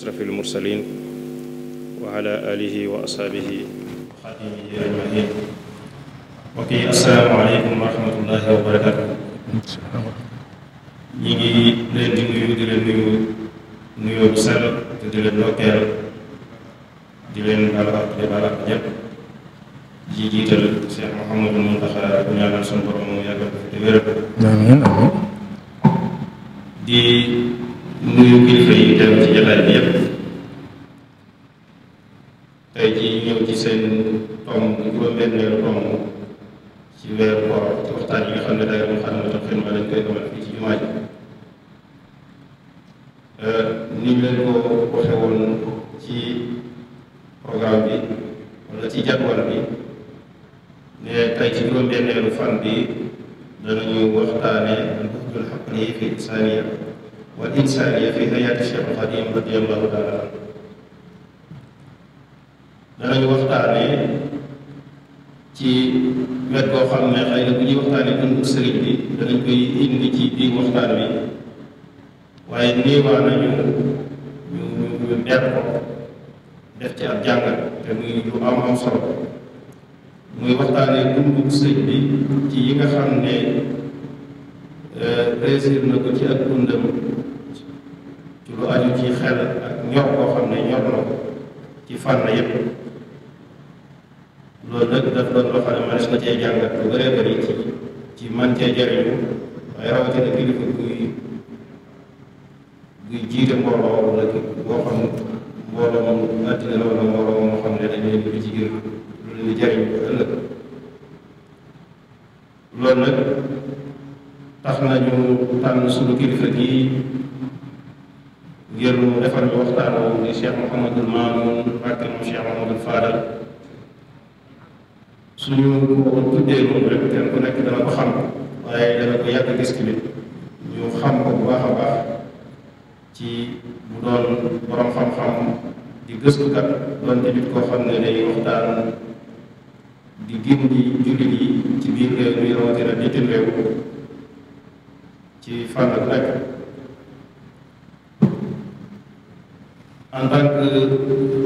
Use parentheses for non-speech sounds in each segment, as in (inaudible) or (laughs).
ashrafil mursalin wa ala alihi wa ashabihi wa xadimihi ajmain mbokk yi asalaamaaleykum wa rahmatullahi wa barakatu ñi ngi leen di nuyu di leen nuyu nuyoo bu sell te di leen ndokkeel di leen baal ak di baal ak ñëpp ji jiital Cheikh Mouhamadou Mountakha bu ñaanal suñu borom mu yàggal ko fi te wéral ko amiin amiin di nuyu kilifa yi teew ci jotaay bi yépp tey ji ñëw ci seen tomb juróom-benneelu tomb ci weeru koor waxtaan yi nga xam ne daga mu xam ne tam ma lañ koy amal fii ci jumaa ji ni ñu leen ko waxe woon ci programme bi wala ci jadwal bi ne tey ci juróom-benneelu fan bi danañu waxtaane al buxtul xaqli fi insaniya wal insaaniya fi hayaati Cheikh Xadim radiyallahu taala anhu danañu waxtaanee ci wet koo xam ne xëy na bu ñuy waxtaanee dundu sëriñ bi danañ koy indi ci waxtaan bi waaye néewaa nañu ñu ñu ndeer ko def ci ab jàngat te muy lu am am solo muy waxtaanee dundu sëriñ bi ci yi nga xam ne réussir na ko ci ak dundam lu aju ci xel ak ñor koo xam ne ñor na ci fànn yépp loolu nag daf doon xam ne mënees na cee jàngat lu bëree ci ci man cee jariñu waaye rawatina kilifa guy guy jiite mbooloo wala boo mbooloo moo xam ne dañuy dugg ci biir lu leen di jariñ ëllëg loolu nag tax nañu tànn sunu kilifa gii ngir mu defar ñu waxtaan woowu di Cheikh Mouhamadul Mamoun Mbacké mu Cheikh Mouhamadul Fadal suñu ko tuddee moom rek kenn ku nekk dana ko xam waaye dana ko yàgg gis ki ñu xam ko bu baax a baax ci bu doon borom xam-xam di gëstukat doon tamit koo xam ne day waxtaan di gindi jullit yi ci biir réew mi rawatina bitim réew ci fànn ak nekk en tant que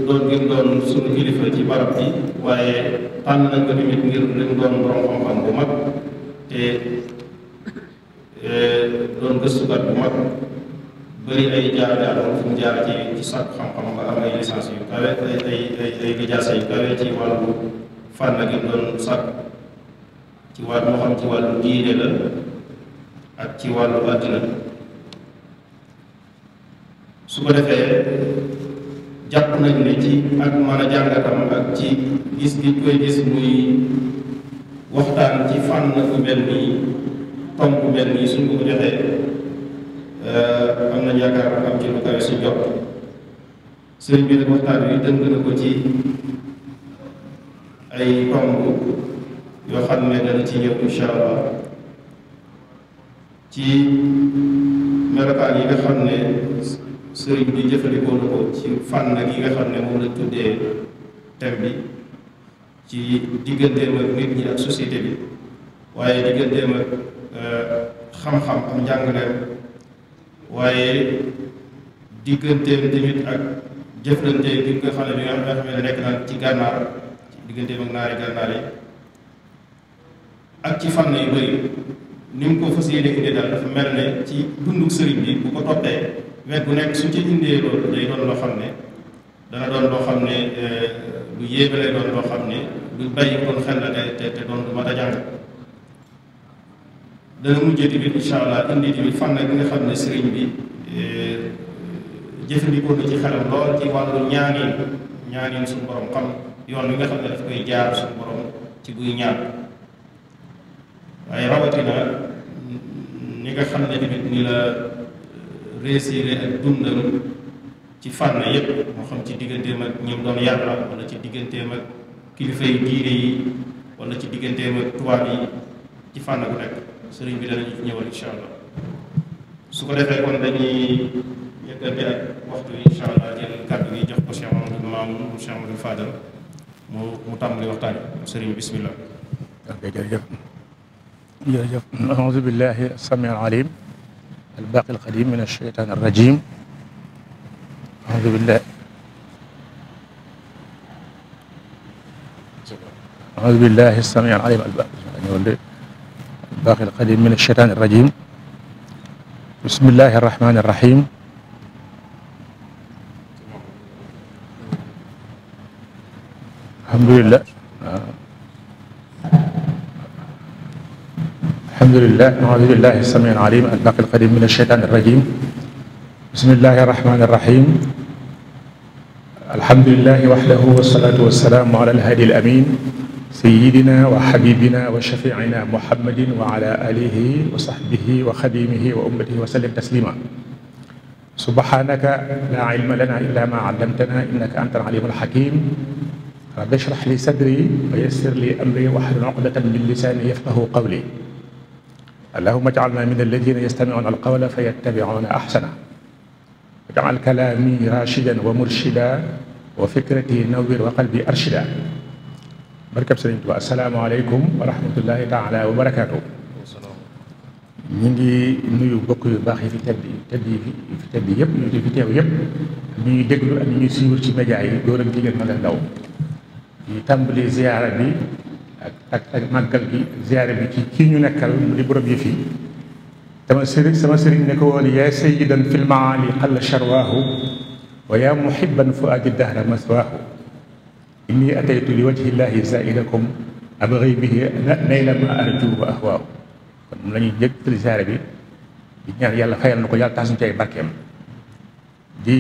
doon ngeen doon suñu kilifa ci barab bi waaye tànn nañ ko tamit ngir leen doon borom xam-xam bu mag te e, doon gëstukat bu mag bëri ay jaar-jaar moom ci xam-xam nga am ay licence yu kawe ay ay ay yu kawe ci wàllu fànn gi doon sàkk ci wàllu moo xam ci wàllu diine la ak ci wàllu àddina su ko defee jàpp nañ ne ci ak mën a jàngatam ak ci gis gi koy gis muy waxtaan ci fànn bu mel nii tomb bu mel nii suñ ko joxee euh, am nañ yaakaar am ci lu kawe su jot sëriñ bi nag waxtaan wi dëng na ko ci ay tomb yoo xam ne dana ci ñëw incha allah ci melokaan yi nga xam ne sëriñ bi jëfandikoo na ko ci fànn gi nga xam ne moom la tuddee thème bi ci digganteem ak nit ñi ak société bi waaye digganteem ak euh, xam-xam am njàngaleem waaye digganteem tamit ak jëflante gi xam ne bi nga xam ne nekk naan ci gànnaar ci digganteem ak naari gànnaar yi ak ci fànn yu bëri ni mu ko fas yéene indi daal dafa mel ne ci dunduk sëriñ bi bu ko toppee mais bu nekk su ci indee loolu day doon loo xam ne dana doon loo xam ne euh, lu yéeme lay doon loo xam ne lu bàyyi kon xel la te te doon lu mat a jàng dana mujjee tamit allah indi tamit fànn bi nga euh, lool ci wàllu ñaanin ñaanin yoon wi nga xam ne daf koy jaar suñu borom ci buy ñaan waaye rawatina ni nga xam ne tamit ni la. réussir ak dundam ci fànn yépp moo xam ci digganteem ak ñoom doon yàlla wala ci digganteem ak kilifa yi diine yi wala ci digganteem ak tubaab yi ci fànn bu nekk sëriñ bi danañu ci ñëwal incha allah su ko defee kon dañuy yëkkati ak waxtu yi allah jël kàddu gi jox ko Cheikh Mamadou Mamoun mu Cheikh Mamadou Fadal mu mu tàmbali waxtaan bi sëriñ bi bismillah ok jërëjëf jërëjëf aoudu billahi samii alim الباقي القديم من الشيطان الرجيم أعوذ بالله أعوذ بالله السميع العليم الباقي القديم من الشيطان الرجيم بسم الله الرحمن الرحيم الحمد لله alhamdulilah alhamdulilah samiil aliim albaqi alqadiim min asheytaan irrajim bismillahi irrahmani irrahim alhamdulilah waxdahu wasalaatu wasalaamu ala alhadi alamin sayidina wa xabibina wa shafiina muhammadin wa ala alihi wa saxbihi wa xadimihi wa ummatihi wa sallim taslima subhanaka laa ilma lana illa ma allamtana innaka anta alalimu alxakim rabbi shrah li sadri wa yassir li amri wahlul uqdatan min lisani yafqahu qawli allahuma jaalna min alladina yastamiuna alqawla fa yattabiuna ahsana wajaal kalaami rachidan wa murchida wa fikrati nawir wa qalbi archida barkab sëriñ Tuubaa asalaamaaleykum wa rahmatullahi taala wa barakaatu ñu ngi nuyu bokk yu baax yi fi tedd tedd yi fi tedd yëpp ñu fi teew yëpp ñuy déglu ak ñuy suivre ci média yi góor ak jigéen mag ak ndaw ñu tàmbali ziyaara bi ak ak ak màggal gi ziyaare bi ci ci ñu nekkal mu di borom yi fii sama sëriñ sama sëriñ ne ko woon yaa sayyidan fil maali xalla charwaahu wa yaa muhibban fuaadi dahra maswaahu inni ataytu li wajhi llahi zaaidakum abghi bihi nayla ma arju wa ahwaahu kon moom la ñuy jëkkal ziyaare bi di ñaan yàlla fayal na ko yàlla tax suñu ci ay barkeem di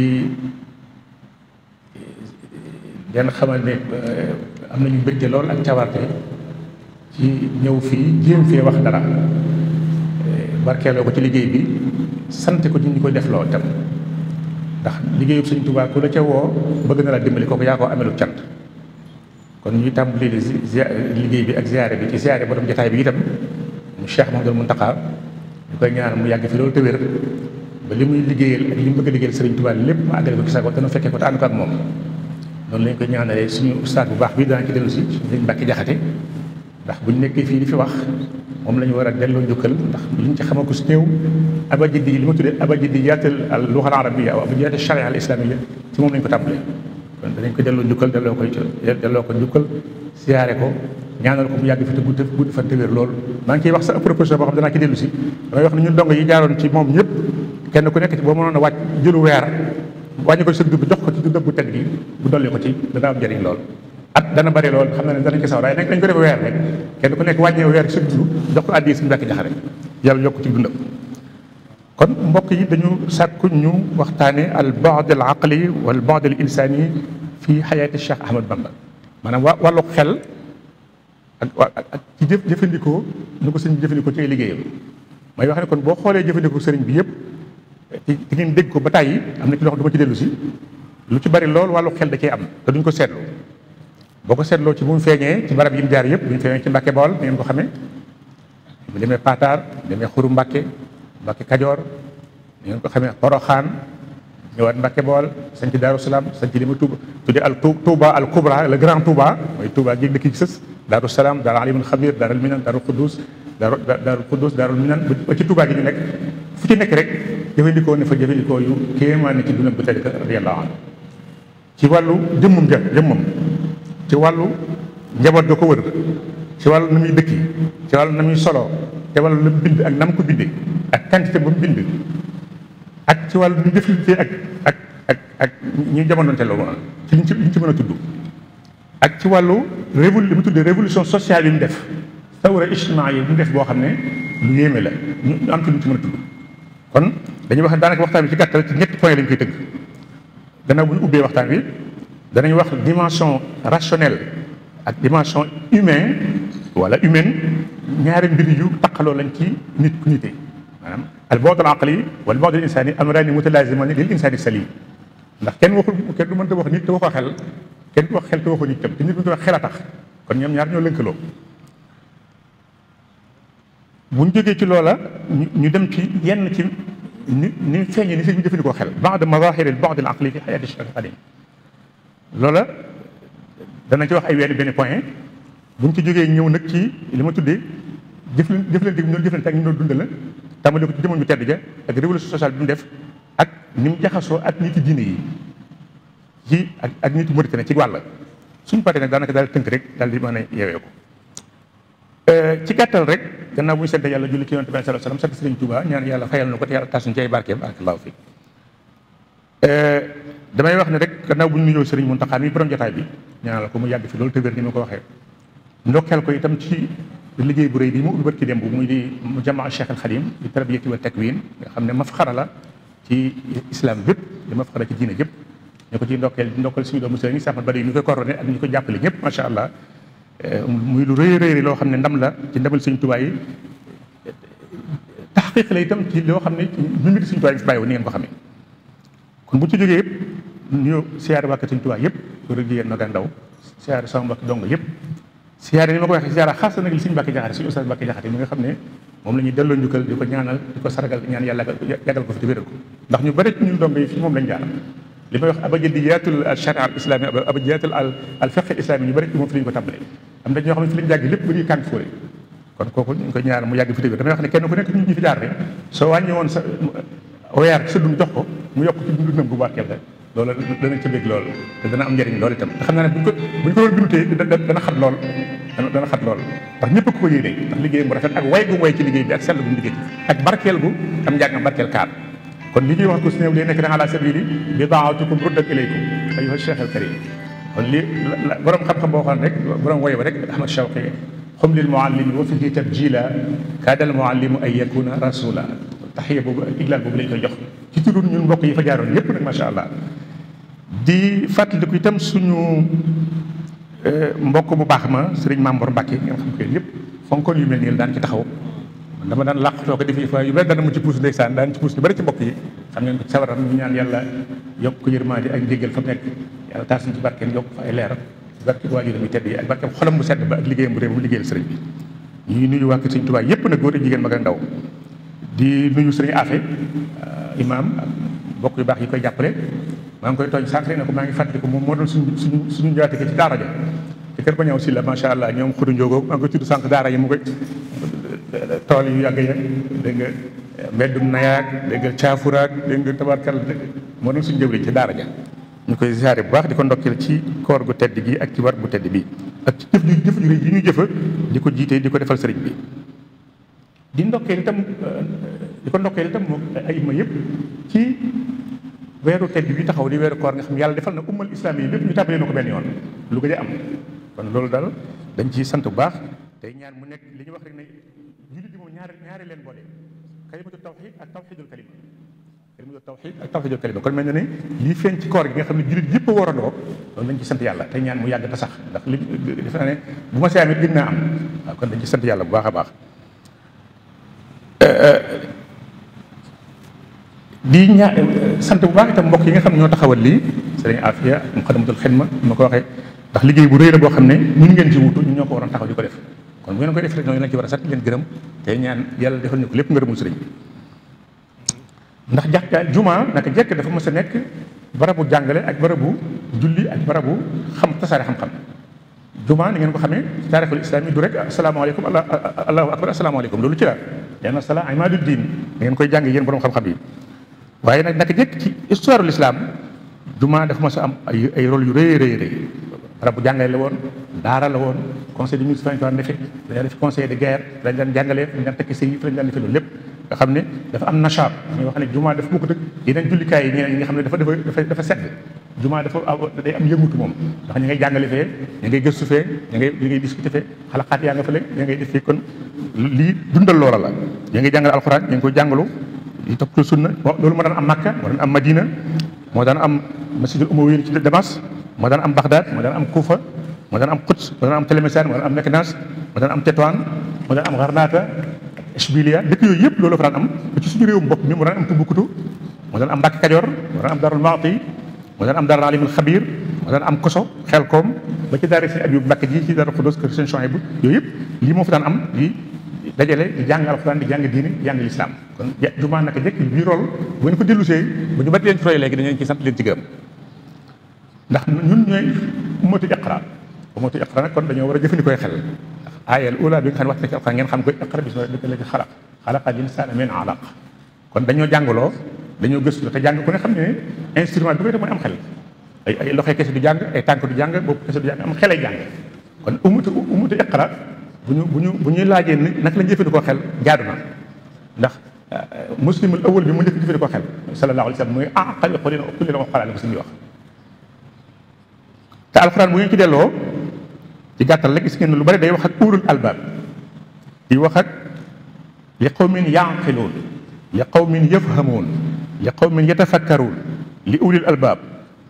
den xamal ne am ñu mbégte lool ak cawarte ci ñëw fii jéem fee wax dara barkeeloo ko ci liggéey bi sant ko di ñu koy def loo tam ndax liggéeyub Sëñ Tuubaa ku la ca woo bëgg na la dimbali kooku yaa ko amelu cant kon ñuy tàmbali liggéey bi ak ziare bi ci ziare borom jotaay bi itam mu Cheikh Mouhamadoul Mountakha ñu koy ñaan mu yàgg fi loolu te wér ba li muy liggéeyal bëgg a liggéeyal Sëriñ Tuubaa lépp mu àggale ko gis ko te nu fekkee ko te ànd ko ak moom noonu lañ ko ñaanalee suñu ustaat bu baax bi daan ci dellu si suñu mbàkki jaxate ndax buñ nekkee fii li fi wax moom la ñu war a delloo njukkal ndax liñ ci xamal ko su néew abajidi li ma tuddee abajidi yaatal al luxa al arabia wa abajidi sharia al islamia ci moom lañ ko tàmbalee kon danañ ko delloo njukkal delloo ko delloo ko njukkal siyaare ko ñaanal ko mu yàgg fi te gudd gudd fan te wér lool maa ngi ciy wax sa proposition boo xam danaa ci dellu si wax ne ñun dong yi jaaroon moom ñëpp kenn ku nekk ci boo mënoon a wàcc jëlu weer wàññi ko sëgg bi jox ko ci dundam bu tedd bi bu dolli ko ci dana am njëriñ lool at dana bari lool xam na ne danañ ci saw waaye nag dañ ko def weer rek kenn ku nekk wàññee weer sëgg bi jox ko addi suñu mbàkk jaxare yàlla ci dundam kon mbokk yi dañu sàkku ñu waxtaane al baad al aqli wal baad al insani fii xayaati Cheikh Ahmad Bamba wa wàllu xel ak ci jëf jëfandikoo ñu ko sëriñ bi jëfandikoo liggéeyam may wax kon boo xoolee jëfandikoo sëriñ bi yëpp ci ngeen dégg ko ba tàyyi am na ci loo xam du ci dellu si lu ci bari lool wàllu xel da cee am te duñ ko seetlu boo ko seetloo ci bu mu feeñee ci barab yi mu jaar yëpp bu mu feeñee ci Mbàkke Bawol ni ngeen ko xamee mu demee Pataar demee Xuru mbakke Mbàkke Kajoor ni ngeen ko xamee Poroxaan ñëwaat Mbàkke Bawol sañ ci Daaru Salaam sañ ci lima Touba tudde al Touba al Kubra le grand Touba mooy Touba gi dëkk ci sës Daaru Salaam Daaru Alimul Xabir Daaru Minan Daaru Xuddus daaru daaru Xuddoos daaru Minaan ba ci Tuubaa gi ñu nekk fu ci nekk rek jëfandikoo ne fa jëfandikoo yu kéemaan ci dundam bu tedd ka radiyallaahu anhu ci wàllu jëmmum ja jëmmam ci wàllu njaboot ga ko wër ci wàllu na muy dëkki ci wàllu na muy solo te wàllu la mu bind ak na mu ko bindee ak quantité ba mu bind ak ci wàllu ñu jëflante ak ak ak ak ñuy jamonoonte la woon ci liñ ci liñ ci mën a tudd ak ci wàllu révolu li mu tuddee révolution sociale yi mu def tawra ijtimaa yi ñu def boo xam ne lu yéeme la ñu am ci luñ ci mën a tudd kon dañuy wax daanaka waxtaan bi ci gàttal ci ñetti point lañ koy tënk gannaaw bu ñu ubbee waxtaan bi danañ wax dimension rationnelle ak dimension humaine wala humaine ñaari mbir yu taqaloo lañ ci nit ku nite maanaam al bu'd al aqli wal bu'd al insani amrani mutalazimani lil insani salim ndax kenn waxul kenn du mënta wax nit te waxoo xel kenn du wax xel te waxoo nit tam te nit bu ñu ko wax xel a tax kon ñoom ñaar ñoo lëkkaloo bu ñu jógee ci loola ñu dem ci yenn ci ni ni feeñee ni sëñ bi jëfandikoo xel ba'd mazahir al bu'd al aqli fi hayat Cheikh Khadim loola danañ ci wax ay wenn benn point buñ ci jógee ñëw nag ci li ma tuddee jëflante jëflante bi ñu doon jëflante ak ñu doon dundal tàmbali ko ci jamono bi tedd ja ak révolution sociale bi mu def ak ni mu jaxasoo ak nit diine yi ci ak ak nit Mauritanie ci wàll suñu paree nag daanaka daal tënk rek daal di ma ne yeewee ko Eh, ci gàttal rek gannaaw bu ñu sant yàlla julli ci yonent bi sallallahu alayhi wasallam sant Sëriñ Tuubaa na ko te yàlla tas ñu ci ay barkeem barakallahu eh, damay wax ne rek gannaaw bu ñu nuyoo Sëriñ Muntaxa mi borom jotaay bi ñaan la ko mu yàgg fi loolu te wér ni ma ko waxee ndokkeel ko itam ci liggéey bu rëy bi mu ubbi dem démb muy di jamaa Cheikh al Khadim di tarbiyati wa takwin nga xam ne mafxara xarala ci islam bépp di mafxara ci diine jëpp ñu ko ci ndokkeel ndokkal suñu doomu sëriñ Cheikh ak ñu ko jàppale ñëpp macha allah Euh, muy lu rëy rëy loo xam ne ndam la ci ndamal Sëñ Tuubaa yi taxqiq la tam ci loo xam ne ñun it suñ Tuubaa yi fi bàyyi woon ni ngeen ko xamee kon bu ñu ci jógee yëpp ñu siyaare wàkk Sëñ yëpp góor ak jigéen ndaw siyaare sama mbokk dong yëpp siyaare ni ma ko waxee siyaare xaas nag li Sëñ Mbàkke Jaxate suñu Oustaz Mbàkke Jaxate mi nga xam ne moom la ñuy delloo njukkal di ko ñaanal di ko sargal ñaan yàlla yàggal ko fi te wéral ko ndax ñu bari ci ñun dong yi fi moom lañ jaar li may wax abajadiyatul sharia al islami abajadiyatul al fiqh al islami ñu bëri ci moom fi lañu ko tàmbalee am na ñoo xam ne jàgg lépp ba ñuy kàng kon kooku ñu ngi koy ñaar mu yàgg fi dëgg damay wax ne kenn ku nekk jox ko mu yokk ci dundam bu barkeel dana ca bëgg loolu njëriñ loolu itam xam naa ne buñ ko buñ ko doon bindutee xat lool dana xat lool ndax ñëpp ko ko yéene ndax liggéey bu rafet ak way gu way ci liggéey bi ak sell bu liggéey ak barkeel bu am njàng barkeel kaar kon li ñuy wax ko suneew day nekk na ala sabili bi daawatukum ruddat ilaykum ayyuha cheikh al karim kon li borom xam-xam boo xam rek borom woy ba rek ahmad shawqi xum lil an yakuna rasula taxiya boobu ak iglaal boobu lañ koy jox ci tuddul ñun mbokk yi fa jaaroon yépp nag macha allah di fàttaliku itam suñu eh, mbokk bu baax ma sëriñ Mamboor Mbàkke ngeen xam ko yéen yëpp fonkoon yu mel nii daan ci taxaw dama daan làqtoo ko defee fa yu bëri dana mu ci puus ndeysaan daan ci puus ñu bëri ci mbokk yi xam ngeen ko ci sawaram ñu ñaan yàlla yokk ko yërmaande ak njéggal fa nekk yàlla taas ñu ci barkeem yokk fa ay leeram barke bu sedd ba ak liggéeyal sëriñ bi ñu ngi nuyu wàkk sëñ yépp nag góor ak jigéen mag ndaw di nuyu sëriñ Afe euh, imaam ak yu baax yi koy jàppale maa ngi koy tooñ sànq ne ko maa ngi ko moom moo doon suñu suñu suñu njaatige ci daara ja te kër ba ñëw si tudd sànq daara yi mu koy tool yu yàgg ya dégg nga mbeddum nayaak dégg nga caafuraak dégg nga tabarkal moo doon suñu jëwriñ ci daara ja ñu koy ziare bu baax di ko ndokkeel ci koor gu tedd gi ak ci war gu tedd bi ak ci jëf ju jëf ju rëy yi di ko jiitee di ko defal sëriñ bi di ndokkeel itam euh, di ko ndokkeel itam moom ay ma yëpp ci weeru tedd bi taxaw di weeru koor nga xam yàlla defal na ummal islam yi lépp ñu tàmbalee na ko benn yoon lu ko a am kon loolu dal dañ ci sant bu baax tey ñaan mu nekk li ñu wax rek ñaar ñaari leen boole kalimatu tawxid ak tawxidul kalima kalimatu tawxid ak tawxidul kalima kon mel na ne lii feeñ ci koor gi nga xam ne jullit yëpp warandoo loolu dañ ci sant yàlla te ñaan mu yàgg te sax ndax li defe naa ne bu ma see amit gën naa am kon dañ ci sant yàlla bu baax a baax eh, eh, di sant bu baax itam mbokk yi nga xam ñoo taxawal lii sëriñ Afia mu xadamatul xidma ma ko waxee ndax liggéey bu rëy la boo xam ne ñun ngeen ci wutu ñu ñoo ko waroon taxaw di ko def kon bu ngeen koy def rek ñoo leen ci war a sant leen gërëm tey ñaan yàlla defal ñu ko lépp ngërëmul sëriñ bi ndax jàkka juma naka jekk dafa ma a nekk barabu jàngale ak barabu julli ak barabu xam tasaare xam-xam juma ni ngeen ko xamee taarixul islam yi du rek asalaamaaleykum allah allahu akbar asalaamaaleykum loolu ci la lenn salaam imaadu diin ngeen koy jàng yéen borom xam-xam yi waaye nag naka jekk ci histoire l'islam juma dafa am ay ay rôle yu rëy rëy rabu jàngale la woon daara la woon conseil de ministre dañ defe dañoo def conseil de guerre dañ daan jàngalee dañ daan tekki sëy yi dañ daan defe loolu lépp nga xam ne dafa am nachaab ñuy wax ne bokk dëkk yeneen jullikaay yi ñeneen xam ne dafa dafa dafa sedd jumaa dafa am yëngutu moom ndax ñu jàngale fee ñu gëstu fee ñu ngay ñu ngay yaa nga fa léegi ñu ngay kon lii dundal loola la ñu jàngale alxuraan ñu koy jàngalu loolu moo daan am Makka moo daan am Madina moo daan am masjidul Umawi ci Damas moo daan am Bagdad moo am Kufa moo daan am Quds moo daan am Tlemcen moo daan am Meknès moo daan am Tétouan moo am Garnata Isbiliya dëkk yooyu yëpp loolu fa am ba ci suñu réewum bopp mi moo daan am Tumbuktu moo daan am Mbàkke Kajoor moo daan am Darul am Darul Alimul Xabir moo daan am Koso Xelkom ba ci daara seen Abibu Mbàkke ji ci Daaru Xudoos kër seen Chouaïb yooyu yëpp moo fa am di dajale di jàng alxuraan di jàng diine di jàng lislaam kon jumaa naka jëkk bii rôle bu ngeen ko dellusee bu ñu bat leen ci roy léegi sant leen ci gërëm ndax ñun ñooy ummatu iqra ummatu iqra nag kon dañoo war a jëfandikoo xel ndax aayal ula bi nga xam ne wax na ci alxuraan ngeen xam koy iqra bi kon dañoo jàngaloo dañoo gëstu te jàng ku ne xam ne instrument bi koy def mooy am xel ay loxo kese du jàng ay tànk du jàng bopp kese du jàng am xelay jàng kon ummatu ummatu bu ñu bu ñu bu ñuy laajee nag lañ jëfandikoo xel jaadu na ndax euh, muslimul awal bi mu njëkk jëfandikoo xel sallallahu alayhi wa sallam mooy aqal xolina kulli wax te alxuraan bu ñu ci delloo ci gàttal rek gis ngeen lu bari day wax ak uulul albaab di wax ak li qawmin yaqiluun li qawmin yafhamuun li qawmin yatafakkaruun li uulil albaab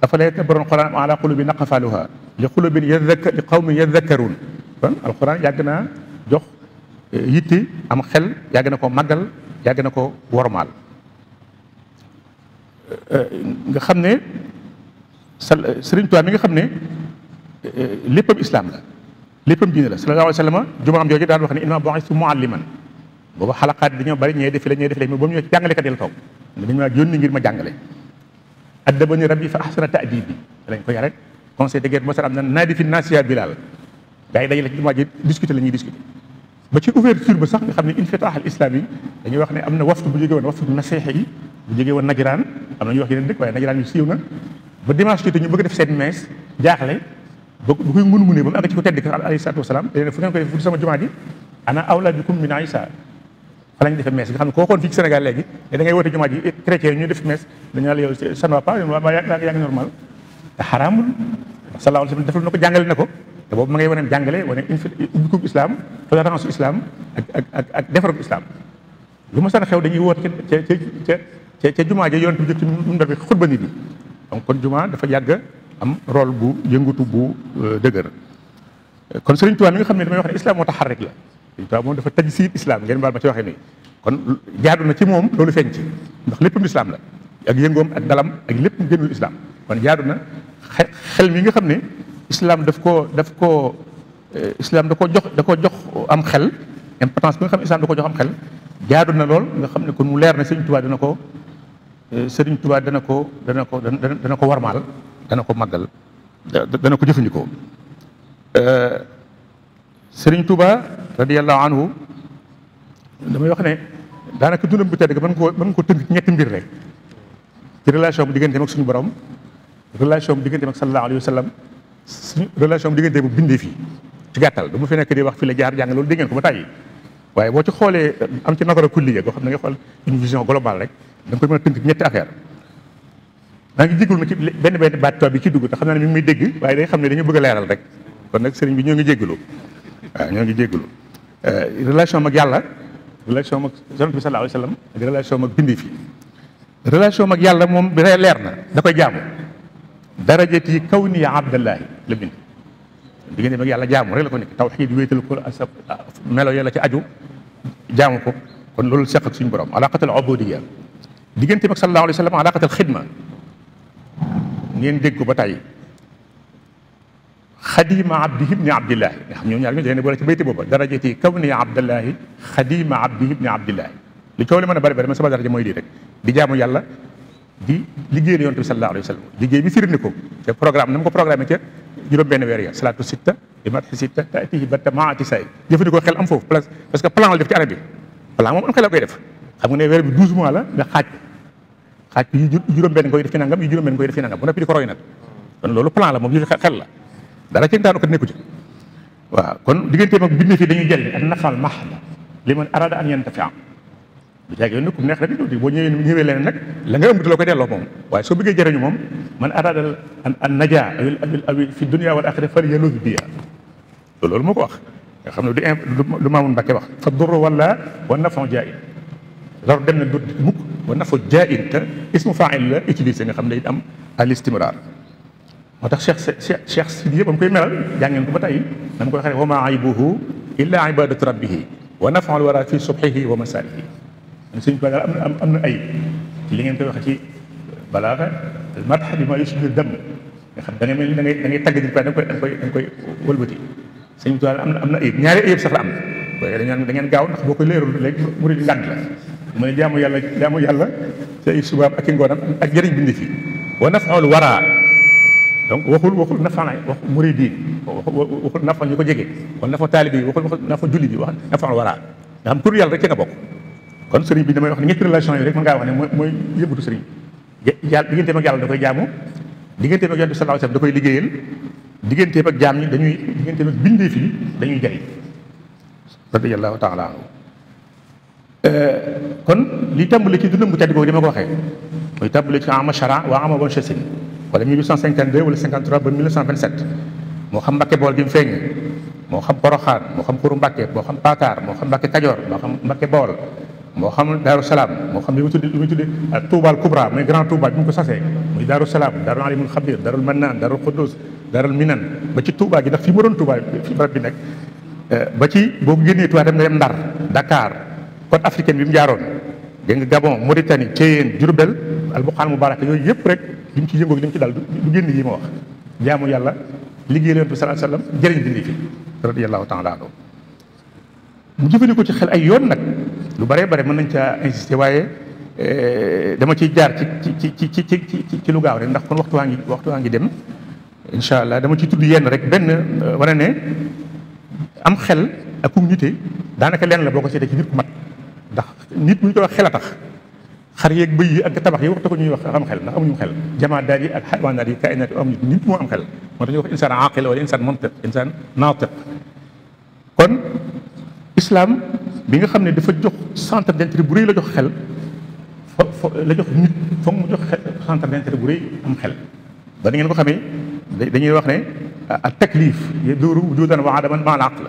dafa lay borom xuraan ala qulubi naqfaluha li qulubin yadakka li qawmin yadakkaruun kon alxuraan yàgg naa jox eh, yitti am xel yàgg na ko màggal yàgg na ko wormaal eh, eh, nga xam ne Sëriñ Tuubaa mi nga xam ne euh, léppam islam la léppam diine la sallallahu alayhi wa sallam jumaam jooju daan wax ne innamaa bu'istu mu'alliman booba xalaqaat dañoo bari ñee defi la ñee defi la mais ba mu ñëw jàngalekat yi la toog ma jàngale addabani rabbi fa ahsana ta'dibi lañ ko yar rek conseil de guerre mosar na naa di fi naasiya bilal gars yi dañu la ci jumaa ji discuter la ñuy ba ci ouverture ba sax nga xam ne infitaax al islam yi wax ne am na waftu bu jógee woon waftu naseexe yi bu jógee woon najiraan am na ñuy wax yeneen dëkk waaye najiraan ba dimanche jotee ñu bëgg def seen mees jaaxle ba bu koy mun ba mu àgg ci ko tedd ka alayhi salaatu wasalaam léegi fu ngeen koy fu sama jumaa ji ana awlaa bikum min Aïssa fa lañ defee mees nga xam ne koo xoon fii Sénégal léegi da ngay woote jumaa ji eh, chrétien yi def mees dañu la yow ça ne va pas yaa ngi normal defal na ko jàngale na ko ma ngay jàngale wane ubbikub islam tolérance islam ak ak ak ak defarub lu ma san xew dañuy woote ca ca ca ca jumaa ji yonent bi jëkk ci mu def xutba nit yi donc kon jumaa dafa yàgg am role bu yëngatu bu euh, dëgër kon Sëriñ Tuubaa mi nga xam ne damay wax ne moo taxarrik la Sëriñ Tuubaa moom dafa tajsiid islam ngeen baal ma ci waxee nii kon jaadu na ci moom loolu feeñ ci lépp léppam islam la ak yëngoom ak dalam ak lépp génnul islam kon jaadu na xel mi nga xam ne islam daf koo daf koo euh, islam da ko jox da ko jox am xel importance bi nga xam ne islam da ko jox am xel jaadu na lool nga xam ne kon mu leer na Sëriñ Tuubaa dina ko Euh, Sëriñ Tuubaa dana ko dana ko dana ko warmaal dana ko màggal dana ko jëfandikoo euh, Sëriñ Tuubaa radiyallahu anhu damay wax ne daanaka dundam bu tedd ga mën ko mën nga ko tënk ci ñetti mbir rek ci relation bu digganteem ak suñu borom relation bu digganteem ak sallallahu alayhi wa sallam suñu relation bu digganteem bu bindee fii ci gàttal du ma fi nekk di wax fii la jaar jàng loolu dégg ngeen ko ba tàyyi waaye boo ci xoolee am ci nakara kulliya goo xam na nga xool une vision globale rek da nga koy mën a tënk ci ñetti affaire maa ngi jégalu na ci benn benn baat tubaab bi ci dugg te xam naa ne mi ngi may dégg waaye day xam ne dañu bëgg a leeral rek kon nag sëriñ bi ñoo ngi jégalu waaw ñoo ngi jégalu euh, relation mag yàlla relation mag yonent bi sallallahu alayhi wasallam ak relation mag bindi fi relation mag yàlla moom bi leer na da koy jaamu darajat yi kaw ni ya abdallahi la bind diggante mag yàlla jaamu rek la ko nekk tawxiid wéetal ko sa melo yàlla ci aju jaamu ko kon loolu seq ak suñu borom alaqatul ubudiyya diggante mag sallallahu alayhi wa sallam alaqatal xidma ngeen dégg ko ba tey xadima abdihi ibni abdillahi nga xam ñoom ñaar ñu dañu boole ci bayti booba darajati kawni abdillahi xadima abdihi ibni abdillahi li coow li mën a bari bari man sama daraja mooy lii rek di jaamu yàlla di liggéeyal yonent bi sallallahu alayhi wa sallam liggéey bi firnde ko te programme na mu ko programme ca juróom benn weer ya salaatu sitta imatxi sitta taatihi batta maati say jëfandikoo xel am foofu parce que plan la def ci arab bi plan moom am xel la koy def xam nga ne weer bi douze mois la nga xaaj ko xaaj ko yu juróom-benn koy def ci nangam yu juróom-benn koy def ci nangam bu noppi di ko roy nag kon loolu plan la moom yu xel la dara ci daanu ko nekku ci waaw kon diggante mag bind fi dañuy jël ak nafal max la li man arada an yantafi'a bu jaagee nag ku neex rek di boo ñëwee ñëwee leneen nag la nga ëmbatu la koy delloo moom waaye soo bëggee jëriñu moom man arada an najaa awil awil awil fi dunya wal axira fal yaluz biya loolu moo ko wax nga xam ne du du maamun Mbàkke wax fa durru wala wa nafon jaa loolu dem na du mukk ba nafu jaa in te ismu faa'il la utilisé nga xam ne it am al istimrar moo tax cheikh cheikh cheikh Sidi yëpp am koy melal jàngeen ko ba tey na ma koy waxee wa maa aybuhu illa ibadatu rabbihi wa nafa'ul wara fi subhihi wa masarihi suñ ko daal am na am na ayib ci li ngeen koy waxee ci balaaxa al madh bi ma yusbihu dam nga xam da ngay mel ni da ngay da ngay tagg nit waaye da nga koy da nga koy da nga koy sëñ bi daal am na am na ayib ñaari ayib sax la am da ngeen da ngeen gaaw ndax boo koy leerul léegi murid ngànd la mu ne jaamu yàlla jaamu yàlla ci ay subaam ak i ngoonam ak njëriñ bind fi wa nafaul wara donc waxul waxul nafa wax murid yi waxul ñu ko jege waxul nafa taalibe yi waxul nafa julli bi wax nafaul wara nga xam bokk kon sëriñ bi damay wax ne ñetti relation yi rek mën ngaa wax ne mooy mooy yëbbatu sëriñ yàlla digganteem ak yàlla da koy jaamu digganteem ak yonent sa sallallahu alayhi da koy liggéeyal digganteem ak jaam ñi dañuy digganteem ak bindee fi dañuy jariñ radiyallahu taala anhu Euh, kon li tàmbali ci dundam bu tedd googu li ma ko waxee muy tàmbali ci a chara waa am bon chassin wala 1852 wala 53 ba 1927 moo xam Mbàkke Bool gi mu feeñ moo xam Poroxaan moo xam Kuru Mbàkke moo xam Patar moo xam Mbàkke Kajoor moo xam Mbàkke Bool moo xam Daaru Salaam moo xam li mu tudd li mu tudd Toubaal Kubra muy Grand Touba bi mu ko sasee muy Daaru Salaam Daarul Alimul Xabir Daarul Mannaan Daarul Quddus Daarul Minan ba ci Touba gi ndax bi euh, ba ci boo génnee Touba dem na dem Ndar Dakar côte africaine bi mu jaaroon dégg nga Gabon Mauritanie Thiéyène Diourbel albuqaal mubaraka yooyu yëpp rek li mu ci yëngoog li ci dal du génn yi ma wax jaamu yàlla liggéey leen bi sallallahu alayhi wasallam jëriñ bi fi radiyallahu taala anhu mu jëfandikoo ci xel ay yoon nag lu baree bare mën nañ caa insister waaye eh, dama ciy jaar ci ci ci ci ci ci lu gaaw rek ndax kon waxtu waa ngi waa ngi dem incha allah dama ci tudd yenn rek benn eh, wane ne am xel ak nite daanaka lenn la boo ko seetee ci nit ku mat ndax nit bu ñu ko wax xel a tax xar yeeg bay yi ak tabax yi waxtu ko ñuy wax am xel ndax amuñu xel jamaa daal yi ak xaywaanaat yi kaayinaat yi amuñu nit moo am xel moo tax ñuy wax insaan aqil kon islaam bi nga xam ne dafa jox centre d'intérêt bu rëy la jox xel fo fo la jox nit foog mu jox xel centre d'intérêt bu am xel ba da ngeen ko xamee dañuy wax ne ak taklif ye dóoru dóotan wa adaman ma al aql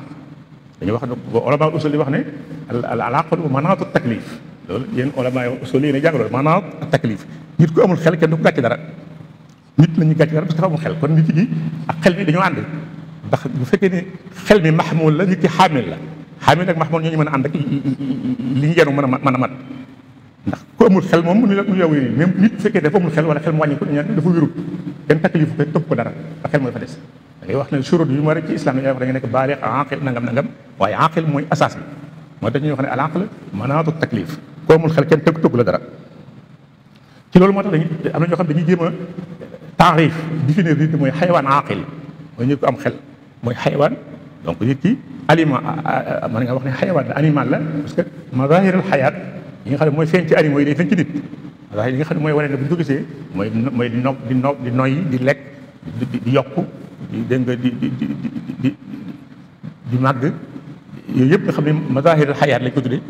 dañu wax ne olama usul yi wax ne al aqlu manaatu taklif loolu yéen olama usul yi ne jàng loolu manaatu taklif nit ku amul xel kenn du ko gàcce dara nit la ñu gàcce dara parce que amul xel kon nit gi ak xel mi dañoo ànd ndax bu fekkee ne xel mi mahmul la nit ki xaamil la xaamil ak mahmul ñoo ñu mën a ànd li ñu yenu mën a mën a mat ndax ku amul xel moom mënu la mënu la wéy même nit bu fekkee dafa amul xel wala xel mu wàññi ko fu wérut kenn taklifu ko topp ko dara xel mooy fa des da ngay wax ne surut yu mu war a ci islam da ngay nekk baaliq aqil nangam nangam waaye aqil mooy asaas bi moo tax ñuy wax ne al aql manaatu taklif koo amul xel kenn tëgg tëgg la dara ci loolu moo tax dañuy am na ñoo xam dañuy jéem a taarif définir nit mooy xayawaan aqil mooy nit ko am xel mooy xayawaan donc nit ki aliment mën nga wax ne xayawaan la animal la parce que mazahir al xayaat yi nga xam ne mooy feeñ ci animaux yi day feeñ ci nit mazahir yi nga xam ne mooy wane ne bu ñu ko gisee mooy mooy di no di no di noyyi di lekk di yokk di dégg nga di di di di màgg yooyu yëpp nga xam ne mazahir xayaat lañ ko tuddee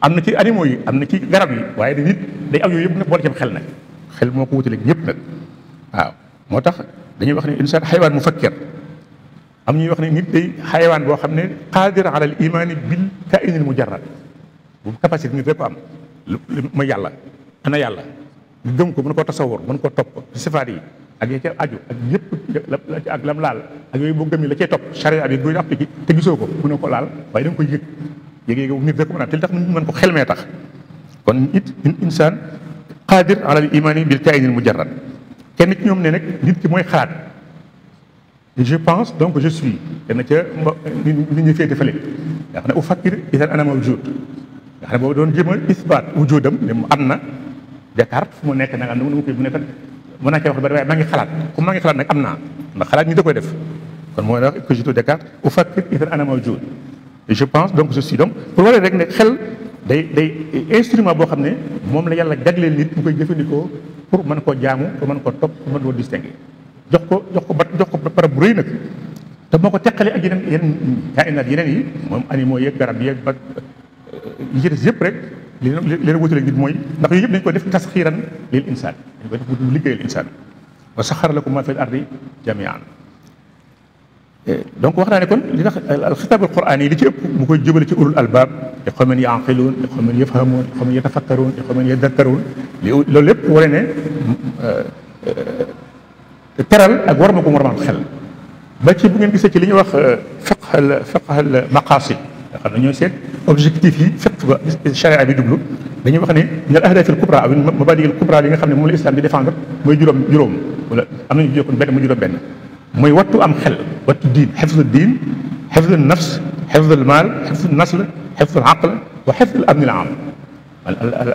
am na ci animaux yi am na ci garab yi waaye nit day am yooyu yëpp nag boole ci xel nag xel moo ko wutaleeg ñëpp nag waaw moo tax dañuy wax ne insaan xayawaan mu fakkir am ñuy wax ne nit day xayawaan boo xam ne qaadir ala al imaani bil kainil mujarrad bu capacité nit rek ko am ma yàlla ana yàlla gëm ko mën koo tasawur mën koo topp sifaat yi ak ya ca aju ak yëpp ak lam laal ak yooyu bu gëm la cay topp charia bi buy appliqué te gisoo ko bu ne ko laal waaye da nga koy yëg yëg-yëg bu nit rek mën a te li tax tax kon it insaan qaadir ala al imaani bil kaayinil mujarrad kenn ñoom ne nag nit ki mooy xalaat pense donc je suis ca nit ñi féete fële nga xam ne u fakkir idan ana mawjud nga xam ne boobu a isbaat wujudam am na Descartes fu mu nekk nag am na mu koy mu nekk mën naa koy wax lu maa ngi xalaat comme maa ngi xalaat nag am na ndax xalaat ñu da koy def kon mooy wax que je te Descartes au fait que itam anam je pense donc je suis donc pour wala rek ne xel day day instrument boo xam ne moom la yàlla jagleel nit mu koy jëfandikoo pour mën koo jaamu pour mën koo topp pour mën koo distinguer jox ko jox ko ba jox ko barab bu rëy nag te moo ko teqalee ak yeneen yeneen yaa yi moom animaux yëpp garab yeeg ba euh, yi ci des yëpp rek li leen wutale nit mooy ndax yooyu yëpp dañu ko def tasxiiran lil insaan ñu koy def bu dul liggéeyal insaan wa saxara lakum ma fil ardi jamian donc wax naa ne kon li tax alxitaab alquran yi li ci ëpp mu koy jëbale ci ulul albaab li xaman yaaqiluun li xaman yafhamuun li xaman yatafakkaruun li xaman yadakkaruun li loolu lépp wane ne euh, euh, teral ak war ma ko war xel ba ci bu ngeen gisee ci li ñuy wax euh, fiqh al fiqh al maqaasid nga xam ne ñooy seet objectif yi fépp ba charia bi jublu dañuy wax ne ñal ahdafil kubra aw mabadil kubra yi nga xam ne moom la islam di défendre mooy juróom juróom wala am nañu jokkoon benn mu juróom benn mooy wattu am xel wattu diin xifzul diin xifzul nafs xifzul maal xifzul nasl xifzul aql wa xifzul amnil am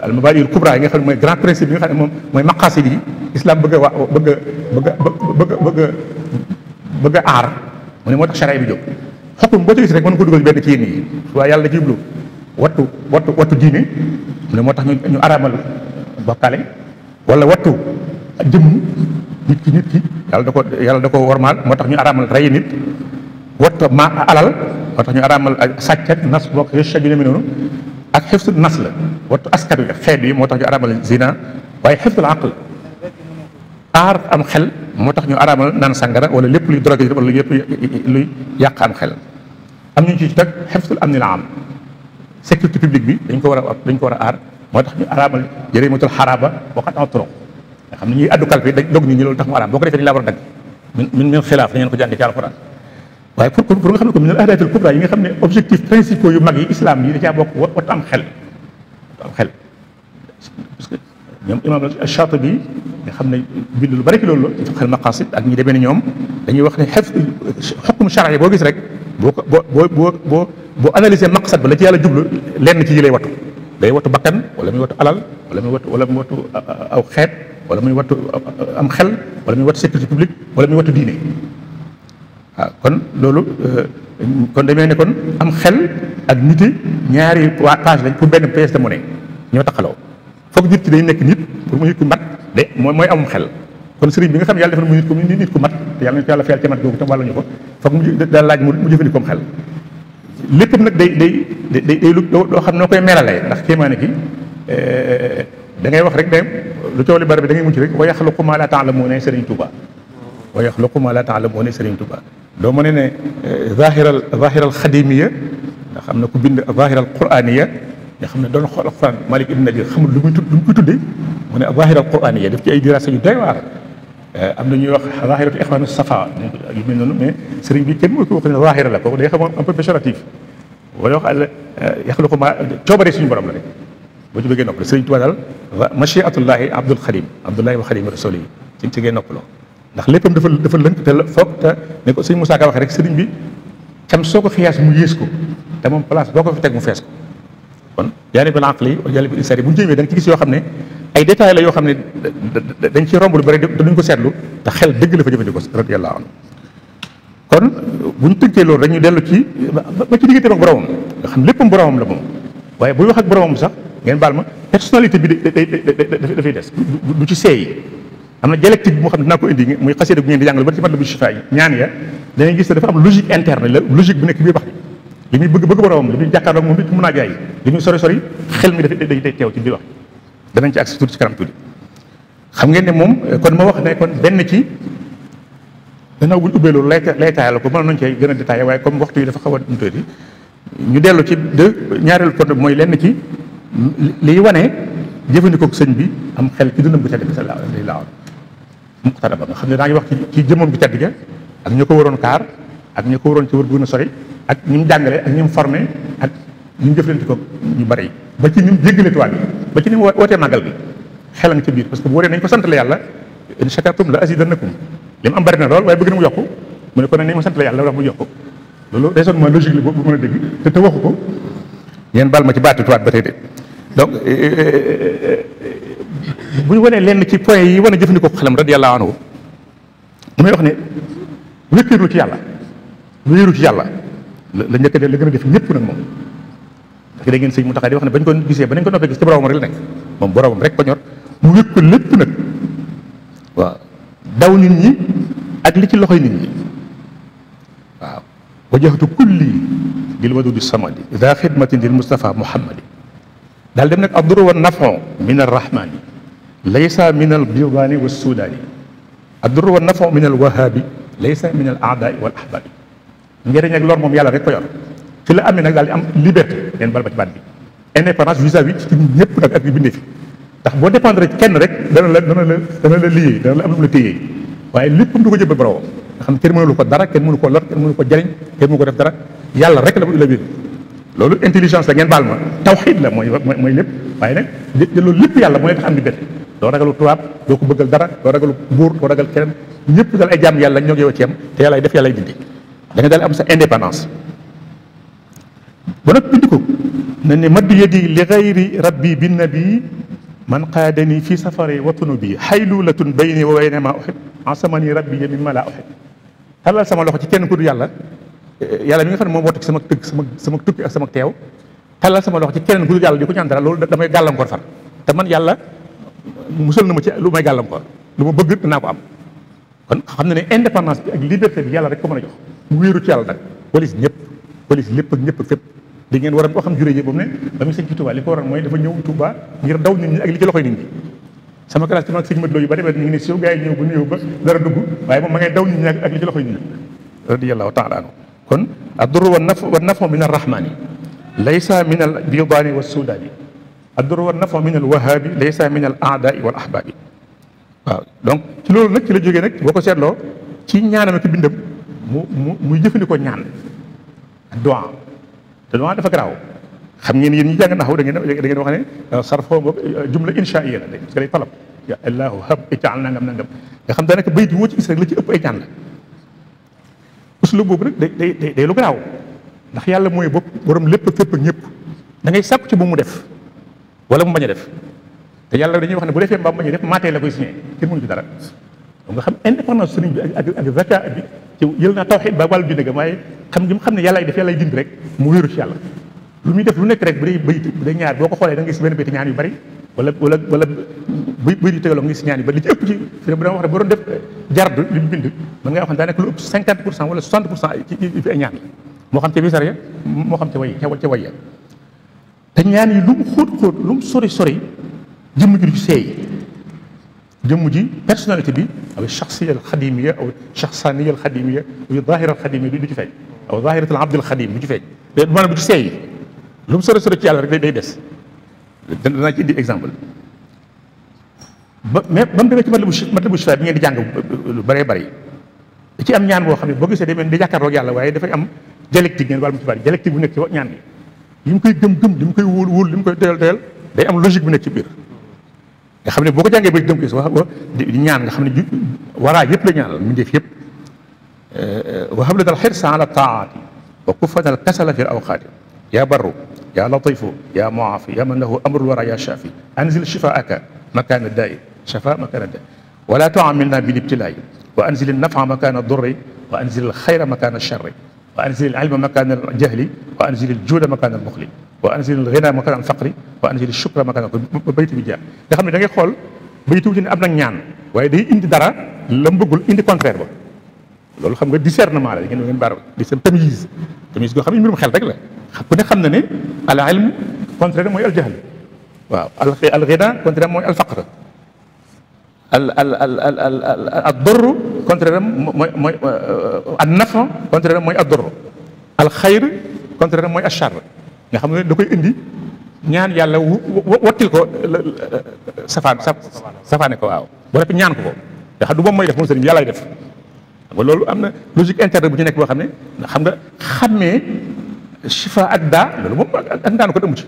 al mabadi al kubra yi nga xam ne mooy grand principe yi nga xam ne moom mooy maqasid yi islam bëgg a wa bëgg a bëgg a bëgg a bëgg a aar mu ne moo tax charia bi jóg xatum boo ci gis rek mën ko dugal benn ci yéen yi waaye yàlla da wattu wattu diine mu ne moo tax ñu araamal bokkaale wala wattu jëmm nit ki nit ki yàlla da ko yàlla da wormaal moo tax ñu araamal rey nit wattu ma alal moo tax ñu araamal sàcc ak nas bokk yëcca bi ak xiftu nas la wattu askan wi xeet yi moo tax ñu araamal zina waaye xiftul aql aar am xel moo tax ñu araamal naan sàngara wala lépp luy drogue wala lépp luy yàq am xel am ñu ci teg xeftul amnil am sécurité publique bi dañ ko war a dañ ko war a aar moo tax ñu araamal jërimatul xaraaba waxat en trop nga xam ne ñuy addu calpe dañ dog nit ñi loolu tax mu araam boo ko defee dañ laa war a dagg min min xilaaf da ngeen ko jàngee ci alxuraan waaye pour pour nga xam ne ko min al ahdaafil kubra yi nga xam ne objectif principaux yu mag yi islam yi da caa bokk wat am xel am xel parce que ñoom imam Shatibi nga xam ne bind lu bari ci loolu la ci xel maqasid ak ñi demee ni ñoom dañuy wax ne xef xukm charia boo gis rek boo ko boo boo boo boo analysé maqsad ba la ci yàlla jublu lenn ci yi lay wattu day wattu bakkan wala muy wattu alal wala muy wattu wala muy wattu aw xeet wala muy wattu am xel wala muy wattu sécurité publique wala muy wattu diine waaw kon loolu euh, kon demee ne kon am xel ak nite ñaari page lañ pour benn pièce de monnaie ñoo taxaloo foog nit ci day nekk nit pour mu nit ku mat de mooy mooy amum xel kon sëriñ bi nga xam yàlla defal mu nit ko nit ku mat te yàlla na ko yàlla fayal ci mat googu tam wàllu ñu ko foog mu daal laaj mu jëfandikoom xel léppam nag day day doo xam noo koy melalee ndax kéemaane eh, ki da ngay wax rek ne lu coow li bari bi da ngay rek wa yaxluqu ma la taalamuuna Serigne Touba wa yaxluqu ma la taalamuuna Serigne Touba doo ma ne ne eh, zahiral zahiral xadimiya nga ne ku bind zahiral quraniya nga xam ne doon xool alquran Malik ibn Nadir xamul lu muy tudd lu muy tudde mu ne zahiral quraniya def ci ay dirasa yu doy waar Euh, am na ñuy wax zaahiratu ixwaanu safa yu mel noonu mais sëriñ bi kenn mënu ko wax ne zaahira la kooku day xam un peu euh, suñu borom la rek boo ci bëggee noppale sëriñ Tuubaa daal machiatullahi abdul xadim abdullahi wa xadim rasuli yi ci ci ngay loo ndax léppam dafa dafa lënk te foog te ne ko sëñ Moussa waxee rek sëriñ bi cam soo ko fiyaas mu yées ko te moom place boo ko fi teg mu fees ko kon jaani bil aqli wala jaani bil bu ñu jéemee ci gis yoo xam ne ay détails la yoo xam ne dañ ciy romb lu bëri te duñ ko seetlu te xel dëgg la fa jëfandikoo radiyallahu anhu kon bu buñ tënkee loolu rek ñu dellu ci ba ci diggante ak boromam nga xam la moom waaye buy wax ak boromam sax ngeen baal ma personnalité bi da day dafay des du ci seey am na dialectique bi xam ne indi muy xasida bu ngeen di jàngal ba ci mat la bu shifa ñaan ya danañ gis ne dafa am logique interne la logique bi nekk biir wax li muy bëgg bëgg boromam li muy jàkkaarloo moom it mun naa jaay li muy sori sori xel mi dafay day teew ci biir wax danañ ci agsi tuuti ci kanam tuuti xam ngeen ne moom kon ma wax ne kon benn ci dana buñ ubbee loolu lay lay taayal ko mënoon nañu cee gën a détaillé waaye comme waxtu yi dafa xaw a tuuti ñu dellu ci de ñaareelu kon mooy lenn ci liy wane jëfandikoo sëñ bi am xel ci dundam bu tedd bi sallallahu alayhi wa sallam muqtada ba nga xam ne daa wax ci ci jëmmam bu tedd ga ak ñu ko waroon kaar ak ñu ko waroon ci war gu na sori ak ñu jàngale ak ñu mu formé ak ñu mu ñu bari ba ci ni mu jéggale ba ci ni mu wootee bi xel a biir parce que bu waree nañ ko sant la yàlla in shakartum la azidannakum li mu am bari na lool waaye bëgg na mu yokku mu ne kon nag nañ ma sant la yàlla wax mu yokku loolu raisonnement logique la boobu ma ci baatu tuwaat ba tey de donc euh, euh, euh, bu ñu wanee lenn ci point yi wane jëfandikoo xelam radiyallahu anhu damay wax ne wékkiirlu ci yàlla wéeru yàlla la njëkk a la gën a def ñëpp nag moom parce que da ngeen sëñ mu taxaw ne bañ ko gisee ba nañ ko noppee gis ci boromam rek nekk moom boromam rek ko ñor mu wékk ko lépp nag waaw daw nit ñi ak li ci loxo nit ñi waaw wajaxtu kulli dil wadudi samadi daa xidmatin lil mustafa muhammadi daal dem nag abduru wa nafon min al rahmani laysa min al bidaani wa sudaani abduru wa nafon min al wahabi laysa min al aadaai wal ahbabi njëriñ ak lor moom yàlla rek ko yor ci la amee nag daal di am liberté leen bal ba ci baat bi indépendance vis-à-vis ci ñëpp nag ak yu bindee fi ndax boo dépendre kenn rek dana la dana la dana la liyee dana la am lu mu la téyee waaye lépp mu du ko jëbbal boroom nga xam ne kenn mënulu ko dara kenn mënu ko lor kenn mënu ko jariñ kenn mënu ko def dara yàlla rek la mu la biir loolu intelligence la ngeen baal ma tawxiid la mooy mooy lépp waaye nag loolu lépp yàlla mooy tax am liberté doo ragalu tubaab ko bëggal dara doo buur doo ragal keneen ñëpp daal ay jàmm yàlla ñoo yow ci am te yàlla def yàlla dindi daal am sa indépendance ba nag ko nañ ne madd yadi li gayri rabbi bi nabi man qaadani fii safari watunu bi xaylulatun bayni wa bayna ma uhib asamani rabbi yamin ma la uhib talal sama loxo ci kenn ku yàlla yàlla mi nga xam ne moom wottu sama tëgg sama sama tukki ak sama teew talal sama loxo ci keneen ku du yàlla di ko ñaan dara loolu damay gàllankoor far te man yàlla musal na ma ci lu may gàllankoor lu ma bëgg naa ko am kon xam na ne indépendance bi ak liberté bi yàlla rek ko mën a jox mu wéeru ci yàlla nag police ñëpp ak ñëpp ak di ngeen waroon koo xam juré ba mu ne ba muy sëñ ci Touba li ko waroon mooy dafa ñëw Touba ngir daw nit ñi ak li ci loxoy nit ñi sama classe ci mag sëñ Madlo yu bari bari ñu yi ñëw ba nuyoo ba dara dugg waaye moom ma ngay daw nit ñi ak li ci loxoy nit ñi radiyallahu taala anhu kon adduru wa naf wa nafu min arrahmani laysa min al bidaani wa sudaani adduru wa nafu min al wahabi laysa min al aadaai wal waaw donc ci loolu nag ci la jege nag boo ko seetloo ci ñaanam ak bindam mu mu muy jëfandikoo ñaan doa te dama dafa garaaw xam ngeen yéen ñi jàng naxaw da ngeen da ngeen wax ne euh, sarfo boobu euh, jumla insha iya la da parce que day palab ya allahu hab ijaal nangam nangam nga xam daanaka bayit woo ci gis rek la ci ëpp ay ñaan la uslub boobu nag day day day lu garaaw ndax yàlla mooy bopp borom lépp fépp ak ñëpp da ngay sàkku ci bu mu def wala mu bañ a def te yàlla dañuy wax ne bu defee mbaam bañ a def maatee la koy signé kenn mënu ci dara nga xam indépendance sëriñ bi ak ak zakat bi ci yël naa tawxiid ba wàllu dina ga waaye xam gi xam ne yàllaay def yàllaay dindi rek mu wéeru ci yàlla lu muy def lu nekk rek bu dee bayit bu dee ñaar boo ko xoolee da nga gis benn bayit ñaan yu bari wala wala wala bu bu di tegaloo li ci ëpp ci bu doon wax ne boo doon def eh, jarab li mu bind mën ngaa wax ne daanaka lu ëpp 50 pour cent wala 60 pour cent ci fi ay ñaan la moo xam ca bisar yi moo xam ca way ca way ya te ñaan yi lu mu xóot xóot lu mu sori sori jëmm ju seey jëmm ji personnalité bi aw shaxsiya al xadimiya aw shaxsaaniya al xadimiya aw daahira al xadimiya du ci feeñ aw daahiratul abd al xadim du ci feeñ maanaam du ci seey lu mu sore sore ci yàlla rek day des danaa ci indi exemple ba mais ba mu demee ci matlabu matlabu shifa bi ngeen di jàng lu bëree bëri da ci am ñaan boo xam ne boo gisee day mel di jàkkaarloog yàlla waaye dafay am dialectique ngeen wàllum ci bari dialectique bu nekk ci ñaan bi li mu koy gëm-gëm li mu koy wóolu wóolu li mu koy doyal doyal day am logique bu nekk ci biir nga xam ne boo ko jàngee ba dem gis wax di ñaan nga xam ne waraa yëpp la ñaanal mu def yëpp euh, wahab lana al-hirsa ala taati wa kuffana al-kasala fi al-awqaati yaa barru yaa latifu yaa muafi yaa man lahu amrul wara yaa shafi anzil shifaaka makaana daai shafa makaana daai wala tuamilna bil ibtilaayi wa anzil an-nafa makaana durri wa anzil al-xayra makaana sharri wa anzil al ilma makaan al jahli wa anzil al juuda makaan al buxli wa anzil al ghina makaan al faqri wa anzil al shukra makaan al ba baytu bi jeex nga xam ne da ngay xool baytu ci ne am na ñaan waaye day indi dara la mbëggul indi contraire ba loolu xam nga discernement la ngeen ngeen baar di seen tamise tamise goo xam ne mbirum xel rek la ku ne xam na ne al ilm contraire mooy al jahl waaw al ghina contraire mooy al faqr al al al al al al dorru contraire mooy euh, mooy al nafa contraire mooy al dorru nga xam ne da koy indi ñaan yàlla wu wattil ko safaan safaane ko waaw ba rek ñaan ko ko nga xam du moom mooy def moom sëriñ yàllaay def loolu am na logique interne bu ñu nekk boo xam ne ndax xam nga xam xàmmee chifa ak daa loolu moom ak ndaanu ko dëmu ci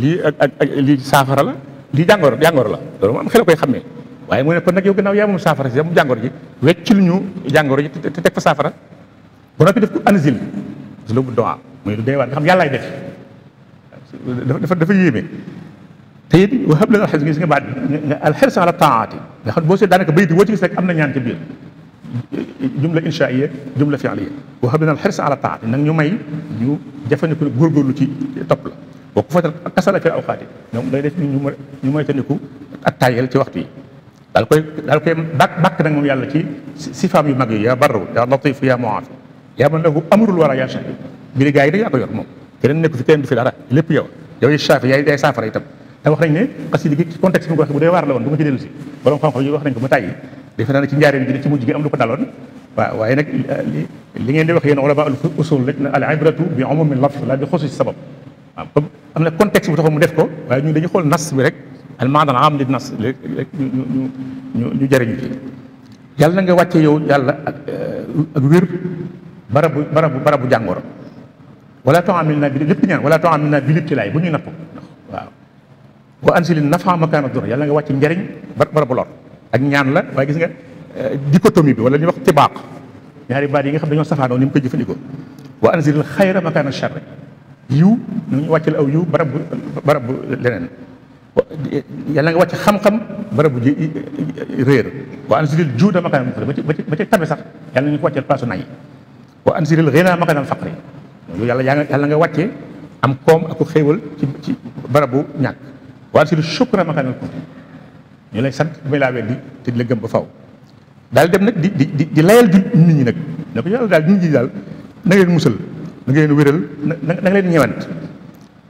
lii ak ak saafara la lii jàngoro jàngoro la loolu moom xel koy xàmmee waaye mu ne kon nag yow gannaaw yaa moom saafara si mu jàngoro ji wecc lu ñu jàngoro ji te teg fa saafara ba noppi def ko anzil uslubu doa muy lu doy waar nga xam yàllaay def dafa dafa yéeme te it wahab lana alxirs gis nga baat bi alxirs ala taati nga xam boo see daanaka bayit woo ci gis rek am na ñaan ci biir jumla inshaiya jumla fi'liya wahab lana alxirs ala taati nag ñu may ñu jafandiku ci topp la boo ko fatal kasala fi awqaati donc day def ñu ñu moytandiku ak tayel ci waxtu yi daal koy daal koy bàkk bàkk nag moom yàlla ci sifaam yu mag yi yaa barru yaa latif yaa muaaf yaa man lahu amrul wara yaa shafi mbiri gaa yi da yaa ko yor fi keneen du fi dara lépp yow yow yi shafi yaay yaay saafara itam da wax nañ ne xasida gi ci bi nga wax bu dee waar la du ma ci dellu si borom xam ko ba tàyyi defe ci njaareen gi ci mujj gi am lu ko li ngeen di wax yéen ulama al usul rek al ibratu bi umumil la bi xususi sabab waaw comme am na contexte bu taxoon mu def ko waaye ñun dañu almaadan am li nas ñu ñu ñu jëriñ ci yàlla na nga wàcce yow yàlla ak euh, ak wér barabu barabu barabu jàngoro wala ton amil na bi lépp ñaan wala ton amil na bi liptilaay bu ñuy napp waaw wa ansilin nafa makaana dur yàlla nga wàcc njëriñ barabu lor ak ñaan la waaye gis nga euh, dichotomie bi wala li wax tibaaq ñaari baat yi nga xam dañoo safaanoo ni mu koy jëfandikoo wa ansilil xayra makaana charr yiw na ñu wàccal aw yiw barabu barabu leneen yàlla nga wàcc xam-xam bu ji réer wa anzilil juuda makaanal muxri ba ci ba ci tabe sax yàlla nga ko wàcceel place nañ wa anzilil ginaa makaanal faqri yow yàlla yaa nga yàlla nga wàccee am koom ak xéewal ci ci barabu ñàkk wa anzilil shukra makaanal kufri ñu lay sant bu may laa weddi te di la gëm ba faw daal dem nag di di di layal di nit ñi nag ne ko yàlla daal nit ñi daal na ngeen musal na ngeen wéral na na ngeen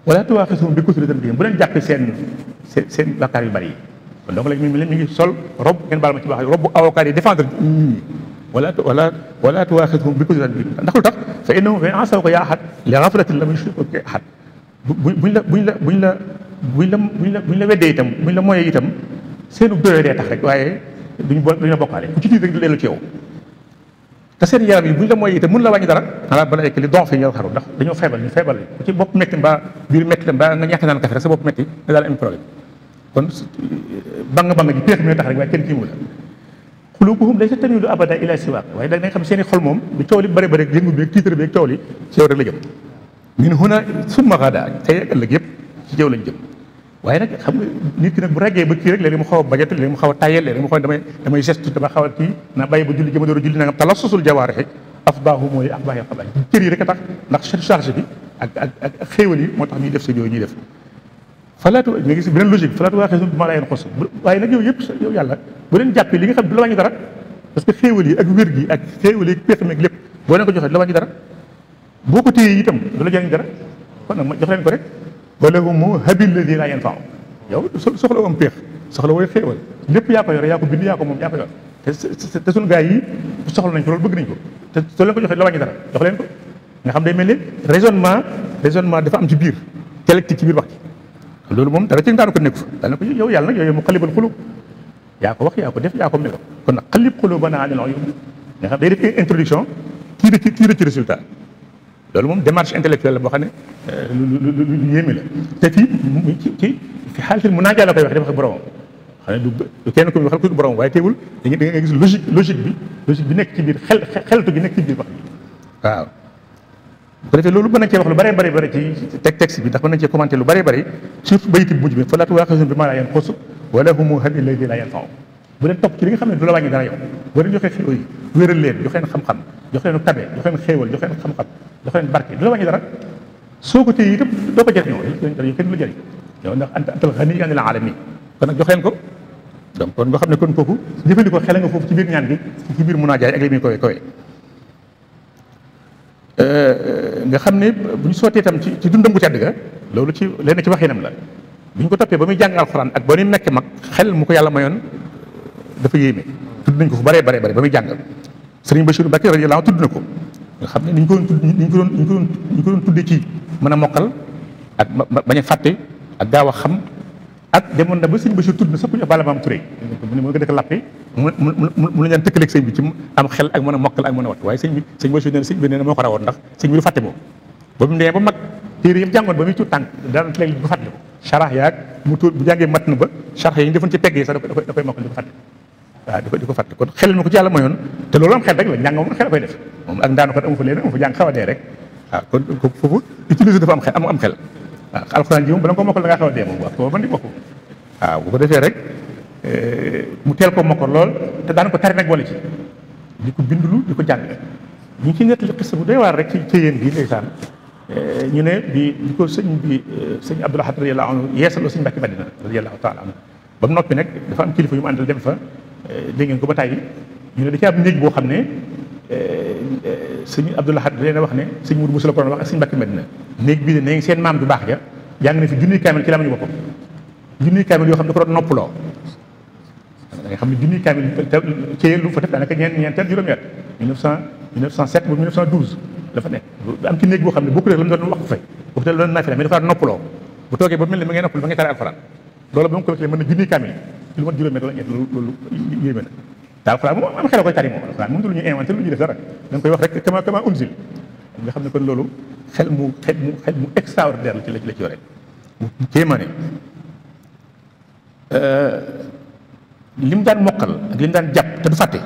wala tuwaaxisuhum bi kufrihim bi bu leen jàppee seen seen seen bakkaar yu bari yi kon donc léegi mi mi ngi sol rob ngeen baal ma ci wax robu avocat yi défendre nit ñi wala wala wala bi kufrihim bi ndax lu tax fa innahum fa in asawka yaa ahad li ghaflatin lam yushriku bi ahad buñ la buñ la buñ la buñ la buñ la buñ la weddee itam buñ la moyee seenu doyee tax rek waaye bu duñ la bokkaale ku ci tiit rek du ci yow te seen yaram yi buñ la mooy te mun la wàññi dara ala bala ek li don fi ñoo xaru ndax dañoo feebal ñu feebal lañ ku ci bopp metti mbaa metti la nga ñàkk naan kafe rek sa bopp metti da daal am problème kon ji péex mi tax rek waaye kenn jiwu la xulubuhum laysa tamilu ila siwaaq waaye da nga xam seeni xol moom bi coow li bëri bëri yëngu beeg tiitare beeg coow li ci yow rek la jëm min huna summa gada tey ak ëllëg yëpp ci jëw lañ waaye nag xam nga nit ki nag bu raggee ba kii rek léegi mu xaw a bajatal léegi mu xaw a tayel léegi mu xaw damay damay gestu dama xaw a kii na bàyyi ba julli jëma a julli nangam tala susul mooy af a tax ndax charge bi ak ak yi moo tax ñuy def sa yooyu ñuy def falaatu nga gis beneen logique falaatu waa xeesu ma laayeen xos waaye nag yow yëpp yow yàlla bu leen jàppee li nga xam du la wàññi dara parce que xéewal yi ak wér gi ak xéewal yi péex meeg lépp boo leen ko joxee du la dara boo ko téyee itam du la jëriñ dara kon nag ma jox leen ko rek wala umu habil ladi laa yanfau yow soxla woo am péex soxla wooy xéewal lépp yaa ko yore yaa ko bind yaa ko moom yaa ko yor te te suñu gars yi soxla nañ ko loolu bëgg nañ ko te soo leen ko joxee la wàññi dara jox leen ko nga xam day mel ni raisonnement raisonnement dafa am ci biir dialectique ci biir wax ji loolu moom dara ci daanu ko nekk fa daana ko yow yàlla nag yooyu mu xalibal xulub yaa ko wax yaa ko def yaa ko melo kon nag xalib xulub ba naa ne loo nga xam day def introduction tiré ci tiré ci résultat loolu moom démarche intellectuelle la boo xam ne euh, lu yéeme la te fii ci ci fi mu naajaa la koy wax dafa wax boromam xam ne du kenn ku ñu waxal ko boromam waaye teewul da nga gis logique logique bi logique bi nekk biir xel gi nekk ci biir wax bi waaw bu defee loolu mën nañ cee wax lu bëree bari bëri ci teg texte bi ndax mën nañ cee commenté lu bëree bëri surtout bayit bu mujj bi fa laatu waa xasun bi maa laa yeen xos wala humu hab illadi laa yeen faw bu leen topp ci li nga xam ne du la wàññi dara yow boo leen joxee xéw yi wéral leen joxeen xam-xam jox leen kabe jox leen xéewal jox leen xam-xam jox leen barke du la wàññi dara soo ko téye itam doo ko jëriñoo yow kenn du la jëriñ yow ndax anta antal xani nag jox leen ko donc kon nga xam ne kon kooku jëfandikoo xel nga foofu ci biir ñaan gi biir munaajaay ak li muy kowe euh, euh, nga xam ne bu ñu sottee tam ci ci dundam bu tedd ga loolu ci lenn ci waxinam la bu ñu ko toppee ba muy jàng alxuraan ak ba muy nekk mag xel mu ko yàlla mayoon dafa yéeme tudd nañ ko fu bare baree bare ba muy jàngal sëriñ Bachir Mbacke radiyallaahu tudd na ko nga xam ni ñu ko doon ni ñu ko doon ni ñu ko doon ñu ko doon tuddee ci mën a mokkal ak ma a fàtte ak gaaw a xam ak demoon na ba sëriñ Bachir tudd na sax ku ñu Balla Maam Touré mu ne mu nga dëkk bi ci am xel ak mën a a wat waaye sëñ bi sëñ Bachir nee na sëñ bi moo ko rawoon ndax sëñ bi du fàtte moom ba mu nee ba mag téere yëpp jàngoon ba muy tuut bu jàngee mat na ba sarax yi ñu defoon ci pegg yi sax da koy mokkal du fàtte waaw di ko di ko fàtte kon xel ma ko ci yàlla mayoon te loolu am xel rek la njàng moom xel koy def moom ak ndaanu kat amu a dee rek waaw kon foofu utiliser dafa am xel am am xel waaw alxuraan ji moom ko mokkal da ngaa a dee moom waaw man di bokk ko defee rek eh, mu ko mokkal lool te daan ko tari nag boole ci di ko bindulu di ko jàng ñu ci nettali bu doy waar rek ci ci yéen bii ndeysaan eh, ne di ko sëñ bi eh, sëñ Abdul Ahad radiyallahu anhu yeesaloo sëñ Mbàkke Madina radiyallahu taala mu noppi nag dafa yu mu dem fa Euh, dégg ngeen ko ba tàyyi ñu ne da ci am néeg boo xam ne euh, euh, sëñ Abdou Lahad leen wax ne sëñ Mourou Moussa la ko doon wax ak sëñ Mbacke Medina néeg bii de nee seen maam bu baax ja jàng na fi junniy kaamil ci la ma ñu boppam junniy kaamil yoo xam ne da ko doon noppaloo da nga xam ne junniy kaamil ci lu fa def daanaka ñeent ñeenteel juróomi at 1900 1907 ba 1912 la fa nekk am ci néeg boo xam ne la mu doon wax ko fay waxtu la doon naa fi mais dafa doon noppaloo bu toogee ba mel ne ma ngay noppal ma ngay tare loolu ba mu ko wékkee mën na junniy kaamil ci lu mat juróomi loolu ñett loolu yéeme na te alxuraan moom am xel koy tari moom alxuraan moom lu ñu inventé lu ñu def dara da nga koy wax rek kama kama unzil nga xam ne kon loolu xel mu xel mu xel mu extraordinaire la ci la ci la ci yore mu kéemaane euh, li mu daan mokkal ak li mu daan jàpp te du fàtte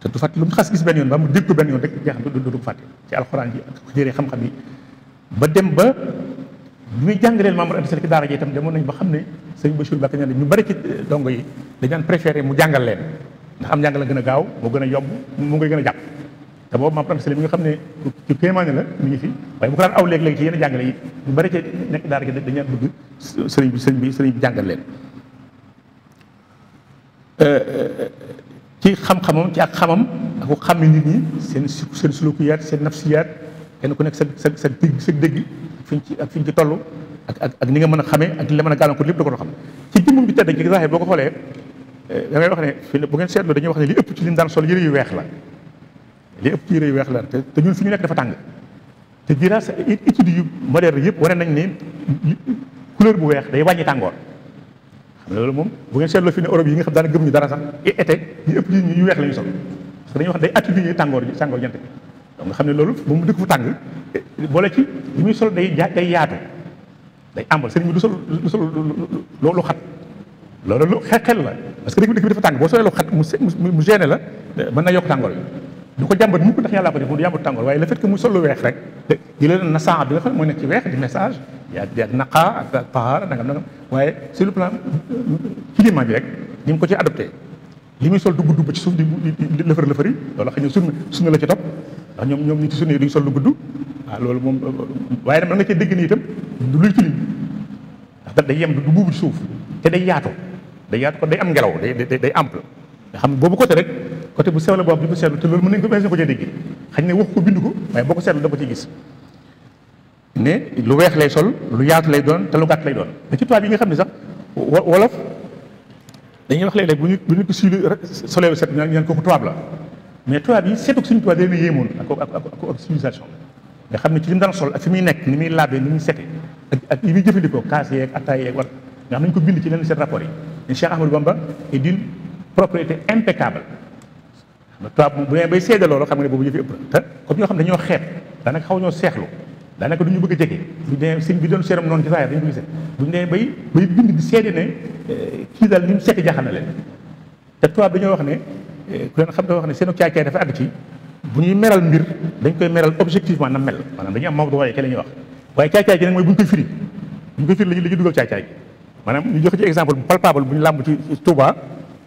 te du fàtte lu mu xas gis benn yoon ba mu dégg ko benn yoon rek jeex na du du du fàtte ci alxuraan ji ak jëree xam-xam yi ba dem ba bu muy jàngaleel Mamour Anta Sall ci daara ji itam demoon nañ ba xam ne sëñ ba Mbacké ñaan ñu bari ci eh, dongo yi dañ daan préféré mu jàngal leen ndax am njàng gën a gaaw moo gën a yomb moo ngay gën a jàpp te boobu Mamour Anta Sall mi nga xam ne ci kéemaane la mi ngi fi waaye bu ko daan aw léeg-léeg ci yenn jàngale yi ñu bari ci nekk daara ji dañ daan bëgg sëriñ bi sëriñ bi sëriñ bi jàngal leen eh, eh, ci xam-xamam ci ak xamam ak ko xam nit ñi seen seen sulukiyaat seen nafsiyaat kenn ku nekk sa sa sa dégg sa dégg fiñ ci ak ci toll ak ak ak ni nga mën a xamee ak li la mën a gàllankoor lépp da ko xam ci dimbum bi tedd gi zahir boo ko xoolee eh, da ngay wax ne fi bu dañuy wax ne ëpp ci li mu daan sol yu weex la li ëpp ci la te ñun fi ñu nekk dafa tàng te dira sa études yu moderne yëpp wane nañ ne couleur bu weex day wàññi tàngoor xam loolu moom bu ngeen seetloo fi ne Europe yi nga xam daana gëm ñu dara sax été ñu ëpp ñu weex la ñu sol parce que dañuy wax day atténuer tàngoor bi tàngoor jant nga xam ne loolu bu mu dëkk fu tàng boole ci li muy sol day day yaatu day àmbal sëriñ bi du sol du sol lu xat loolu lu xel la parce que dëkk bi dëkk bi dafa tàng boo solee lu xat mu mu gêné la mën na yokk tàngoor bi du ko jàmbat mukk ndax yàllaa ko def du tàngoor waaye le fait mu sol lu weex rek di leen nasaan bi nga xam ne mooy nekk ci weex di message di ak naqaa ak a nangam nangam waaye sur le plan climat bi rek ni mu ko ci adopté li muy sol dugg dugg ci suuf di lëfër lëfër yi loolu xëy na sunna la ci topp ndax ñoom ñoom ñi ci sunna duñ sol lu gudd waaw loolu moom waaye nag mën nga cee dégg ni itam du luy tilim ndax da day yem du buubu suuf te day yaatu day yaatu kon day am ngelaw day day ample nga xam boobu côté rek côté bu sew la boobu ñu ko seetlu te loolu ko mën ko cee dégg xañ ne wax ko bind ko waaye boo gis ne lu weex lay sol lu yaatu lay doon te lu gàtt lay doon da ci tubaab yi nga xam ne sax wolof dañuy wax léeg-léeg bu ñu bu ñu ko siilu solee set ñaan ko ko tubaab la mais tubaab yi seetlu suñu tubaab yi yéemoon ak ak nga xam ne ci li mu daan sol ak fi muy nekk ni muy laabee ni muy setee ak ak li muy jëfandikoo kaas yeeg attaay yeeg war nga xam nañu ko bind ci lenn seen rapport yi ne Cheikh Ahmadou Bamba est d'une propriété impeccable xam nga tubaab xam nga boobu jëfi ëpp te comme ñoo xam ne dañoo xeet daanaka xaw ñoo ñu bëgg a jege bu dee sëñ bi doon seeram noonu ci saa dañu bëgg seet bu ñu nee bay bay bind di seede ne eh, kii daal ni mu seete jaaxal na leen te tubaab dañoo wax ne Eh, ku leen xam dafa wax ne seenu caay-caay dafa àgg ci bu ñuy meral mbir dañ koy meral objectivement na mel maanaam dañuy am mawdu waaye ke la ñuy wax waaye caay-caay gi nag mooy bu ñu koy firi bu ñu koy firi la dugal caay-caay gi maanaam ñu joxe ci exemple bu palpable bu ñu làmb ci Touba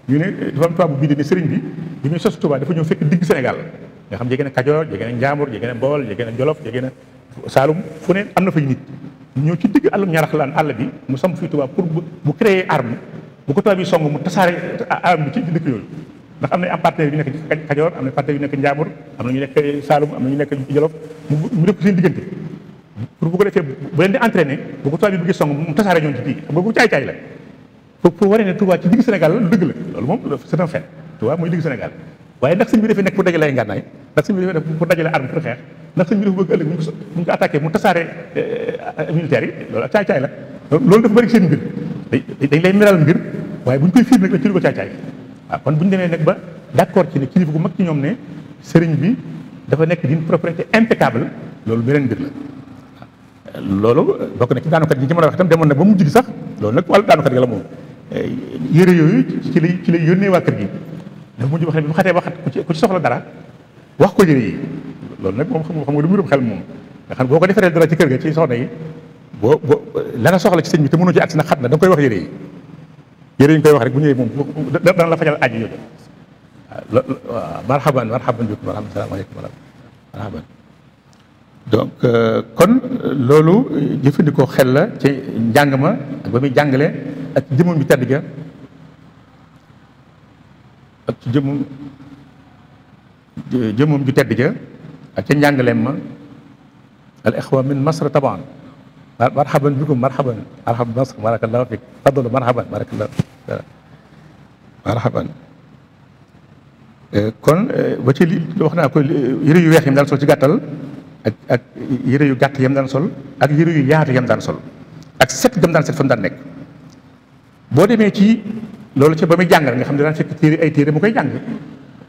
ñu ne eh, dafa am Touba bu bii ne sëriñ bi bu muy sos Touba dafa ñëw fekk digg Sénégal nga xam jege na Kajoor jege na Njaambur jege na Bawol jege na Jolof jege na Saalum fu ne am na fay nit ñëw ci digg àllum ñaraxlaan àll bi mu sam fii Touba pour bu créer arme bu ko tubaab yi song mu tasaare arme bi ci dëkk ndax am na am partenaire yu nekk Kajoor am na partenaire yu nekk Njaambur am na ñu nekk Saalum am na ñu nekk Jolof mu def seen diggante pour bu ko defee bu leen di entraîné bu ko tubaab bi bëggee song mu tasaare ñoom ci biir xam nga bu caay-caay la pour pour waree ne digg Sénégal la dëgg la loolu moom c'est un fait Touba mooy digg Sénégal waaye ndax sëñ bi defee nekk pour dajale ngànnaay ndax sëñ bi defee nekk pour dajale arme pour ndax sëñ bi dafa bëgg ëllëg bu ñu ko attaqué euh, militaire yi loolu ak caay-caay la waaw ah, kon bu ñu demee nag ba d'accord ci ne kilifa gu mag ci ñoom ne sëriñ bi dafa nekk d'une propriété impeccable loolu beneen mbir la ah, loolu bokk na ci daanukat yi ci mën a wax itam demoon na ba mu jigi sax loolu nag wàllu daanukat gi la moom eh, yére yooyu ci lay ci lay yónnee waa kër gi dafa mujj wax ne bu xatee waxat ku ci ku ci soxla dara wax ko yére yi loolu nag moom xam nga xam nga lu mu xel moom nga xam boo ko defaree dara ci kër ga ci soxna yi boo la nga soxla ci sëñ bi te mënoo ci na xat na da koy wax yére yére yi ñu koy wax rek bu ñëwee moom dana la fajal aji yooyu waaw marhaban marhaban bikum marhaban salaamaaleykum marhaban donc euh, kon loolu euh, jëfandikoo xel la ci njàng ma ak ba muy jàngale ak ci jëmmum bi tedd ga ak ci jëmmum jëmmum ju tedd ja ak ca njàngaleem ma al ixwa min masr tabaan marhaban bikum marhaban marhaban masr barakallahu fik fadlu marhaban barakallahu dara marhaban eh, kon eh, ba ci li wax naa ko yëre yu weex yam daan sol ci gàttal ak ak yëre yu gàtt yam daan sol ak yëre yu yaatu yam daan sol ak set gam daan set fa daan nekk boo demee ci loolu ca ba muy jàngal nga xam ne daan fekk téere ay téere mu koy jàng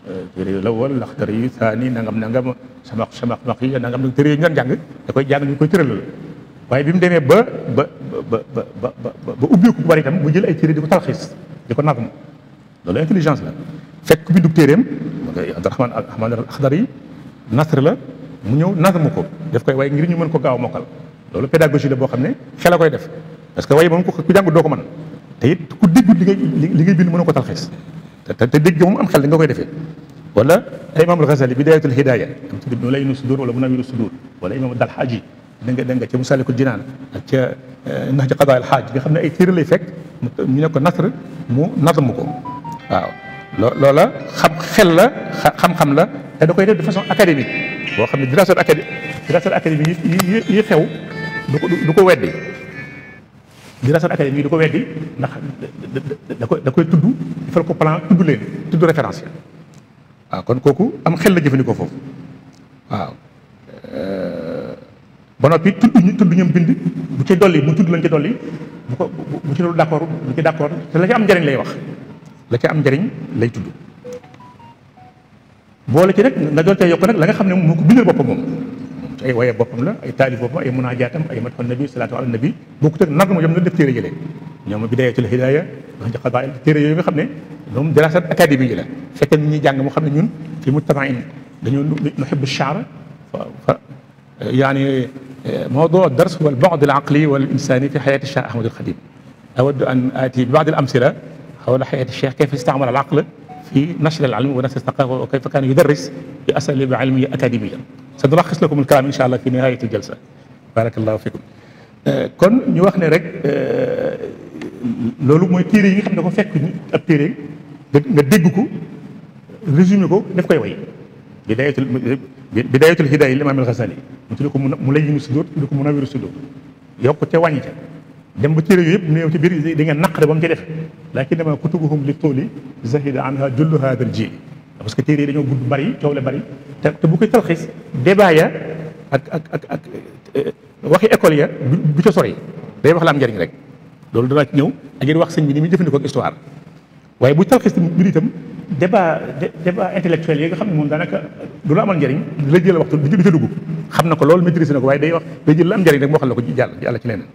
eh, téere yu la wal laxtari yu saani nangam nangam samax samax max yi nangam nag téere yi ñu daan jàng da koy jàng ñu koy tëralal waaye bi mu demee ba ba ba ba ba ba ubbeeku bu bari itam mu jël ay téere di ko talxiis di ko nagam loolu intelligence la fekk ku bindub téeréem Abdurahmaan Ahmad Axdari nasr la mu ñëw nagam ko def koy waaye ngir ñu mën ko gaaw mokkal loolu pédagogie la boo xam ne xel a koy def parce que waaye moom ku jàngut doo ko mën te it ku déggut li ngay li ngay bind mën ko talxiis te te dégg moom am xel li nga koy defee wala ay imaamul Ghazali Bidaayatul Hidaaya am tudd Nulaynu Sudur wala Munawwiru Sudur wala imaam Dalhaaji da nga da nga ca Masaalikul Jinaan ak ca eh, Nahju Qadaa'il Haaj nga xam ne ay téere lay fekk ñu ne ko nasr mu nazmu ko waaw loola xam xel la xam-xam la te da koy def de façon académique boo xam ne dirasat acadé dirasat académique yi yi xew du ko du ko weddi dirasat académique du ko weddi ndax da koy da koy tudd defal ko plan tudd leen tudd référence waaw kon kooku am xel la jëfandikoo foofu waaw eh, ba noppi tudd ñu tudd ñoom bind bu ci dolli mu tudd lañ ci dolli bu ko bu ci dul d'accord te la ci am njariñ lay wax la ci am njariñ lay tudd boole ci nag nga doon tey yokk nag la nga xam ne moo ko bindal boppam moom ay waaye boppam la ay taalif boppam ay munajaatam ay matxon nabi salaatu ala nabi boo ko teg nar ma ñoom na def téere jëlee ñoom bidaaya ci la hidaaya wax ci xabaar téere yooyu nga xam ne ñoom dirasat académie yi la fekkee nit ñi jàng mu xam ne ñun fi mujtamain dañoo nuxibu chaara fa yaani موضوع الدرس هو البعد العقلي والإنساني في حياة الشيخ أحمد الخديم أود أن آتي ببعض الأمثلة حول حياة الشيخ كيف استعمل العقل في نشر العلم ونشر الثقافة وكيف كان يدرس بأساليب علمية أكاديمية سنلخص لكم الكلام إن شاء الله في نهاية الجلسة بارك الله فيكم kon ñu wax ne rek loolu mooy téere yi nga xam ne ko fekk ab téere nga dégg ko résumé ko daf koy way bidayatul bidayatul hidaaya li imaam al-Ghazali mu tudd ko mu layyimu sudur tudd ko mu nawiru sudur yokk ca wàññi ca dem ba téere yooyu yëpp néew ci biir di nga naqare ba mu ci def laakin dama kutubuhum li tooli zahida anha jullu haadal ji parce que téere yi dañoo gudd bari coow la bari te te bu koy talxiis débat ya ak ak ak ak eh, waxi école ya du ca sori day wax laa am njëriñ rek loolu danaa ci ñëw ak yéen wax sëñ bi ni muy jëfandikoo ak histoire waaye bu talxis mbir tam débat débat intellectuel yi nga xam ne moom daanaka du la amal njëriñ di la jël waxtu di ca dugg xam na ko loolu maîtrise na ko waaye day wax day jël la am njëriñ rek moo xam la ko jàll jàll ci leneen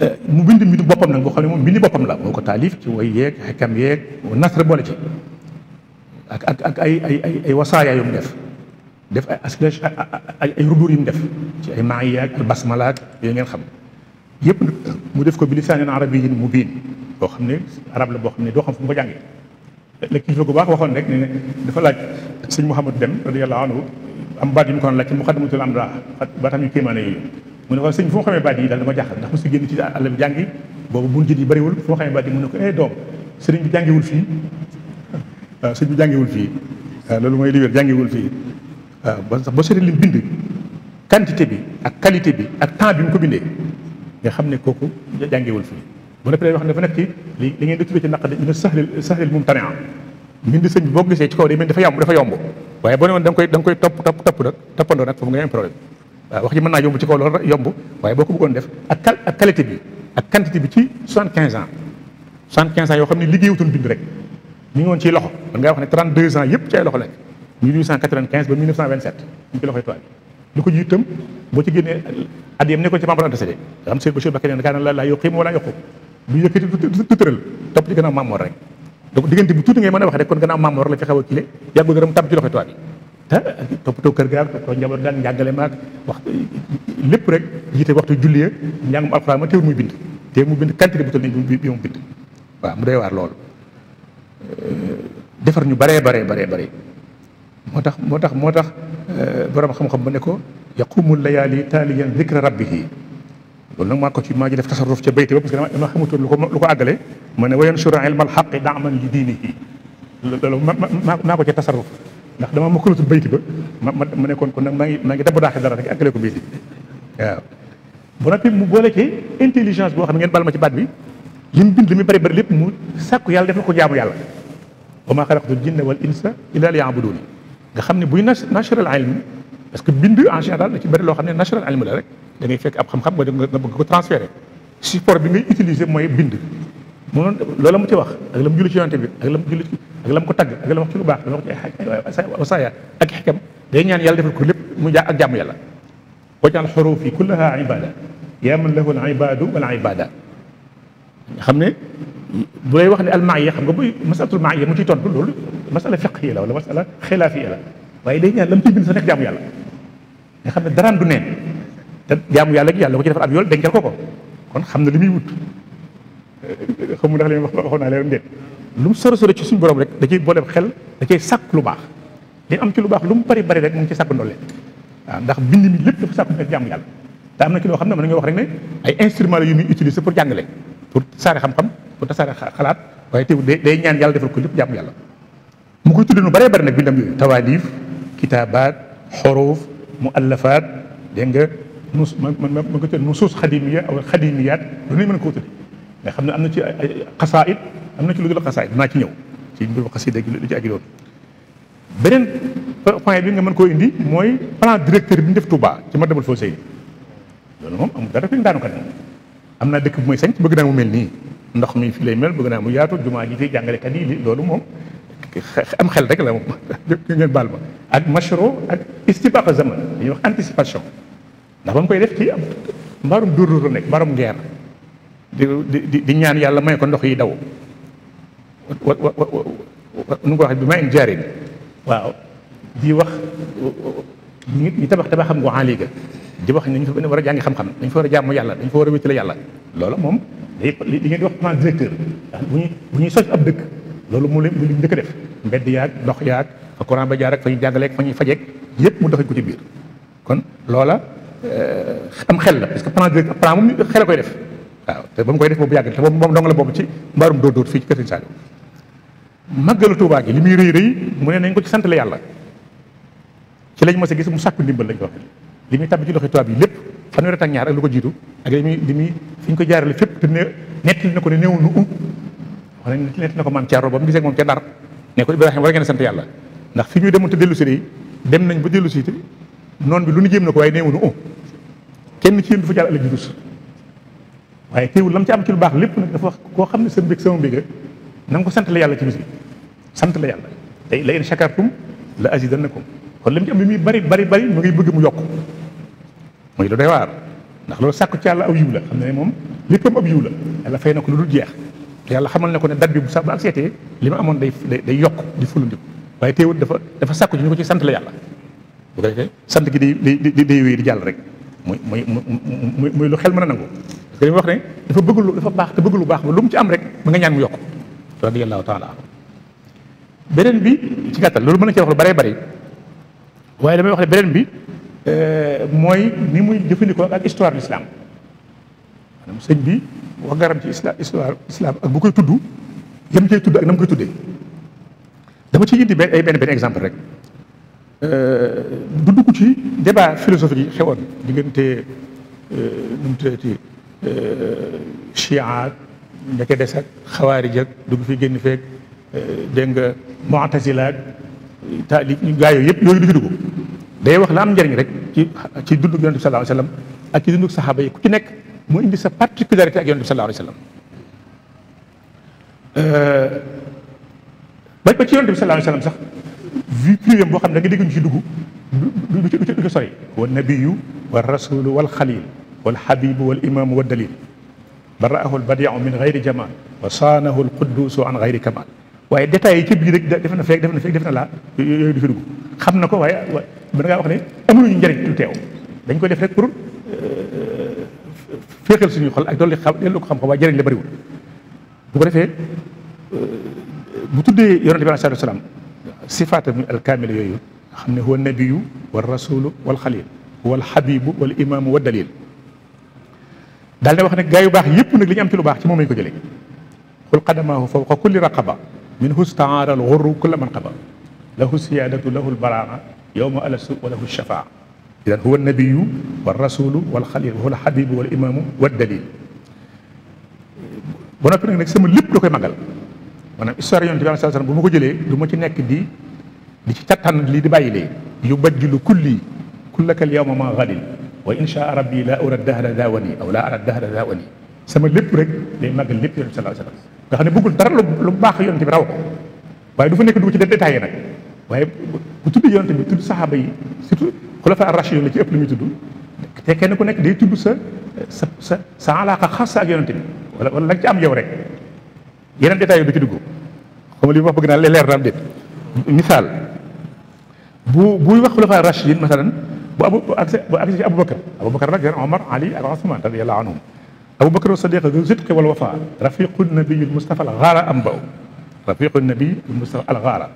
eh, mu bind mbind boppam nag boo xam ne moom mbindi boppam la moo ko taalif ci way yeeg xekkam yeeg nasra boole ci ak ak ay ay ay ay wasaaya yu mu def def ay aslèche ay rudur yu mu def ci ay maaya ak albasmala ak yooyu ngeen xam yëpp mu def ko bi lisaanin arabiyyin mubiin boo xam ne arab la boo xam ne doo xam fu mu ko jàngee la kilifa gu baax waxoon rek ne dafa laaj sëñ Mouhamadou Dem radiyallahu anhu am baat yi mu ko doon laaj ci muqaddimatul am daa baatam yu kéemaane yooyu mu ne ko sëñ fu ma xamee baat yi daal dama jaaxal ndax mosu génn ci àll bi jàngi boobu buñ jit yi bëriwul fu ma xamee baat yi mu ko eh doom sëriñ bi jàngiwul fii waaw (laughs) ah, sëñ ah, loolu mooy li wér jàngiwul ah, ba sax ba sori lim quantité bi ak qualité bi ak temps bi mu xam ne kooku jàngiwul fii bu ne pare wax ne dafa nekk ci li li ngeen di tuddee ci naqdi ñu ne sahlil sahlil mumtania mbind sëñ bi boo gisee ci kaw dafa yomb waaye boo ne woon da koy topp topp topp toppandoo nag foofu ngay yomb waaye boo ko bëggoon def ak ak bi ak quantité bi ci soixante quinze ans yoo xam ne liggéeyutoon bind rek ñu ngi woon loxo man ngaa wax ne 32 ans yëpp ci ay loxo lañ 1895 ba 1927 ñu ci loxoy tubaab bi lu ko jiitu ci génnee at nekkoon ci membre antecédé nga xam sëñ Bachir Bakary ne kaa la laa du yëkk du tëral topp ci gannaaw maamoor rek donc diggante bu tuuti ngay mën a wax rek kon gannaaw maamoor la fi xaw a kilé yàggu dara mu tàbb ci loxo tubaab yi te toppatoo kër gaa toppatoo njaboot gaal njàngale maag wax lépp rek jiite waxtu julli ak njàngum alxuraan ma teewul muy bind teewul muy bind quantité bu toll nii bi mu bind waaw mu doy waar loolu defar ñu baree baree baree bare moo tax moo tax moo tax borom xam-xam ba ne ko yaqumu layaali rab bi rabbihi loolu nag maa ko ci maa ji def tasarruf ca bayti ba parce que dama dama xamutoon lu ko lu ko àggale ma ne wayan sura ilmal xaqi daaman li diinihi loolu maa ko ci tasarruf ndax dama ma kulatul bayti ba ma ma ne kon kon nag maa ngi maa ngi dab daaxee dara rek àggale ko bayti waaw bu noppi mu boole ci intelligence boo xam ne ngeen bal ma ci baat bi li mu bind li mu bëri bëri lépp mu sàkku yàlla def na ko jaamu yàlla wa maa xalaqtul jinna wal insa illa liya'budun nga xam ne buy natural ilm parce que bind en général da ci bëri loo xam ne natural ilm la rek da ngay fekk ab xam-xam nga nga bëgg ko transférer support bi ngay utiliser mooy bind munoon loola mu ci wax ak la mu julli ci yonte bi ak la mu julli ak la ko tagg ak la mu wax ci lu baax la mu wax ci ay wasaaya ak xikam yàlla defal ko lépp mu jaa ak jàmm yàlla wajal xuruuf yi kullaha ibada yaa man lahu al ibadu wal ibada xam ne bu lay wax ne al maaya xam nga buy masalatul maaya mu ciy tontu loolu masala fiqhi la wala masala xilaafi la waaye day ñaan la mu ciy bind sa nekk jàmm yàlla nga xam ne daraan du neen te jaamu yàlla gi yàlla ko ci defal ab yool dencal ko ko kon xam na li muy wut xamu ndax leen wax waxoon naa leen déet lu mu sore sore ci suñ borom rek da ciy booleb xel da ciy sàkk lu baax li am ci lu baax lu mu bari bari rek mu ngi ci sàkk ndolle waaw ndax bind mi lépp dafa sàkk ak jaamu yàlla te am na ci loo xam ne mën nañoo wax rek ne ay instrument la yu muy utiliser pour jàngale pour saare xam-xam pour tasaare xalaat waaye teewul day ñaan yàlla defal ko lépp jaamu yàlla mu koy tudd nu bëree bëri nag bindam yooyu tawaalif kitaabaat xoroof muallafaat dégg nga nuus man man ko tuddee nusuus xadimiya aw xadimiyaat lu ne mën xam ne am na ci ay xasaayid am na ci lu dul xasaayid danaa ci ñëw ci mbiru xasida gi lu ci aju beneen point bi nga mën koo indi mooy plan directeur bi ñu def Touba ci ma demal foo sëy loolu moom amul dara fi daanu ko ne am naa dëkk bu may sañ bëgg naa mu mel nii ndox mi fi lay mel bëgg naa mu yaatu jumaa ji tey jàngalekat yi loolu moom am xel rek la moom (laughs) ngeen baal ma ak mashro ak istibaqa zaman dañuy wax anticipation ndax ba mu koy def ci mbaarum dóor nekk mbaarum ngeer di di di ñaan yàlla may ko ndox yi daw wa nu ko waxee bi may jaarin waaw di wax ñu tabax tabax xam nga waxaan di wax nañ fa war a jàngi xam-xam dañ fa war a jàmm yàlla dañ fa war a wéttale yàlla loola moom day li ngeen di wax plan directeur bu ñuy bu ab dëkk loolu mu leen mu leen njëkk a def mbedd yaag ndox yaag fa courant ba jaar ak fa ñuy jàngaleeg fa ñuy fajeeg yépp mu doxee ko ci biir Euh, am xel la parce que plan direct plan moom xel a koy def waaw te ba mu koy def boobu yàgg te boobu moom dong la boobu ci mbaarum dóor dóor fii ci kër Sëñ Saliou màggalu Tuubaa gi li muy rëy rëy mu ne nañ ko ci sant la yàlla ci lañ mos a gis mu sàkku ndimbal lañ ko wax li muy tàbbi ci loxo tubaab yi lépp fanweeri ak ñaar ak lu ko jiitu ak li muy li muy fi ñu ko jaarale fépp te ne nettali na ko ne néew nu um wax nañ nettali na ko maam Thierno ba mu gisee moom ca Ndar ne ko Ibrahima war ngeen sant yàlla ndax fi ñuy dem te dellu si dem nañ ba dellu si noon bi lu nu jéem na ko waaye néewuñu o kenn ci yéen du fa jaar ëllëg jurus waaye teewul lam ci am ci lu baax lépp nag dafa wax koo xam ne sa mbég sama mbég na ko sant la yàlla ci bis sant la yàlla tey la in shakartum la azidannakum kon lam ci am li muy bari bari bari mu ngi bëgg mu yokk muy lu doy waar ndax loolu sàkku ci yàlla aw yiw la xam ne moom léppam ab yiw la yàlla fay na ko lu dul jeex te yàlla xamal ne ko ne dat bi bu sax bu ak li mu amoon day day yokk di fulandi waaye teewul dafa dafa sàkku ci ñu ko ci sant la yàlla bu ko defee sant gi day day wéy di jàll rek muy muy muy muy lu xel mën a nangu parce wax ne dafa bëgg lu dafa baax te bëgg lu baax ba lu mu ci am rek mu nga ñaan mu yokk radiyallahu taala beneen bi ci gàttal loolu mën na ci wax lu bëree bëri waaye damay wax ne beneen bi euh, mooy ni muy jëfandikoo ak histoire de l'islam maanaam sëñ bi wax garam ci islam histoire islam ak bu koy tudd yam cay tudd ak na mu koy tuddee dama ciy indi ay benn benn exemple rek du euh, dugg ci débat philosophique yi xewoon diggante euh, nu mu tuddati chia euh, des ak xawaarij ak dugg fi génn feeg dégg nga mu'tazila ak taalib ñu gaa yooyu yëpp yooyu du day wax la am njëriñ rek ci ci dundu yonent bi sallallahu ak ci dundu saxaaba yi ku ci nekk mu indi sa particularité ak yonent bi sallallahu alayhi wa ci yonent bi sallallahu sax vie privée boo xam ne da nga dégg ñu ci dugg du ci du ci sori wa nabiyu wa rasulu wal xalil wal xabibu wal imaamu wa dalil baraahu al badiu min gayri jamal wa saanahu al quddusu an gayri kamal waaye détails yi ci biir rek def na feek def na feek def na laa yooyu du fi dugg xam na ko waaye mën ngaa wax ne amuñu njëriñ lu teew dañ ko def rek pour euh, féexal suñuy xol ak dolli xam dellu ko xam ko waaye jëriñ la bëriwul bu ko defee euh, bu tuddee yonente bi aleyhi salaam sifaatam alkaamila yooyu nga xam ne huwa nabiyu wal rasulu wal xalil wal xabibu wal imaamu wa dalil daal ne wax ne gaa yu baax yépp nag li ñu am ci lu baax ci moom lañu ko jëlee xul qadamaahu fawqa kulli raqaba min hustaara al xurru kulla man qaba lahu siyaadatu lahu lbaraa'a yowma alasu wa lahu shafaa idan huwa nabiyu wal rasulu wal xalil wa huwa al xabibu wal imaamu wa dalil ba noppi nag nag sama lépp da koy magal maanaam histoire yonent bi sallallahu alayhi wasallam bu ma ma ci nekk di di ci lii di bàyyi lee yu bajjilu kulli kullakal yawma ma gadin wa insha rabbi la ara dahra daawani aw la ara dahra daawani sama lépp rek day màggal lépp yonent bi sallallahu alayhi ne bëggul dara lu lu baax yonent bi raw ko waaye du fa nekk dugg ci détaillé nag waaye bu tudd yonent bi tudd saxaaba yi surtout la ci lu muy tudd te kenn ku nekk day tudd sa sa sa sa alaaqa xaas ak yonent bi wala wala la nga ci am yow rek yeneen détails yi du ci dugg moom li mu wax bëgg naa leer na am déet misaal bu buy wax xulafaa rachidin masalan bu abu bu àgg bu àgg ci Aboubacar Aboubacar nag yar Omar Ali ak Ousmane radiyallahu anhum Aboubacar sadiq sidqi wal wafa rafiqu nabiyi Mustafa al gaara am baw rafiqu nabiyi Mustafa al gaara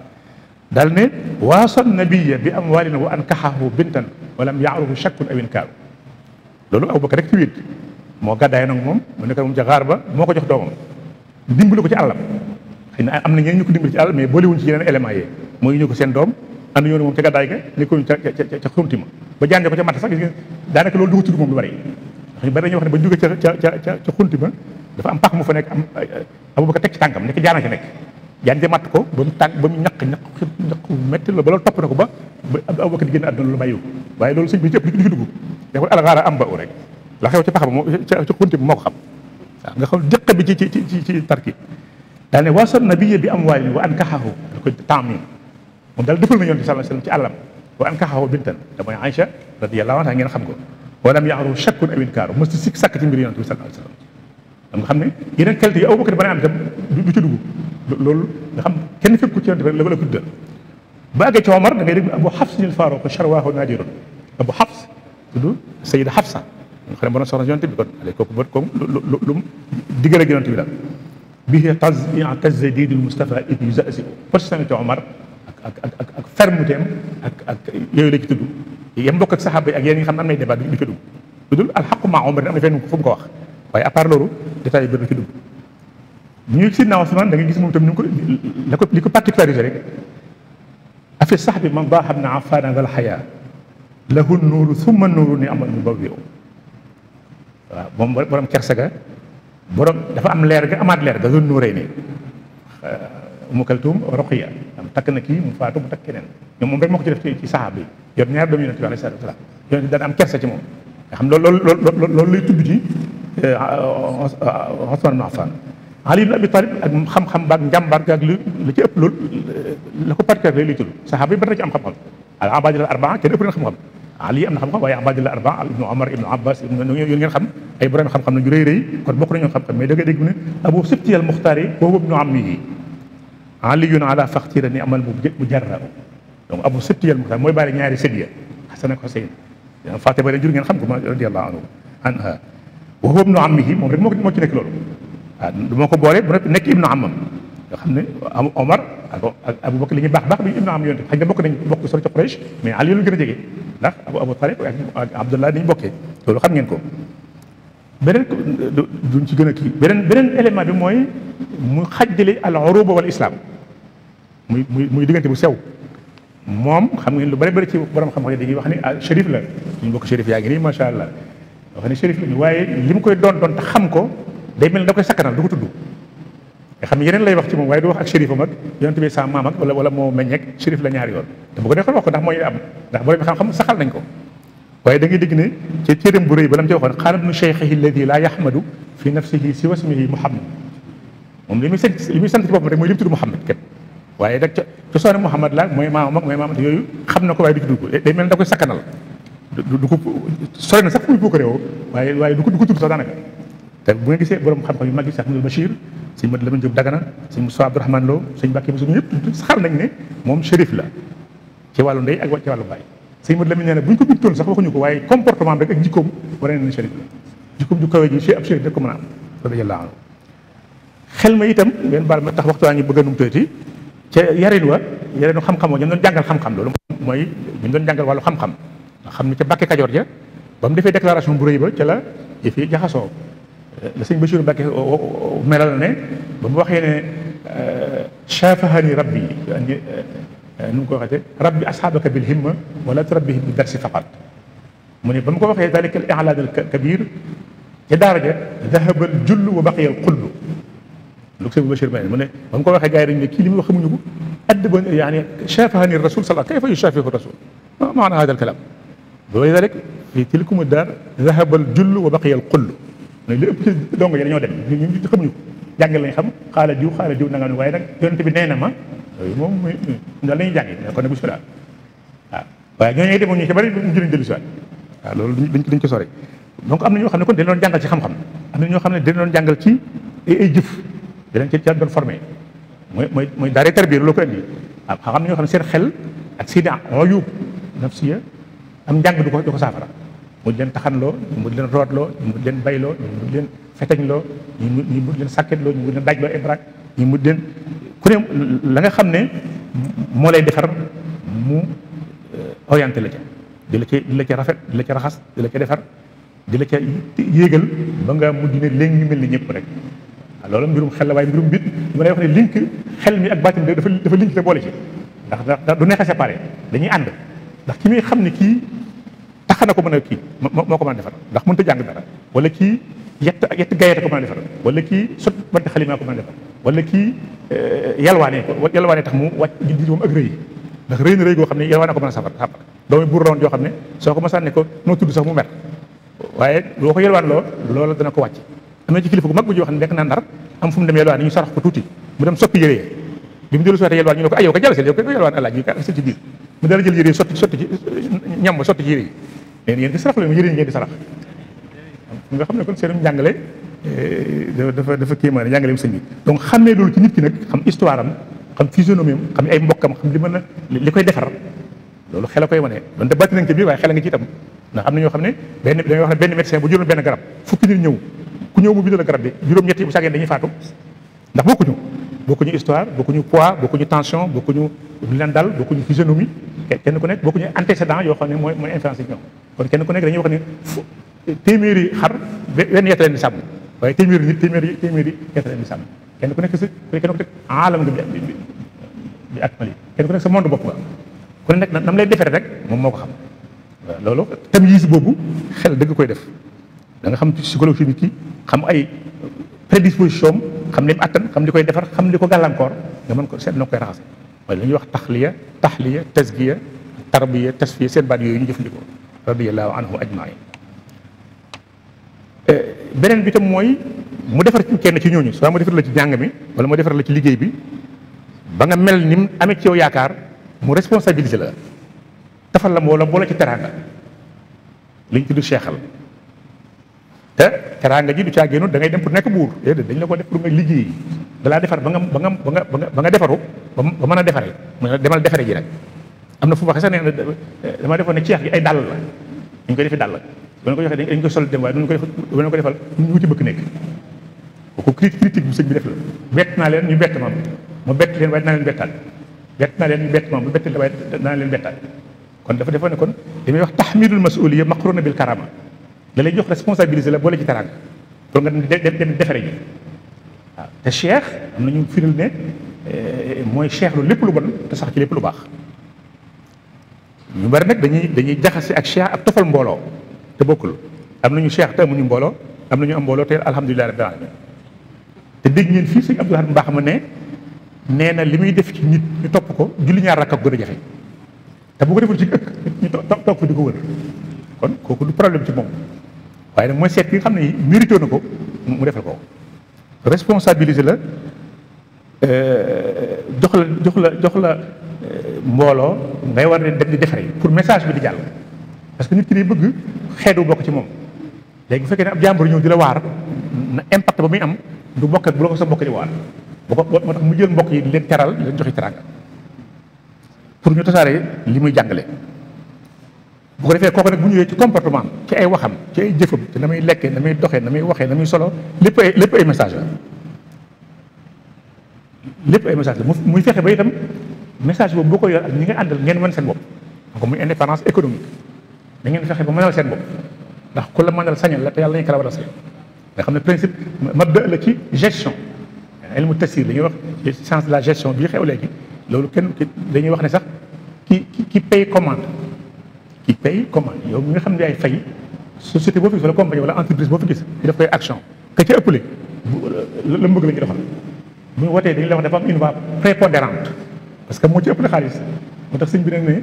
daal ne waasa nabiya bi amwaalin wa ankaxahu bintan walam yaaruhu shakkun aw inkaaru loolu Aboubacar rek ci wéet moo gàddaay nag moom mu nekk moom ca gaar ba moo ko jox doomam dimbali ko ci àllam xëy na am na ñeneen ñu ko dimbali ci àll mais boolewuñ ci yeneen éléments yi mooy ñu ko seen doom ànd ñoo ne moom ca gàddaay ga nekkoon ca ba jànde ko ca matt sax gis ngeen daanaka loolu dugg ci moom lu bari ndax xunti ma dafa am pax mu fa nekk am abubakar teg ci tànkam nekk jaana ca nekk jaande matt ko ba mu tànk ba mu ñaq ñaq ñaq métti la ba loolu topp na ko ba abubakar di génn àdduna lu bàyyiwu waaye loolu sëñ bi ci ëpp li ci dugg dafa alxaara am ba u rek la xew ci pax ba moo xunti ma moo ko xam waaw nga xam dëkk bi ci ci ci ci tarki daa ne waasor nabiya bi am waali wa an kaxahu da ko taamim moom daal defal na yonent bi sallallahu alayhi wasallam ci àllam wa an kaxahu bintan da mooy Aïcha radiyallahu anha ngeen xam ko walam yaaru chakkun awin kaaru mos ci sikk sàkk ci mbir yonent bi sallallahu alayhi wasallam dam nga xam ne yeneen qualité yi Abubakar bana am itam du ci dugg loolu nga xam kenn fépp ku ci yonent bi la la tuddal ba àggee ci Omar da ngay dégg Abu Hafs nil Faaruq charwaahu naadirun Abu Hafs tudd Sayyida Hafsa nga xam ne borom soxna yonent bi kon ale kooku bot kooku lu lu digale yonent bi la bihi taz i'taz diidul Mustafa it yuzaziu personnalité Omar ak ak ak ak fermeté am ak ak yooyu la ci tudd yam bokk ak saxaaba yi ak yéen ñi nga xam ne am nay débat du ci dugg lu dul alxaqu maa Omar am na fenn fu mu ko wax waaye à part loolu détail bi du ci dugg ñu Sidna Usmaan da nga gis moom tam ni ko la ko li ko particularisé rek afi sax bi man baax na afaana dal xayaa lahu nuuru summa nuuru ni amal mu baw waaw moom borom kersa ga borom dafa am leer ga amaat leer ga zone nuuree nii euh, Umu Kaltuum Ruqayya am takk na kii mu faatu mu takk keneen ñoom moom rek moo ko ci def ci saxaaba yi yor ñaar doomu yonent bi alayhi salaatu wa salaam yonent daan am kersa ci moom nga xam loolu loolu loolu lay tudd ci euh, Usmaan ibn Affaan Ali ibn Abi Talib ak xam-xam baak njàmbaar ga ak lu la ci ëpp loolu la ko particulier lay tudd saxaaba yi ba ci am xam-xam al abaadil arbaa kenn ëpp leen xam-xam ali am na xam-xam waaye abadillah arba ibnu omar ibnu abbas yooyu ngeen xam ay borom xam-xam nañu rëy rëy kon bokk nañu xam-xam mais da ngay dégg mu ne abu sibti al muxtaari boobu ibnu ammihi aliyun ala faxtira ni amal mu jarra donc abu sibti al muxtaari mooy bàyyi ñaari sët ya xasan ak xuseyn faate ba leen jur ngeen xam ko ma radiallahu anhu anha boobu ibnu ammihi moom rek moo moo ci nekk loolu waaw ah, moo ko boole bu nekk ibnu amam nga xam ne omar abu abu bakar li ñuy baax baax bi ñu ibnu am yonte xëy na bokk nañ bokk sori ci Quraysh mais Ali lu gën a jege ndax abu abu Talib ak Abdullah ni ñu bokkee loolu xam ngeen ko beneen duñ ci gën a kii beneen beneen élément bi mooy mu xajjale al uruba wal islam muy muy muy diggante bu sew moom xam ngeen lu bari bari ci borom xam-xam yi dañuy wax ni ah shérif la ñu bokk shérif yaa ngi nii macha allah wax ni shérif la waaye li mu koy doon doon te xam ko day mel ne da koy sakkanal du ko tudd nga xam yeneen lay wax ci moom waaye du wax ak shérifam ak yonent bi sa maam ak wala wala moo meññeek shérif la ñaari yoon te bu ko neexoon wax ko ndax mooy am ndax borom xam-xam saxal ba la mu ci waxoon xaala ibnu cheikhihi alladi la yahmadu fi nafsihi si wasmihi muhammad moom li muy sant li sant ci rek mooy li mu tudd muhammad kat waaye nag la mooy maamam ak mooy maamam yooyu xam na ko waaye du ci dugg day mel ne da koy sakkanal du ko sori na sax fuy ko waaye waaye du ko du ko tudd sax daanaka te bu nga gisee boroom xam-xam yu mag yi Cheikh Amadou Bachir ma Mad Lamine Diop Dagana sëñ Moussa Abdourahmane Lo sëñ Mbacke Bousso ñëpp xam nañ ne moom shérif la ci wàllu ndey ak ci wàllu baay sëñ Mad Lamine nee na bu ñu ko bindoon sax waxuñu ko waaye comportement bi rek ak jikkoom war nañ ne shérif si ab shérif rek ko mën a am xel ma itam ngeen baal ma tax waxtu waa ngi bëgg a numtuweeti ca yarin wa yarinu xam-xam wa ñoom doon jàngal xam-xam loolu mooy ñu doon jàngal wàllu xam-xam nga xam ne ca Mbàkke Kajoor ja ba mu defee déclaration bu rëy ba ca la yëf yi jaxasoo la sëñ Bachir Mbacke melal ne ba mu waxee ne chafahani euh, rabbi yi euh, euh, nu mu ko waxeete rabbi asxaabaka bil himma wala turabbihim bi darsi faqat mu ne ba mu ko waxee dalika al i'laad al kabir ca daara ja dahaba al jullu wa baqiya al qullu lu sëñ Bachir mel mu ne ba mu ko waxee gars yi dañ ne kii li muy wax xamuñu ko addaban yaani chafahani rasul sala kayfa yuchafihu rasul ma maana hada al kalam wa lidalik fi tilkum ad daar dahaba al jullu wa baqiya al qullu loolu li ëpp yi dañoo dem ñu ñu xamuñu jàngal lañ xam xaala diw xaala diw nanga waaye nag yonent bi nee na moom muy daal mm, la ñuy jàngi kon nag bu si daal waaw waaye ñooñu demoon ñu ci bari ñu jëriñ dellu si waat waaw loolu duñ duñ ko sori donc am na ñoo xam ne kon dañ doon jàngal ci xam-xam am na ñoo xam ne dañ doon jàngal ci ay jëf da leen ci daal doon formé mooy mooy mooy daare tarbiya loo ko indi waaw xam na ñoo xam ne seen xel ak seen ayub nafsiya am njàng du ko du ko saafara mu di leen taxanloo ñu mu di leen rootloo ñu mu di leen bayloo ñu mu di leen feteñloo ñu mu ñu leen sàkketloo ñu mu di leen daajloo ibrak ñu mu di leen la nga xam ne moo lay defar mu euh, orienté la ca di la ca la ca rafet di la ca raxas di la ca defar di la ca yéegal ba nga mujj ne léegi ñu mel ni ñëpp rek ah, loolu mbirum xel la waaye mbirum bit ma lay wax ne link xel mi ak baatin dafa dafa link te boole ci ndax ndax du neex a dañuy ànd ndax ki muy xam ne kii tax na ko mën a kii moo ko mën a defar ndax mënut a jàng dara wala kii yett ak yett gayeta ko mën a defar wala kii sot wante xalimaa ko mën a defar wala kii eh, yalwaane yalwaane tax mu wàcc di moom ak rëy ndax rëy na rëy goo xam ne yalwaane a safar safar doomi xam ne soo ko masànne ko noo tudd sax mu mer waaye boo ko yalwaan loo loola ko wàcc na ci kilifa gu mag bu am fu dem yalwaan yére ne ko ay ko jalasel yow ko yalwaan alaaj yi ko ci biir mu dara jël sotti sotti ci ñam sotti ci yére yi leen yéen di sarax leen yëriñ ngeen di sarax nga xam ne kon seenum njàngale eh, dafa dafa kéemaane njàngaleem sëñ bi donc xàmmee loolu ci nit ki nag xam histoire am xam physionomie am xam ay mbokkam xam li mën a li koy defar loolu xel a koy wane donte bàtti nañ ci biir waaye xel a ngi ci itam ndax am na ñoo xam ne benn dañuy wax ne benn médecin bu juróon benn garab fukki nit ñëw ku ñëw mu bindal garab bi juróom-ñett yi bu sàggeen dañuy faatu ndax bokkuñu bokkuñu histoire bokkuñu poids bokkuñu tension bokkuñu lu leen dal bokkuñu physionomie kenn ku nekk bokkuñu antécédent yoo xam ne mooy mooy influence ñoom kon kenn ku nekk dañuy wax ne téeméeri xar wenn yett leen di sàmm waaye téeméeri nit téeméeri téeméeri yett leen di sàmm kenn ku nekk si kenn ku nekk aalam nga bi bi ak mali kenn ku nekk sa monde bopp nga ku ne nag nam lay defere rek moom moo ko xam loolu tam yiis boobu xel dëgg koy def da nga xam psychologie nit ki xam ay prédisposition xam li mu attan xam li koy defar xam li ko gàllankoor nga mën seet na koy raxase mooy li ñuy wax taxliya taxliya tasgiya tarbiya tasfiya seen baat yooyu ñu jëfandikoo radiallahu anhu ajmain eh, beneen bi tam mooy mu defar kenn ci ñooñu soit mu defar la ci jàng mi wala mu defar la ci liggéey bi ba nga mel ni mu amee ci yow yaakaar mu responsabiliser la tefal la mboola mboola ci teraanga liñ tudd seexal te teraanga ji du caa génnoon da ngay dem pour nekk buur déedéet la ko def pour nga liggéey dalaa defar ba nga ba nga ba nga ba nga defaru ba mën a defaree demal defare ji nag am na fu waxee sax ne dama defoon ne ceex gi ay dàll la dañ koy defee dàll ba ko joxee dañ ko sol dem waaye duñ ko def duñ ko defal ñu wuti bëgg nekk kooku critique bu sëñ bi def la bett naa leen ñu bett ma mu bett leen waaye dinaa leen bettal bett naa leen ñu bett ma ma bett leen waaye dinaa leen bettal kon dafa defoon ne kon li muy wax taxmidul masuliya maqruna bil karama dalay jox responsabilisé la boole ji teraanga pour nga dem dem defere ji te cheikh am na ñu firil ne eh, mooy cheikh lu lépp lu bon te sax ci lépp lu baax ñu bari nag dañuy dañuy jaxase ak cheikh ak tofal mbooloo te bokkul am nañu cheikh te amuñu mbooloo am nañu am mbooloo te alhamdulilah rabbil alamin te dégg ngeen fii si Abdou Lahad Mbaax ma ne nee na li muy def ci nit ñu topp ko julli ñaar rakk ak gën a jafe te bu ko deful ci ëkk ñu ko wër kon kooku du problème ci moom waaye nag mooy seet ki xam ne mérité na ko mu defal ko responsabiliser la euh, jox la jox la jox la euh, mbooloo ngay war a dem di defaree pour message bi di jàll parce que nit ki day bëgg xeetu bokk ci moom léegi bu fekkee ne ab jàmbur ñëw di la waar na impact ba muy am du bokk ak bu la ko sa mbokk di waar bu ko moo tax mu jël mbokk yi di leen teral di leen joxe teranga pour ñu tasaare li muy jàngale bu ko defee kooku nag bu ñëwee ci comportement ci ay waxam ci ay jëfam ci na muy lekkee na muy doxee na muy waxee na solo lépp ay ay message la lépp ay message la muy fexe ba itam message boobu boo ko yor ak ñi nga àndal ngeen man seen bopp donc muy indépendance économique da ngeen fexe ba mënal seen bopp ndax ku la mënal sañal la te yàlla nañu kala war a sañal nga xam ne principe mabda la ci gestion ilmu tasir la ñuy wax science de la gestion bii xew léegi loolu kenn dañuy wax ne sax ki ki paye commande qui paye commande yow mi nga xam ne yaay fay société boo fi gis wala compagnie wala entreprise boo fi gis ñu def koy action ka ca ëppale la mu bëgg la ñu defal bu dañu la wax dafa am une voix prépondérante parce que moo ci ëppale xaalis moo tax sëñ bi ne ne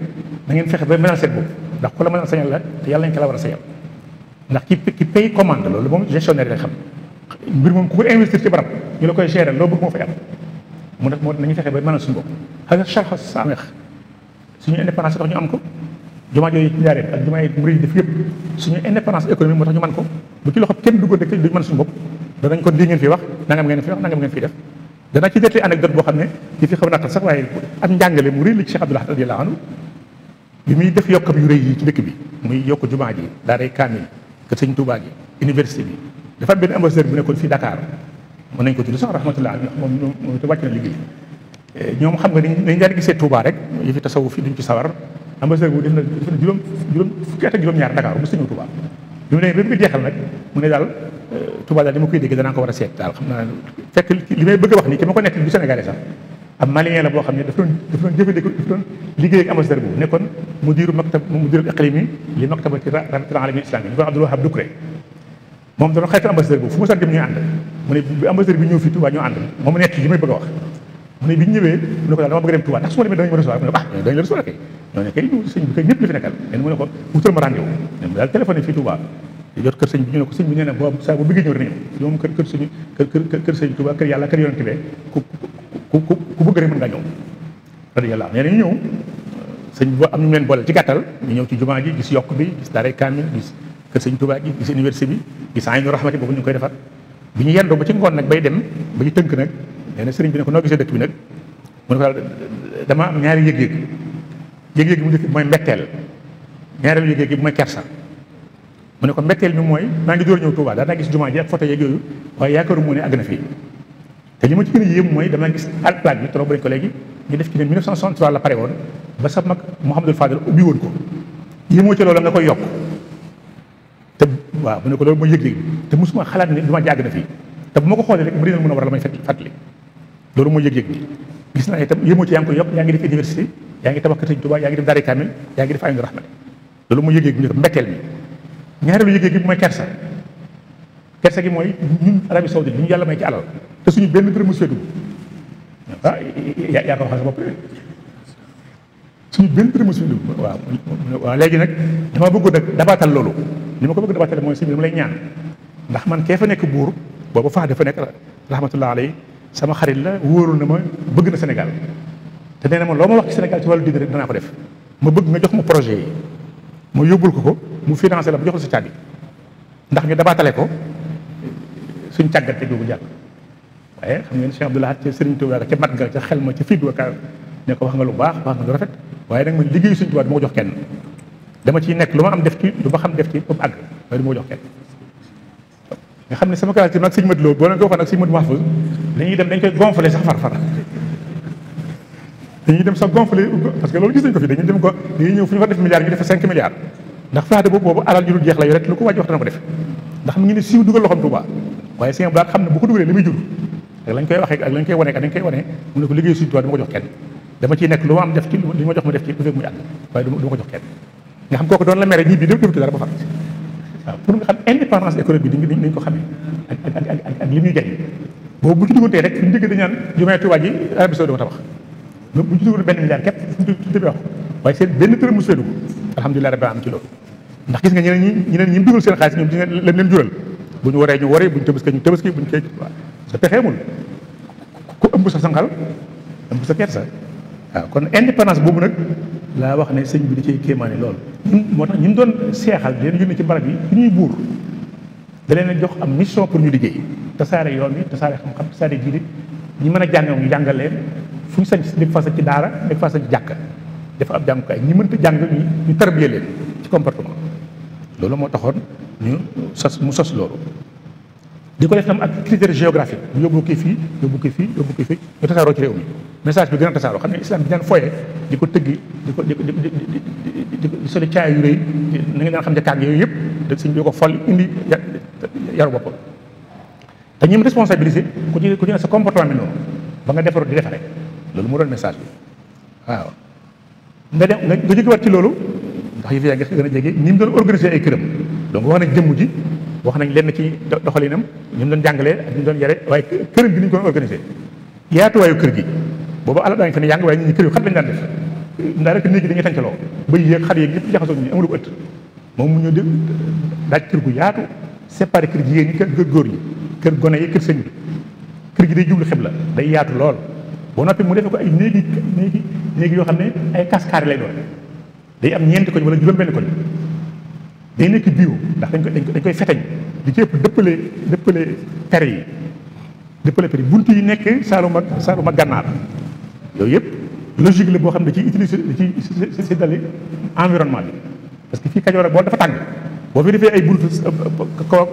ngeen fexe ba mënal seet boobu ndax ku la mën a sañal la yàlla nañ ko la war a sañal ndax ki ki paye commande loolu moom gestionnaire yi xam mbir moom ku ko investir ci ñu la koy gérer loo bëgg moo fay am nañu fexe ba mënal suñu bopp xaga charxa saameex suñu indépendance ñu am ko jumaa jooyu ci njaareen ak jumaa yi murid def yëpp suñu indépendance économique moo tax ñu man ko bu ci loxo kenn duggoon rek duñu mën suñu bopp danañ ko di ngeen fi wax nangam ngeen fi wax nangam boo xam ne yi fi xaw naqar sax waaye am njàngale mu rëy la ci Cheikh Abdoul Ahad muy def yokkam yu rëy yi ci dëkk bi muy yokk jumaa ji daaray kaamil kër sëñ Touba gi université bi dafa am benn ambassadeur bu nekkoon fii dakaar mën nañ ko tudd sax rahmatullah moom moom te wàcc na liggéey eh, ñoom xam nga ni dañ daan gisee Touba rek yi fi tasawu fi duñ ci sawar xam nga sëñ bi def na def na juróom juróom fukki at juróom-ñaar Dakar mu sëñu Touba bi mu ba mu jeexal nag mu ne daal euh, Touba daal di ma koy dégg danaa ko war a seet daal xam naa fekk li may bëgg a wax nii ki ma ko nekk du Sénégalais sax am malien la boo xam ne daf doon daf doon jëfandikoo daf doon liggéey ak ambassadeur bu nekkoon mudiru maktab mudiru iqlimi li maktabati rabbil alamin islami ñu ko Abdoul Wahab Dukré moom danoon xaytu ambassadeur bu fu ma sax dem ñuy ànd mu ne ambassadeur li may bëgg a wax mu ne bi ñu ñëwee mu ne ko daal dama bëgg dem Touba ndax su ma demee dañu ma recevoir mu ne ko ah dañu la recevoir kay ñoo ne kay sëñ bi nekkal len mu ne ko wutal ma rendez-vous len mu daal téléphoné fii Touba kër sëñ bi boo saa bu bëggee kër yàlla kër yonent bi ku bëgg rek mën nga ñëw ñëw sëñ bi am ñu leen boole ci gàttal ñu ñëw ci jumaa ji gis yokk bi gis daara kaamil gis kër sëñ Touba gi gis université bi gis Aynu Rahmati boobu ñu koy defar bi ñu nag bay dem ba ñu nag nee na sëriñ bi ne ko noo gisee dëkk bi nag mu ne dama am ñaari yëg-yëg yëg-yëg bu njëkk bi mooy mbetteel ñaareelu yëg-yëg bi mooy kersa mu ne ko bi mooy maa ngi door ñëw Touba daa gis jumaa ji ak photo yeeg waaye yaakaaru mu ne àgg na fii te li ma ci gën a yéem mooy damaa gis alplaat bi trop ko léegi ñu def ci ne 1963 la pare woon ba sax mag Mouhamadul Fadal ubbi woon ko yéemoo ci loolu nga koy yokk te waaw mu ne ko loolu mooy yëg-yëg bi te mosuma xalaat ni du ma jàgg na fii te bu ma ko xoolee rek mu dina mën a war la may fàttali loolu mooy yëg-yëg bi gis naa itam yëmoo ci yaa ngi koy yokk yaa ngi def université yaa ngi tabax Sëriñ Tuubaa yaa ngi def daari kaamil yaa ngi def aynu rahmat loolu mooy yëg-yëg bi ñu mbetteel mi ñaareelu yëg-yëg bi mooy kersa kersa gi mooy ñun Arabie Saoudite ñu yàlla may ci alal te suñu benn dërëm mu seedu ah yaa ko waxal sa bopp suñu benn dërëm mu seedu waaw waaw léegi nag dama bëgg nag dabaatal loolu li ma ko bëgg dabaatal mooy suñu dama lay ñaan ndax man kee fa nekk buur boobu faa dafa nekk rahmatullah alayhi sama xarit la wóorul na ma bëgg na Sénégal te nee na ma loo ma wax ci Sénégal ci wàllu digg rek danaa ko def ma bëgg nga jox ma projet yi ma yóbbul ko ko mu financé la ba jox la sa caabi ndax ñu dabaatale ko suñ càggante googu jàll waaye xam ngeen Cheikh Abdoulaye ca Serigne Touba ca mat ga ca xel ma ca fiid wa ka ne ko wax nga lu baax wax nga lu rafet waaye nag man liggéey Serigne Touba du ma ko jox kenn dama ci nekk lu ma am def ci lu ma xam def ci ba mu àgg waaye du ko jox kenn nga xam ne sama kalaal ci nag Serigne Modou Lo boo leen ko waxoon nag dañuy dem dañ koy gonfler sax far far dañuy dem sax gonfler parce que loolu gis nañ ko fi dañuy dem ko dañuy ñëw fu ñu fa def milliards ñu def cinq milliards ndax faade boobu boobu alal ju dul jeex la yor rek lu ko waaj wax dana ko def ndax mu ngi ne siiw dugal loxoom Tuuba waaye seen ko dugalee koy waxee ak lañ koy wanee ak lañ koy wanee mu ne ko liggéey suñu Tuuba dama nekk lu ma am def ci li ma jox ma def ci bu fekk muy àgg waaye du ma ko jox kenn nga xam kooku doon la mere ñii bii def dara ba far waaw pour nga xam indépendance économique ko xamee ak ak ak ak boobu bu ñu duggantee rek suñu digg di ñaan jumaa Tuubaa ji Arabie Saoudite ko tabax bu benn milliard képp suñu wax waaye seen benn tërëm mu séedu alhamdulilah rabbil am ci loolu ndax gis nga ñeneen ñi ñeneen ñi dugal seen xaalis ñoom dina leen leen jural bu ñu waree ñu waree bu ñu tëbaski ñu tëbaski bu ñu koy sa pexeemul ku ëmb sa sanqal sa kersa waaw kon indépendance boobu nag laa wax ne sëñ bi da cee kéemaane loolu moo tax ñi mu doon seexal leen yónni ci barab yi ñuy buur da leen a jox am mission pour ñu liggéey tasaare yoon bi tasaare xam-xam tasaare diine ñi mën a jàngam ñu jàngal leen fu ñu sañ nekk fasa ci daara nekk fasa ci jàkka dafa ab jàngukaay ñi mënta jàng ñu ñu tarbiye leen ci comportement loolu moo taxoon ñu sos mu sos loolu di ko def tam ak critère géographique bu yóbbu ko fii yóbbu ko fii yóbbu ko fii ñu tasaaroo ci réew mi message bi gën a tasaaroo xam ne islam bi di ko tëggi di ko di ko di di di soli caay yu rëy na nga daan xam ne kaag yooyu yëpp da sëñ bi ko fol indi yaru boppam te ñi mu responsabilisé ku ci ku ci ne sa comportement bi noonu nga defaroo di defaree loolu moo doon message bi waaw nga dem nga jógewaat ci loolu ndax yëf yaa ngi gën a jege ni mu doon organisé ay këram donc wax na jëmm ji wax nañ lenn ci doxalinam ñu doon jàngalee ak ñu doon yare waaye këram gi ni ñu ko organisé yaatuwaayu kër gi booba alal daañu fa ne waaye nit ñi kër yu xat lañu daan def ndaa rek néegi dañuy tàncaloo bëy yeeg xar yeeg yëpp ñu amul ko ëtt moom mu ñëw di daaj kër gu yaatu séparé kër jigéen ñi kër góor yi kër gone yi kër sëñ kër gi day jublu la day yaatu lool boo noppi mu defee ko ay néegi néegi néegi yoo xam ne ay cascade lay doon day am ñeenti koñ wala juróom benn koñ day nekk diw ndax dañ koy dañ koy feteñ di ci ëpp dëppale dëppale per yi dëppale per yi bunt yi nekk saaluma saaluma gànnaar yooyu yëpp logique la boo xam ne ci ciy utiliser da ciy parce que fii Kajoor bool dafa tàng boo fi defee ay bunt kaw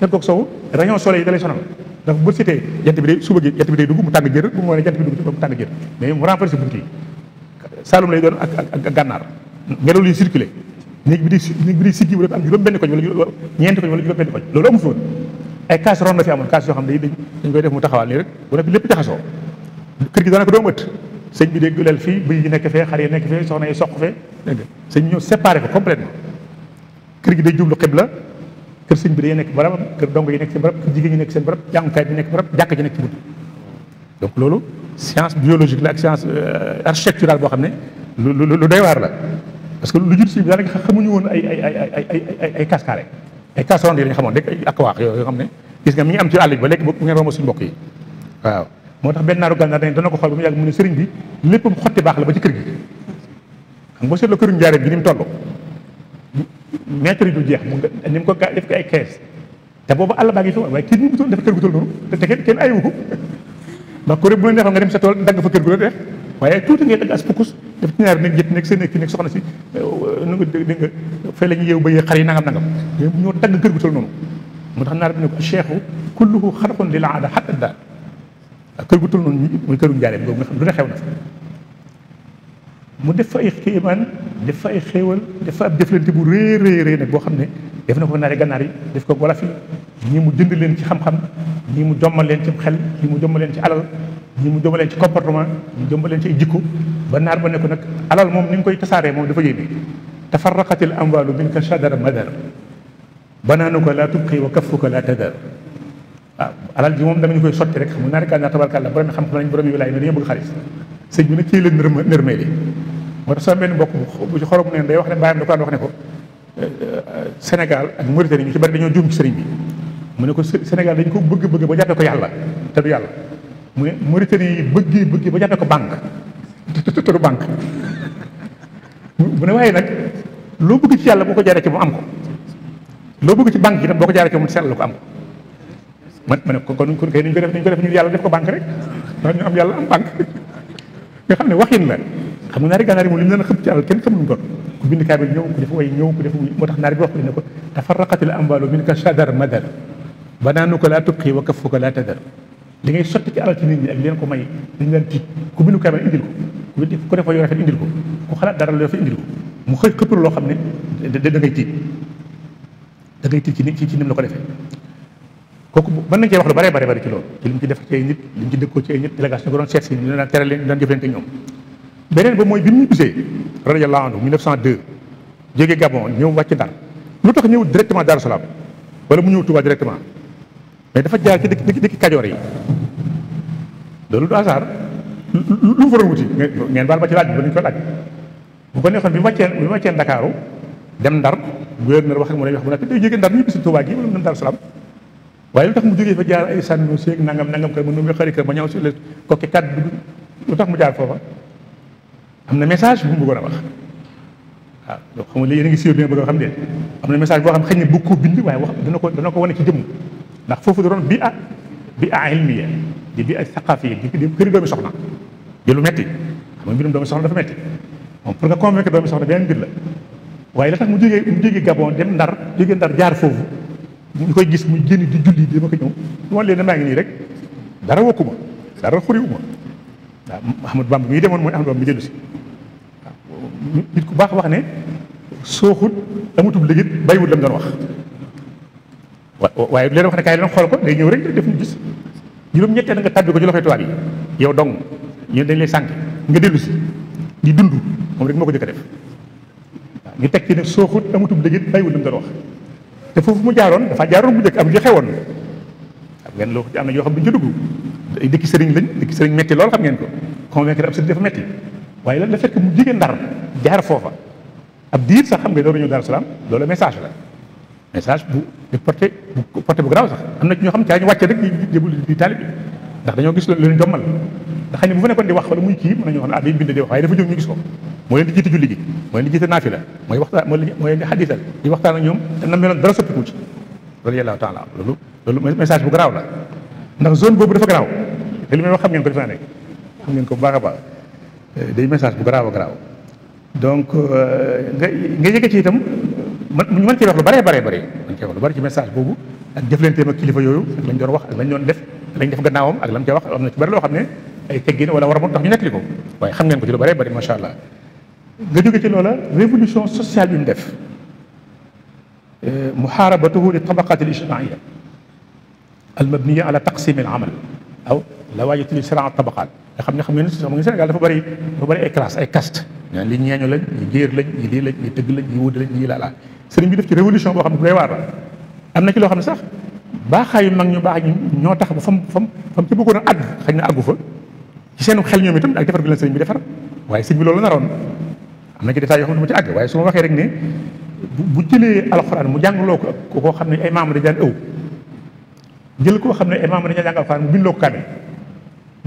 fekkoog euh, sow rayon soleil yi da lay sonal ndax bu setee jant bi day suba gi jant bi day dugg mu tàng jër bu ngoonee jant bi dugg ci mu tàng jër mais mu renforcer bunt yi saalum lay doon ak ak gànnaar ngelaw liy circuler néeg bi di néeg bi di sikki am juróom benn koñ wala ñeenti koñ wala juróom benn koñ loolu amu fi woon bi dégg leel fii bëy yi nekk fee yi nekk fee soxna yi soq fee dégg nga sëñ bi ñëw séparé ko complètement kër gi bi day nekk barab kër dongo yi nekk seen barab jigéen ñi nekk seen barab jàngukaay bi nekk barab jàkka ji nekk ci bunt donc loolu science biologique la ak science euh, architecturale boo xam ne lu lu doy waar la parce que lu jub si daanaka xamuñu woon ay ay ay ay ay ay ay cascaré ay casserole xamoon rek ay ak waax xam ne gis nga mi ngi am ci àll bi ba léegi bu ngeen romb mbokk yi waaw moo tax benn naaru gànnaar dañ dana ko xool ba mu yàgg mu ne sëriñ bi léppam kër gi bi ni mu toll mètre yi jeex mu ni ko def ko ay kees te boobu àll baa ngi fi waaye kii ñu dafa kër gu nga dem sa tool dagg fa kër gu la def waaye tuuti ngay dagg as pukus def ci ñaari nekk jët nekk seen nekk soxna si euh, euh, nu nga dégg nga fay la ñuy yeew ba yee xar yi nangam nangam yooyu ñoo dagg kër gu tal noonu moo tax naar bi ne ko cheikhu kulluhu xarqun lil aada xatta daal kër gu tal noonu muy këru njaareem xam lu ne xew na mu def fa ay kéemaan def fa ay xéewal def fa ab jëflante bu rëy rëy boo xam ne def na ko naari gànnaar yi def ko wolof yi ñii mu jënd leen ci xam-xam ñii mu jommal leen ci xel mu jommal leen ci alal ñu mu jëmaleen ci comportement ñu jëmaleen ci ay jikko ba naar ba nekku nag alal moom ni nga koy tasaaree moom dafa yéeme tafarraqatil amwaalu minka shadara madar banaanuka laa tubqi wa kaffuka laa tadar waaw alal ji moom dama ñu koy sotti rek xam naa rek naa tabarkàlla borom xam-xam nañ borom yi wilaay ne dañoo bëgg xaalis sëñ bi nag cii leen nërmee li moo mbokk bu ci xorom neen day wax ne bàyyam da ko daan wax ne ko euh, euh, Sénégal ak Mauritanie ñu ci bari dañoo juum ci sëriñ bi mu ne ko Sénégal dañ ko bëgg-bëgg ba jàppee ko yàlla te du yàlla mu te yi bëggi bëggi ba jàppee ko banque tudd banque mu ne waaye nag loo bëgg ci yàlla boo ko jaaree ci mu am ko loo bëgg ci banque yi tam boo ko jaaree ci mu seetlu ko am ko man ma ko kon def nañ ko def ñun yàlla def ko banque rek ndax ñu am yàlla ne waxin la xam nga naari gànnaar yi moom li ñu leen xëpp ci àll kenn xamuñ ko ku bind kaamil ñëw ku def way ñëw ku def moo tax naari bi wax ne ko tafarraqatil amwaalu minka shadar madar bananuka laa tubqi wa kafuka laa tadar li ngay sotti ci alal ci nit ñi ak leen ko may dañ leen tiit ku bindu kaamel indil ko ku defa yoo rafet indil ko ku xalaat dara loo fa indil ko mu xëy loo xam ne da ngay tiit da ngay tiit ci nit ci ci nim la ko defee kooku mën nañu cee wax lu bare bare bare ci loolu ci li ci def ci ay nit li mu ci dëkkoo ci ay nit délégation ko doon seet si ñu daan tere leen ñu daan jëflante ñoom beneen ba mooy bi mu bisee radiyallahu anhu 1902 jógee Gabon ñëw wàcc Ndar lu tax ñëw directement Darou Salaam wala mu ñëw directement mais dafa jaar ci dëkk dëkk dëkk kajoor yi loolu du hasard lu mu faroon wuti ngeen baal ba ci laaj bi ba ñu ko laaj bu ko neexoon bi bi wàccee Ndakaaru dem Ndar gouverneur wax ak mu ne wax mu ne te day jógee Ndar ñu bisi Tuubaa gi wala mu dem Daaru Salaam waaye lu tax mu jaar ay sànni seeg nangam nangam kër mu nu mu xari ñëw si le kokke lu tax mu jaar foofa am na message bu mu bëggoon a wax waaw donc xam a ngi siiw bi nga bëgg a xam de am na message boo xam xëy na bëgg koo bind waaye wax dana ko dana ko wane ci jëm ndax foofu da bii bi a bi a ilmiya di bi a saqafiya di këri doomi soxna di lu metti xam nga mbirum doomi soxna dafa metti moom pour nga convaincre doomi soxna beneen mbir la waaye la tax mu jógee mu jógee Gabon dem ndar jógee ndar jaar foofu ñu koy gis mu génn di julli di ma ko ñëw du ma leen maa ngi nii rek dara wokku ma dara xuriwu ma waaw Ahmadu Bamba mi demoon mooy Ahmadu Bamba mi dellu si nit ku baax wax ne sooxut amatul léegi bàyyiwut la mu doon wax waaye leen wax ne kaay leen xool ñëw rek def ñu gis juróom ñettee da nga ko ci loxoy tubaab yi yow dong ñun dañ lay sànq nga dellu di dund moom rek moo ko def waaw ñu teg ci ne sooxut amutub léegi bàyyiwul li mu doon te foofu mu jaaroon dafa jaaroon bu njëkk am li xewoon xam ngeen loo am na yoo xam duñu ci dugg ay dëkki sëriñ lañ lool xam ngeen ko convaincre ab sëriñ dafa waaye lan la fekk mu jigéen ndar jaar foofa ab diir sax xam nga dooru ñëw Daaru Salaam loolu message la message bu bu porté bu porté bu garaaw sax am na ci ñoo xam caa ñu wàcce rek di jébul di taalib bi ndax dañoo gis lu ñu jommal ndax xam ne bu fa nekkoon di wax wala muy kii mën nañu wax ne ah day bind di wax waaye dafa jóg ñu gis ko moo leen di jiite julli gi moo leen di jiite naafila mooy waxtaan moo leen di xadisal di waxtaan ak ñoom te na meloon dara soppiku ci loolu yàlla taala loolu loolu message bu garaaw la ndax zone boobu dafa garaaw te li xam ngeen ko def naa rek xam ngeen ko a baax eh, day message bu garaaw a garaaw donc euh, nga nga yëge ci itam man ñu mën cee wax lu bëree bëree bëri mën cee wax lu bëri ci message boobu ak jëflanteem ak kilifa yooyu ak lañ doon wax ak lañ doon def lañ def gannaawam ak lam ca wax am na ci bëri loo xam ne ay teggin wala war a mën tax ñu nettali ko waaye xam ngeen ko ci lu bëree bëri macha allah nga jóge ci loola révolution sociale bi mu def eh, muharabatuhu li tabaqat al ijtimaia al mabniya ala taqsim al amal aw la waaji tuli sera tabaqat nga xam ne xam ngeen xam ngeen Sénégal dafa bëri dafa bëri ay classe ay caste ñaan li ñeeñu lañ ñi géer lañ ñi lii lañ ñi tëgg lañ ñi wudi lañ ñi laalaa sëriñ bi def ci révolution boo xam ne bu doy waar la am na ci loo xam ne sax baaxaayu mag ñu baax ñu ñoo tax ba fam fam ci bëggoon a àgg xëy na àggu fa ci seen xel ñoom itam ak defar bi leen sëriñ bi defar waaye sëriñ loolu naroon am na ci détails yoo xam ne du ma ci waaye su ma waxee rek ne bu jëlee alxuraan mu jàngaloo ko koo xam ne ay maam dañu daan ëw jël koo xam ne ay maam dañu daan jàng alxuraan mu bindloo ko kaamil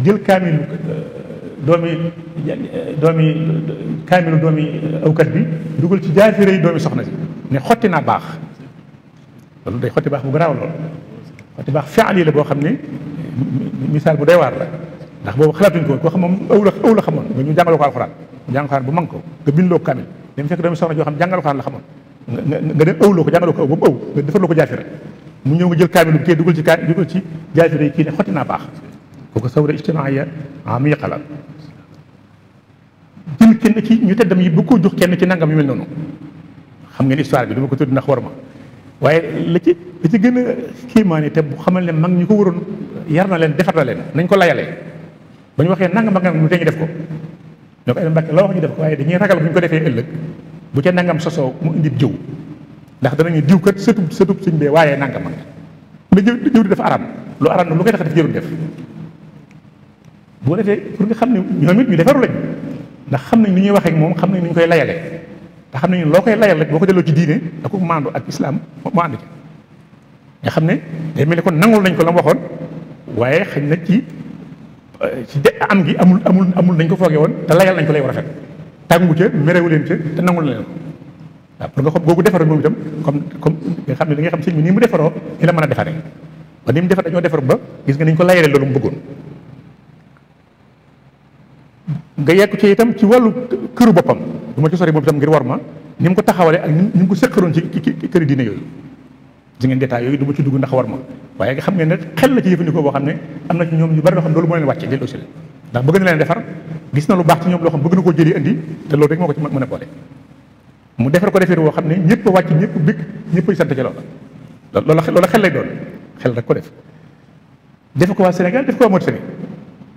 jël kaamil doomi doomi kaamilu doomi awkat bi dugal ci jaafire yi doomi soxna si ne xotti naa baax loolu day xotti baax bu garaaw lool xotti baax fi'li la boo xam ne misaal bu doy waar la ndax boobu xalaatuñ ko koo xam moom la aw la xamoon ñu jàngal ko alxuraan jàngal bu man ko nga bindloo ko kaamil dem fekk doomi soxna joo xam jàngal alxuraan la xamoon nga dem awloo ko ko aw ba mu aw nga ko jaafire mu ñëw nga jël kaamilu bi kii dugal ci kaa ci jaafire yi kii ne xotti naa baax kooku sawra ijtimaaiya amiqa la jël kenn ci ñu teddam yi bu ko jox kenn ci nangam yu mel noonu xam ngeen histoire bi dama ko tudd ndax war ma waaye la ci la ci gën a yi te bu xamal ne mag ñu ko waroon yar na leen defar na leen nañ ko layalee ba ñu waxee nangam ak nangam mu tee ñu def ko ñoo ko ay mbàkk la wax ñu def ko waaye dañuy ragal bu ñu ko defee ëllëg bu ca nangam sosoo mu indi jëw ndax danañu diw kat sëtub sëtub suñ bee waaye nangam ak mais jëw jëw di def aram lu aram na lu koy defee pour nga xam ne ñoom it ñu defaru lañ ndax xam nañ ni ñuy waxee moom xam nañ ni ñu koy layale te xam nañ loo koy layal rek boo ko delloo ci diine da ko maandu ak islam moo ànd ci nga xam ne day mel ni kon nañ ko la waxoon waaye xëy na ci euh, ci de am gi amul amul amul nañ ko foogee woon te layal nañ ko lay war a fekk tàngu ca merewu leen ca te nangul na leen ko waaw pour nga xam googu defaroon moom itam comme comme nga xam ne da nga xam sëñ mi ni mu defaroo ni la mën a defaree ba ni mu defar dañoo defar ba gis nga ni ko layalee loolu mu bëggoon nga yegg ci itam ci wàllu këru boppam du ma ci sori moom itam ngir war ma ni mu ko taxawalee ak ni mu ko sëqaroon ci këri diine yooyu di ngeen détail yooyu du ma ci dugg ndax war ma waaye nga xam ngeen ne xel la ci yëfandikoo boo xam ne am na ci ñoom ñu bari loo xam loolu moo leen wàcce dellu aussi la ndax bëgg na leen defar gis na lu baax ci ñoom loo xam bëgg na koo jële indi te loolu rek moo ko ci mën boole mu defar ko defee woo xam ne ñëpp a wàcc ñëpp bég ñëpp a sant ci loola loola xel lay doon xel rek ko def def ko waa Sénégal def ko waa Mauritanie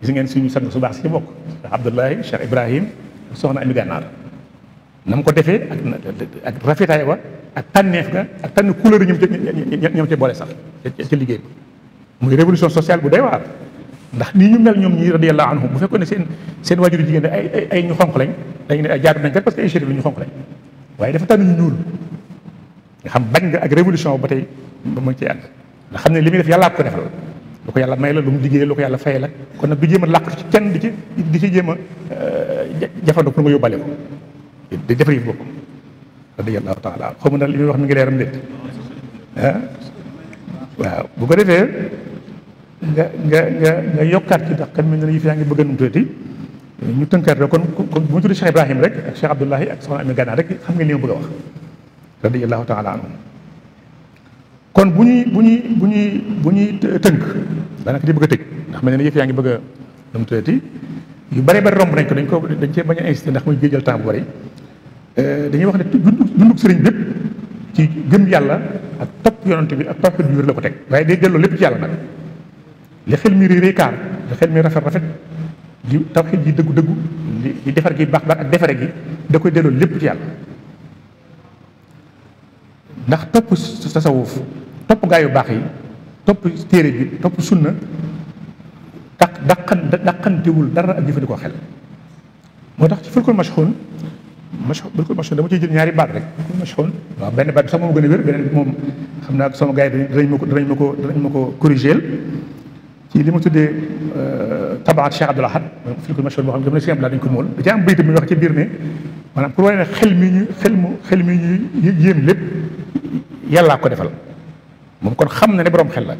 gis ngeen suñu sang su baax si bokk ndax Abdoulaye Cheikh Ibrahim soxna Ami Gànnaar na mu ko defee ak ak rafetaay wa ak tànneef ga ak tànn couleur yi ñoom ca boole sax ca liggéey bi muy révolution sociale bu doy waar ndax nii ñu mel ñoom ñi radiyallahu anhum bu fekkoon ne seen seen waajur jigéen de ay ay ñu xonq lañ dañ ne jaadu nañ kat parce que ay chérif la ñu xonq lañ waaye dafa tànn ñu ñuul nga xam bañ nga ak révolution ba tey ba mu ci ànd nga xam ne li muy def yàllaa ko defal lu ko yàlla may la lu mu liggéey lu ko yàlla fay la kon nag du jéem a làqatu ci kenn di ci di ci jéem a euh, jafandu pour nga yóbbale ko di defar yëf boppam radiyallahu taala xaw ma daal li muy wax mi ngi leeram déet ah? bu ko defee nga mi ne yëf ngi bëgg a numtuweeti ñu rek kon kon bu ñu tuddee rek ak Cheikh ak soxna rek xam nga li ma bëgg a wax radiyallahu taala anhum kon bu ñuy bu ñuy bu ñuy bu ñuy tënk daanaka di bëgg a tëj ndax mel ne yëf yaa ngi bëgg a lu mu yu bare bari romb nañ ko dañ ko dañ cee bañ a insisté ndax muy géejal temps euh, dañuy wax ne dund dundug sëriñ gëm yàlla ak topp yonante bi ak topp bi la ko teg waaye day delloo lépp ci yàlla nag li xel mi réeree kaar li xel mi rafet rafet li tawxiid ji dëggu dëggu li defar gi baax baax ak defare gi da koy delloo lépp ci yàlla ndax topp tasawuf topp gaa yu baax yi topp téere bi topp sunna daq daqan daqantewul dara ak jëfandikoo xel moo tax ci fulkul mashxuun mashxuun fulkul mashxuun dama ciy jël ñaari baat rek fulkul mashxuun waaw benn baat bi sax moom gën a wér beneen moom xam naa soo gars yi ma ko danañ ma ko danañ ma ko corrigeel ci li ma tuddee euh, tabaat Cheikh Abdoul Ahad fulkul mashxuun boo xam ne dama ne Cheikh Abdoul Ahad dañ ko mool da ci am bayit mi wax ci biir ne maanaam pour wane ne xel mi ñu xel mu xel mi ñu yéem lépp yàllaa ko defal moom kon xam na ne borom xel la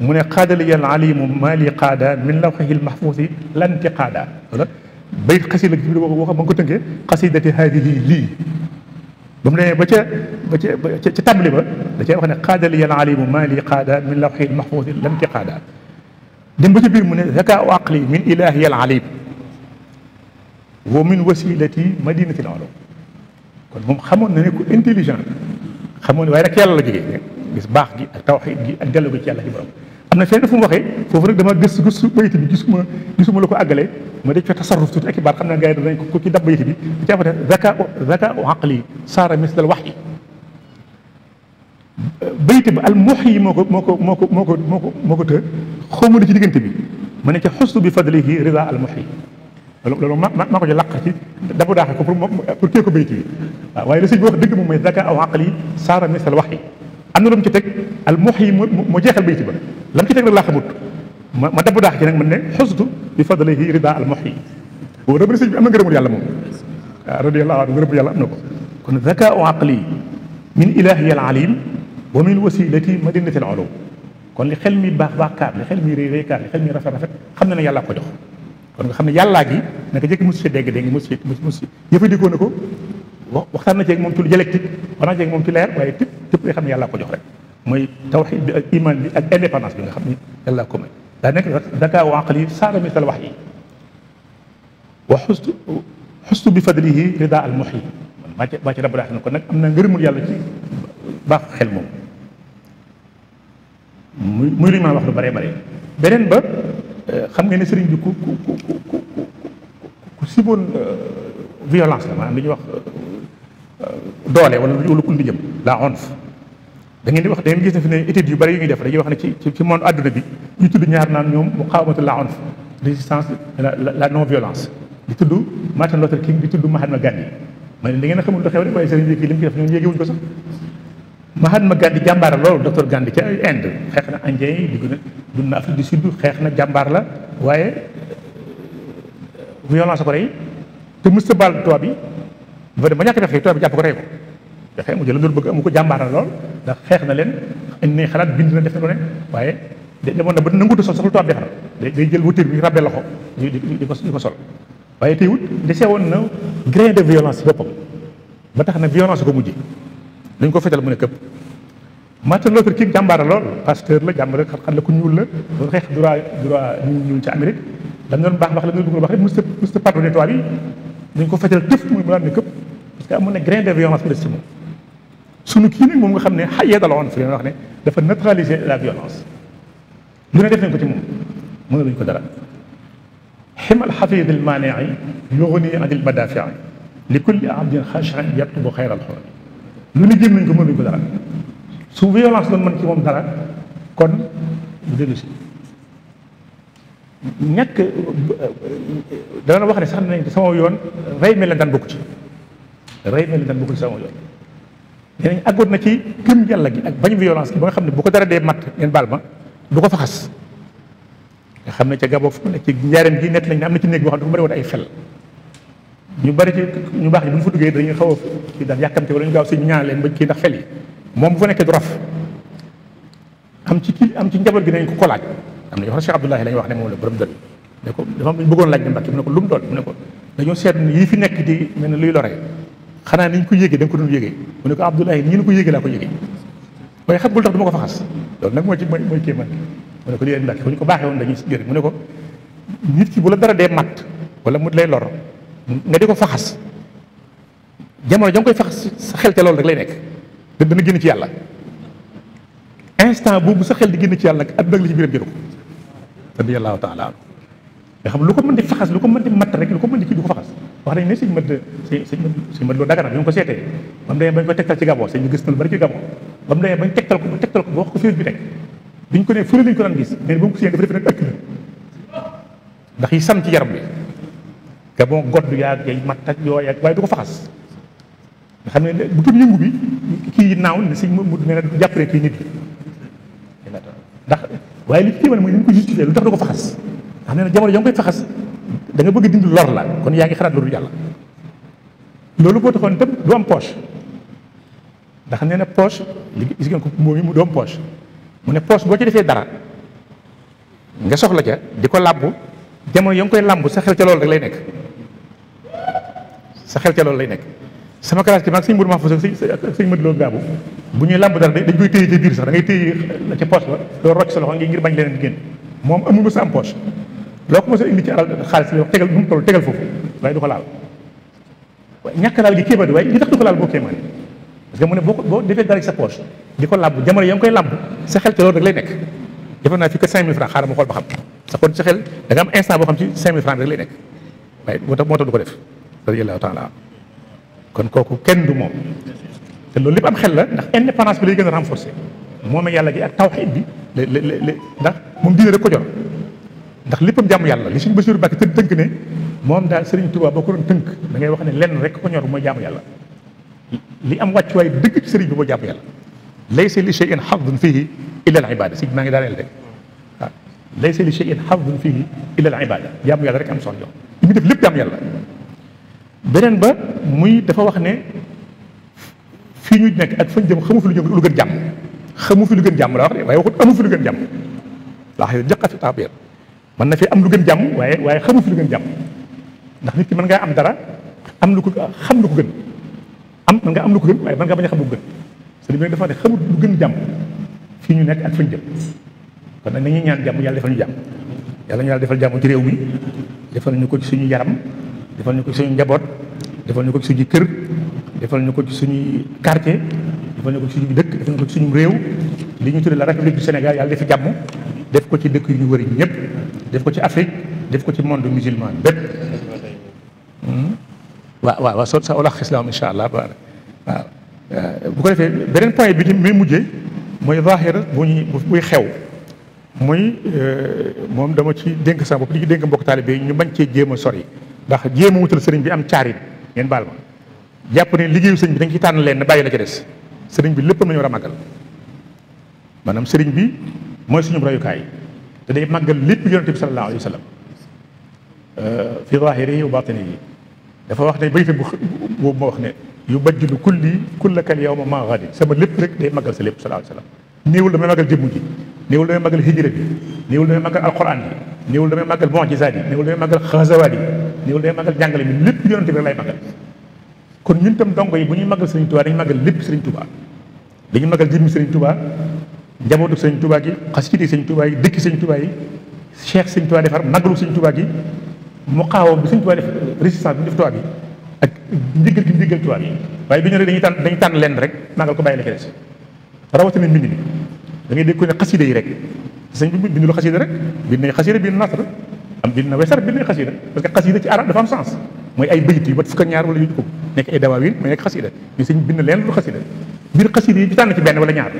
mu ne xaadali yal alimu mali qaada min lawxihil mahfuusi lanti qaada wala bayit xasida gi boo xam ma nga ko tënkee xasidati haadihi lii ba mu ne ba ca ba ca ca tàmbali ba da cee wax ne xaadali yal alimu mali qaada min lawxihil mahfuusi lanti qaada dem ba ca biir mu ne zaka wa aqli min ilahi al alim wa min wasilati madinati al ulum kon moom xamoon na ne ku intelligent xamoon ne waaye rek yàlla la jógee gis baax gi ak tawxiid gi ak dellu gi ci yàlla ci borom am na feneen fu mu waxee foofu rek dama gëstu gëstu bayit bi gisuma gisuma la ko àggalee ma def fa tasarruf tuuti xam naa gars yi danañ ko ci dab bayit bi bu ci afate zaka zaka u saara misdal wax yi bi al mux yi moo moo ko moo ko moo ko moo ko moo ko të diggante bi ma ne ca xusnu bi fadlihi rida al yi loolu ma ma ko ci laq ci dabu daaxe ko pour pour ko bayit bi waaye la sëñ bi wax dëgg moom mooy zaka aw aqli saara misdal wax am na lu mu ci teg al muhyi mu jeexal bayti ba lam ci teg nag laa xamut ma ma dabb daax ci nag man ne xustu bi fadlihi rida al muhyi boo rëbëri sëñ bi am na ngërëmul yàlla moom waaw radiyallahu anhu ngërëmul yàlla am na kon wa min wasilati madinati al ulum kon li xel mi baax baax kaar li xel mi réy réy kaar li xel mi rafet rafet xam na ne yàllaa ko jox kon nga xam ne yàllaa gi naka jëkk mosu si dégg dégg mosu si mosu si jëfandikoo ko waxtaan na ceeg moom ci lu dialectique waxtaan na ceeg moom ci leer waaye tëpp tëpp lay xam ne yàlla ko jox rek mooy tawxid bi iman bi ak bi nga xam ni yàlla ko may daa nekk daka wa aqli saara misal wax yi wa xustu xustu bi fadlihi rida al muhi maa ci maa ci rabbal alamin kon nag am na ngërëmul yàlla ci baax xel moom muy muy lu ñu mën a wax lu bëree bëree beneen ba eh, xam nga ne sëriñ bi ku ku ku ku ku ku siboon eh, violence la maanaam li ñuy wax doole wala lu lu jëm la onf da ngeen di wax da ngeen gis na fi ne études yu bari yu ñuy def dañuy wax ne ci ci monde adduna bi ñu tudd ñaar naan ñoom muqaawamatul la onf résistance la la non violence di tudd Martin Luther King di tudd Mahatma Gandhi ma ne da ngeen a xamul lu xew rek waaye sëriñ bi kii li mu ci def ñoom yéegewuñ ko sax Mahatma Gandhi jàmbaar la loolu docteur Gandhi ca Inde xeex na indien yi dugg na dund na Afrique du Sud xeex na jàmbaar la waaye violence ko rey te mësta baal tubaab bi dafa dem ba ñàkk pexe tubaab bi jàpp ko rey ko pexe mu jël amu ko jàmbaara lool ndax xeex na leen indi xalaat bind na def na lu ne waaye demoon na ba nangutu sol sax lu tubaab defar day jël wutir bi rabbe loxo di di ko di ko sol waaye tey wut dese woon na grain de violence boppam ba tax na violence ko mujj dañ ko fetal mu ne këpp Martin Luther King jàmbaara lool pasteur la jàmbaara xam la ku ñuul la doon xeex droit droit ñu ñuul ci Amérique dañ doon baax wax la ñu doon wax rek mësta mësta pardonné tubaab dañ ko fetal tëf muy mu daan ne këpp parce que amoon na grain de violence bu des ci moom sunu kii nag moom nga xam ne xayee dala on fi wax ne dafa neutraliser la violence lu ne def nañ ko ci moom mëna luñ ko dara ximal xafid al maanii yugni an il madafii li kulli abdin xaashiin yatlubu xayral xool lu ne jéem nañ ko mënuñ ko dara su violence doon mën ci moom dara kon bu dellu si ñàkk euh, dana wax ne sax nañ sama yoon rey melentaan bokku ci rey melentaan bokku ci sama yoon nee nañ àggoon na ci gëm yàlla gi ak bañ violence gi ba nga xam ne bu ko dara dee matt ngeen baal ma du ko faxas nga xam ne ca gaboo fu mu nekk ci njaareem gi nett ne am na ci néeg boo xam ne dafa bëri woon ay ñu bari ci ñu baax ñi bu ñu dañuy xaw a ci daan yàkkamte wala ñu si ñu leen ba kii ndax fel yi moom bu fa nekkee du raf am ci am ci njaboot gi nañ ko kolaaj am na ñoo xam ne Cheikh Abdoulahi la ñu wax ne moom la borom dër ne ko dafa am lu ñu bëggoon laaj ne Mbàkke mu ne ko lu mu doon mu ne ko dañoo seet yii fi nekk di mel ne luy lore xanaa ni ñu ko yégee da nga ko doon yégee mu ne ko Abdoulahi ni ñu ko yégee laa ko yégee mooy xam bul tax du ma ko faxas loolu nag moo ci mooy kéemaan mu ne ko lii leen Mbàkke ku ñu ko baaxee woon dañuy jëriñ mu ne ko nit ki bu la dara dee mat wala mu lay lor nga di ko faxas jamono ja nga koy faxas sa xel te loolu rek lay nekk da dana génn ci yàlla instant boobu sa xel di génn ci yàlla nag adduna ak li ci biiram jëru ko radiyallahu taala anhu nga xam lu ko mën di faxas lu ko mën di matt rek lu ko mën di kii du ko faxas wax nañ ne sëñ mat sëñ sëñ mat loo dagana bi ñu ko seetee ba mu demee bañ ko tegtal ci gaboo sëñ bi gis na lu bari ci gaboo ba mu demee bañ tegtal ko ba bi teg biñ ko ne fële ko gis mais ba mu ko siyee dafa def nag ëkk la ndax yi sam ci yaram bi gabon godd yaag yay matt ak ak waaye du ko faxas nga ne bu tëb yëngu bi kii naaw ne sëñ mu ne jàppale kii nit bi ndax waaye li ci téeméer mooy ni ñu ko justifié lu tax du ko faxas ndax nee na jamono yaa koy faxas da bëgg dindi lor la kon yaa ngi xalaat loolu yàlla loolu boo taxoon itam du am poche ndax nee na poche li gis ngeen ko yi mu doom poche mu ne poche boo ci defee dara nga soxla ca di ko làmb jamono yaa koy làmbu sa xel ca loolu rek lay nekk sa xel ca loolu lay nekk sama classe ci maag sëñ Mourou Mahfouz ak koy téye sa loxo ngir bañ leneen génn moom amul sa am poche indi ci xaalis li wax tegal bu mu toll tegal foofu waaye gi kéemaane waaye li ko laal boo kéemaane parce que boo ko boo defee sa poche di ko làmb jamono yaa ngi koy làmb sa xel ca loolu rek lay nekk defe naa fi que 5000 francs xaaral ma xool ba xam sa kon sa xel da am instant boo xam ci 5000 francs rek lay nekk waaye moo tax moo tax du ko def radiyallahu taala kon kooku kenn du moom te loolu lépp am xel la ndax indépendance bi lay gën a renforcer moom yàlla gi ak tawxiid bi le le ndax moom diine rek ko jor ndax léppam jàmm yàlla li suñu Basiru Mbàkke tënk ne moom daal Sëriñ Tuubaa boo ko doon tënk da ngay wax ne lenn rek ko ñor mooy jàmm yàlla li am wàccuwaay dëgg ci sëriñ bi mooy jàmm yàlla laysa li shay'in xadun fihi illa al ibada si maa ngi daaneel rek waaw laysa li shay'in xadun fihi illa al ibada jàmm yàlla rek am soxla jox li mu def lépp jàmm yàlla beneen ba muy dafa wax ne fii ñu nekk ak fañ jëm xamu fi lu gën jàmm xamu fi lu gën jàmm la wax de waaye waxut amu fi lu gën jàmm laa xam ne mën na fi am lu gën jàmm waaye waaye xamu fi lu gën jàmm ndax nit ki man ngay am dara am lu ko xam lu ko gën am mën ngaa am lu ko gën waaye mën ngaa bañ a xam lu ko gën sëriñ bi dafa wax ne xamut lu gën jàmm fii ñu nekk ak fañ jëm kon nag nañuy ñaan jàmm yàlla defal ñu jàmm yàlla ñu yàlla defal jàmm ci réew mi defal ñu ko ci suñu yaram defal ñu ko ci suñu njaboot defal ñu ko ci suñu kër defal ñu ko ci suñu quartier defal ñu ko ci suñu dëkk defal ñu ko ci suñu réew li ñu tuddee la république du Sénégal yàlla dafa jàmm def ko ci dëkk yu ñu wëri ñëpp def ko ci Afrique def ko ci monde musulman bépp hmm? waaw waaw waaw soo sa olax islaam insha allah waaw bu ko defee beneen point bi di muy mujjee mooy zahir bu ñuy buy xew muy euh, moom dama ci dénk sax bopp li ci dénk mbokk taalibe ñu bañ cee jéem a y ndax jéem a wutal sëriñ bi am caarin ngeen baal ma jàpp ne liggéeyu sëriñ bi da ci tànn leen na bàyyi la ca des sëriñ bi léppam la war a màggal maanaam sëriñ bi mooy suñu royukaay te day màggal lépp yonent bi sallallahu alayhi wa sallam fi zahirihi wa batinihi dafa wax ne bayte bu boobu moo wax ne yu bajjulu kulli kullakal yawma maa xaadi sama lépp rek day magal sa lépp sallallahu alayhi wa sallam néewul damay magal jëmm ji néewul damay magal hijra bi néewul damay magal alquran bi néewul damay magal mujisaat yi néewul damay magal xasawaat yi néewul damay magal jàngale bi lépp yonent bi rek lay magal kon ñun tam dongo yi bu ñuy magal sëriñ tubaa dañuy magal lépp sëriñ tubaa dañuy magal jëmmi sëriñ tubaa njabootu sëriñ tubaa gi xasida sëriñ tubaa yi dëkki sëriñ tubaa yi cheikh sëriñ tubaa defar magalu sëriñ tubaa gi muqaawa bi sëriñ tubaa def résistance bi def tubaab yi ak njëgal gi njëgal tubaab yi waaye du ñu ne dañuy tànn dañuy lenn rek màggal ko bàyyi la ca des rawatina mbind bi da dégg ko ne xasida yi rek sëñ bi bind la xasida rek bind nañ xasida na wesar bind nañ xasida parce que xasida ci arab dafa am sens mooy ay bayit yu mooy nekk xasida mais sëñ bind leen lu xasida biir xasida yi du tànn ci benn wala ñaar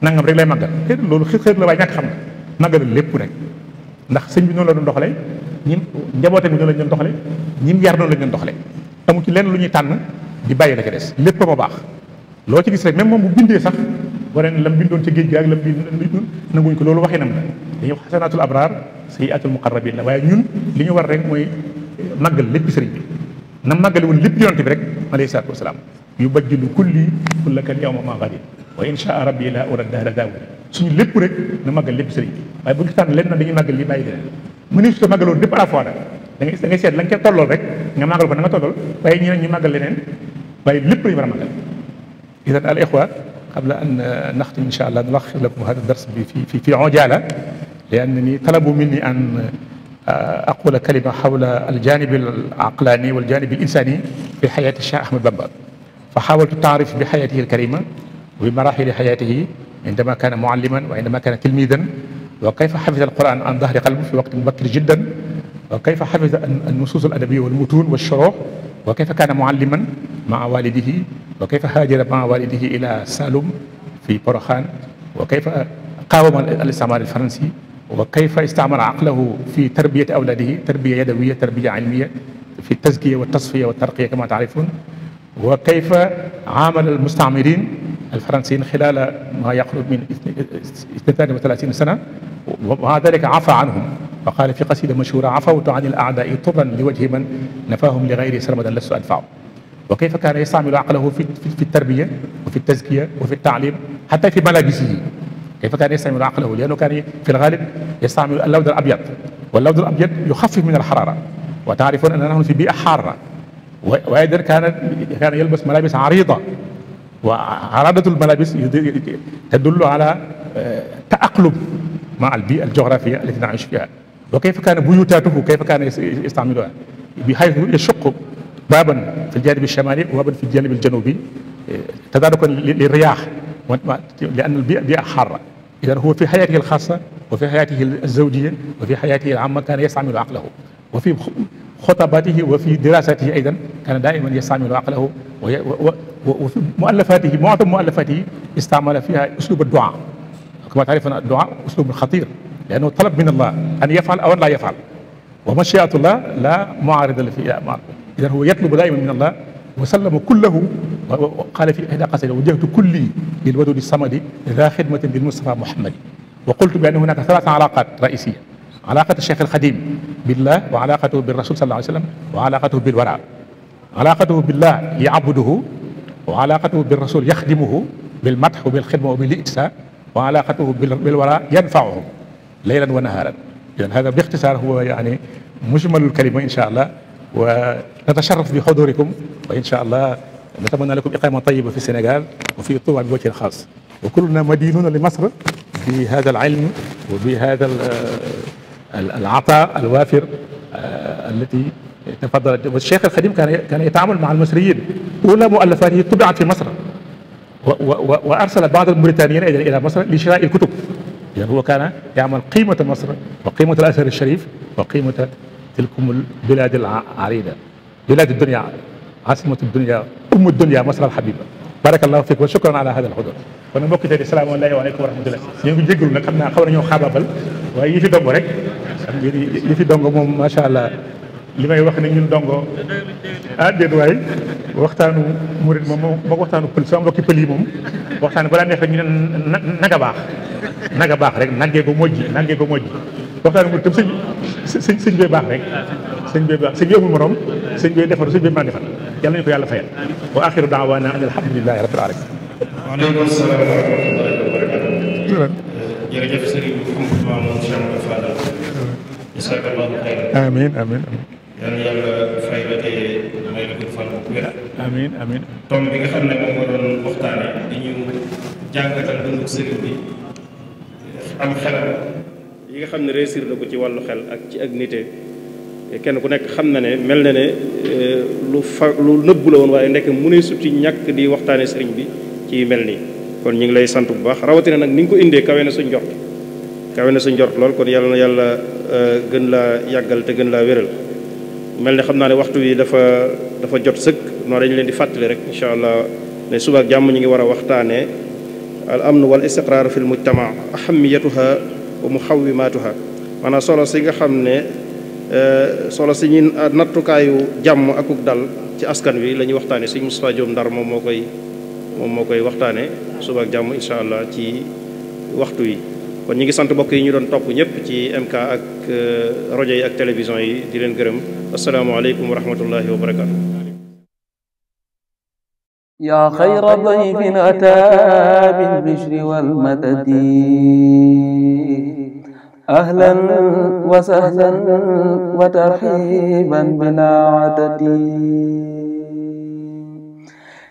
nangam rek lay màggal te loolu xër la waaye ñàkk xam nga màggalal lépp rek ndax sëñ bi noonu la doon doxale ñim njabootam bi noonu la ñu doon doxale ñim yar noonu la doon doxale amu ci lenn lu ñuy tànn di bàyyi la ca des lépp ba baax loo ci gis rek même moom bu bindee sax wane ne lam bindoon ca géej gi ak lam bindoon nanguñ ko loolu waxinam la dañuy wax xasanaatul abraar sayyiatul muqarrabin la waaye ñun li ñu war rek mooy màggal lépp sëriñ bi na màggale woon lépp yonante bi rek alayhi salaatu wasalaam yubajjilu kulli kullaka yawma ma gadin wa insha rabbi la ura dahra daawud suñu lépp rek na màggal lépp sëriñ bi waaye bu ñu tànn leen na dañuy màggal li bàyyi leneen mënees su ta màggaloon lépp à la fois nag da ngay da ngay seet la nga ca tollool rek nga màggal ko na nga tollool waaye ñeneen ñu màggal leneen waaye lépp lañu war a màggal idan al ixwa qabla an euh, naxtim insha allah nuwaxir lakum hada dars bi fi fi fi ojala liannani talabu minni an euh, aqula kalima xawla aljanib alaqlani waljanib alinsani fi xayati cheikh ahmad bamba fa xawaltu taarif bi xayatihi alkarima wa bi marahili xayatihi عندما كان معلما وعندما كان تلميذا وكيف حفظ القرآن عن ظهر قلب في وقت مبكر جدا وكيف حفظ النصوص الأدبية والمتون والشروح وكيف كان معلما مع والده وكيف هاجر مع والده إلى سالم في بورخان وكيف قاوم الاستعمار الفرنسي وكيف استعمل عقله في تربية أولاده تربية يدوية تربية علمية في التزكية والتصفية والترقية كما تعرفون وكيف عامل المستعمرين الفرنسيين خلال ما يقرب من 32 سنة ومع ذلك عفى عنهم وقال في قصيدة مشهورة عفوت عن الأعداء طرا لوجه من نفاهم لغيري سرمدا لست أدفعه وكيف كان يستعمل عقله في في التربية وفي التزكية وفي التعليم حتى في ملابسه كيف كان يستعمل عقله لأنه كان في الغالب يستعمل اللون الأبيض واللون الأبيض يخفف من الحرارة وتعرفون أننا نحن في بيئة حارة وايضا كان كان يلبس ملابس عريضه wa araadatul malabis tadullu ala eh, taaqlub ma al bi al joxrafia allati naish fiha wa kayfa kaana buyutaatuhu kayfa kaana yastamiluha bi haythu yashuqu baaban fi ljanib alchamali wa baaban fi ljanib aljanubi eh, tadarukan liriyaax li anna albia xaara idan huwa fi xayaatihi alxaasa wa fi xayaatihi alzawjiya wa fi xayaatihi alama kaana yastamilu aqlahu wa fi xutabaatihi wa fi dirasatihi aydan kaana daiman yastamilu aqlahu وفي مؤلفاته معظم مؤلفاته استعمل فيها اسلوب الدعاء كما تعرف ان الدعاء اسلوب خطير لانه طلب من الله ان يفعل او ان لا يفعل ومشيئه الله لا معارض في اعماله اذا هو يطلب دائما من الله وسلم كله وقال في احدى قصيده وجهت كلي للودود الصمد ذا خدمه للمصطفى محمد وقلت بان هناك ثلاث علاقات رئيسيه علاقه الشيخ الخديم بالله وعلاقته بالرسول صلى الله عليه وسلم وعلاقته بالوراء alaaqatuhu billah yaabuduhu wa alaaqatuhu bir rasul yaxdimuhu bil matx wa bil xidma wa bil itsa wa alaaqatuhu bil wara yanfauhu leylan wa nahaaran idan hada bi ixtisaar huwa yaani mujmalul kalima insha allah ونتشرف بحضوركم وإن شاء الله نتمنى لكم إقامة طيبة في السنغال وفي طوبى بوجه خاص وكلنا مدينون لمصر بهذا العلم وبهذا العطاء الوافر التي تفضل والشيخ الخديم كان كان يتعامل مع المصريين اولى مؤلفاته طبعت في مصر و و وارسل بعض الموريتانيين ايضا الى مصر لشراء الكتب يعني هو كان يعمل قيمه مصر وقيمه الاثر الشريف وقيمه تلكم البلاد العريضه بلاد الدنيا عاصمه الدنيا ام الدنيا مصر الحبيبه بارك الله فيك وشكرا على هذا الحضور kon mbokk yi tey salaamaaleykum wa rahmatulah ñu ngi jégalu nag xam naa xaw nañoo xaabaabal waaye yi fi dong rek yi fi dong moom macha allah li may wax ne ñun dongo ah déet waay waxtaanu murit moom moo waxtaanu pël sama mbokki pël yi moom waxtaan balaa neexee ñu ne naga baax naga baax rek naggee ko mojj naggee ko mojj waxtaanu murit tam sëñ sëñ sëñ baax rek sëñ bee baax sëñ bee amul morom sëñ bee defar sëñ bee mën a defar yàlla nañu ko wa axiru daawaana an alhamdulilahi rabbil alamin waaleykum salaam wa rahmatullahi wa barakatuh jërëjëf sëriñ Mouhamadou Mamoun Cheikh Fadal jazakallahu xayran amiin amiin amiin yal na yàlla fay bi nga xam ne moom moo doon waxtaane dañu jàngatal dundu sëriñ bi am xelam yi nga xam ne réussir na ko ci wàllu xel ak ci ak kenn ku nekk xam na ne mel na ne eh, lu lu nëbbu la woon waaye nekk mu ne ñàkk di waxtaane sëriñ bi ci mel nii kon ñu ngi lay sant bu baax rawatina nag ni nga ko indee kawe na sa njort kawe na sa njort lool kon yàlla na yàlla eh, gën laa yàggal te gën laa wéral mel ni xam naa ne waxtu wi dafa dafa jot sëkk noo dañu leen di fàttali rek incha allah ne suba jàmm ñu ngi war a waxtaanee al amn wal istiqraar fi l mujtama ahamiyatuha wa muxawimatuha maanaam solo si nga xam ne eh, solo si ñu ah, nattukaayu jàmm akuk dal ci askan wi lañuy ñuy waxtaane suñ moom moo koy moom moo koy waxtaane suba jàmm incha allah ci waxtu wi kon ñu ngi sant mbokk yi ñu doon topp ñëpp ci MK ak euh, rajo yi ak télévision yi di leen gërëm asalaamaaleykum wa rahmatullahi wa barakaatu. yaa xayra dayfin ataa bil bishri wal madadi ahlan wa sahlan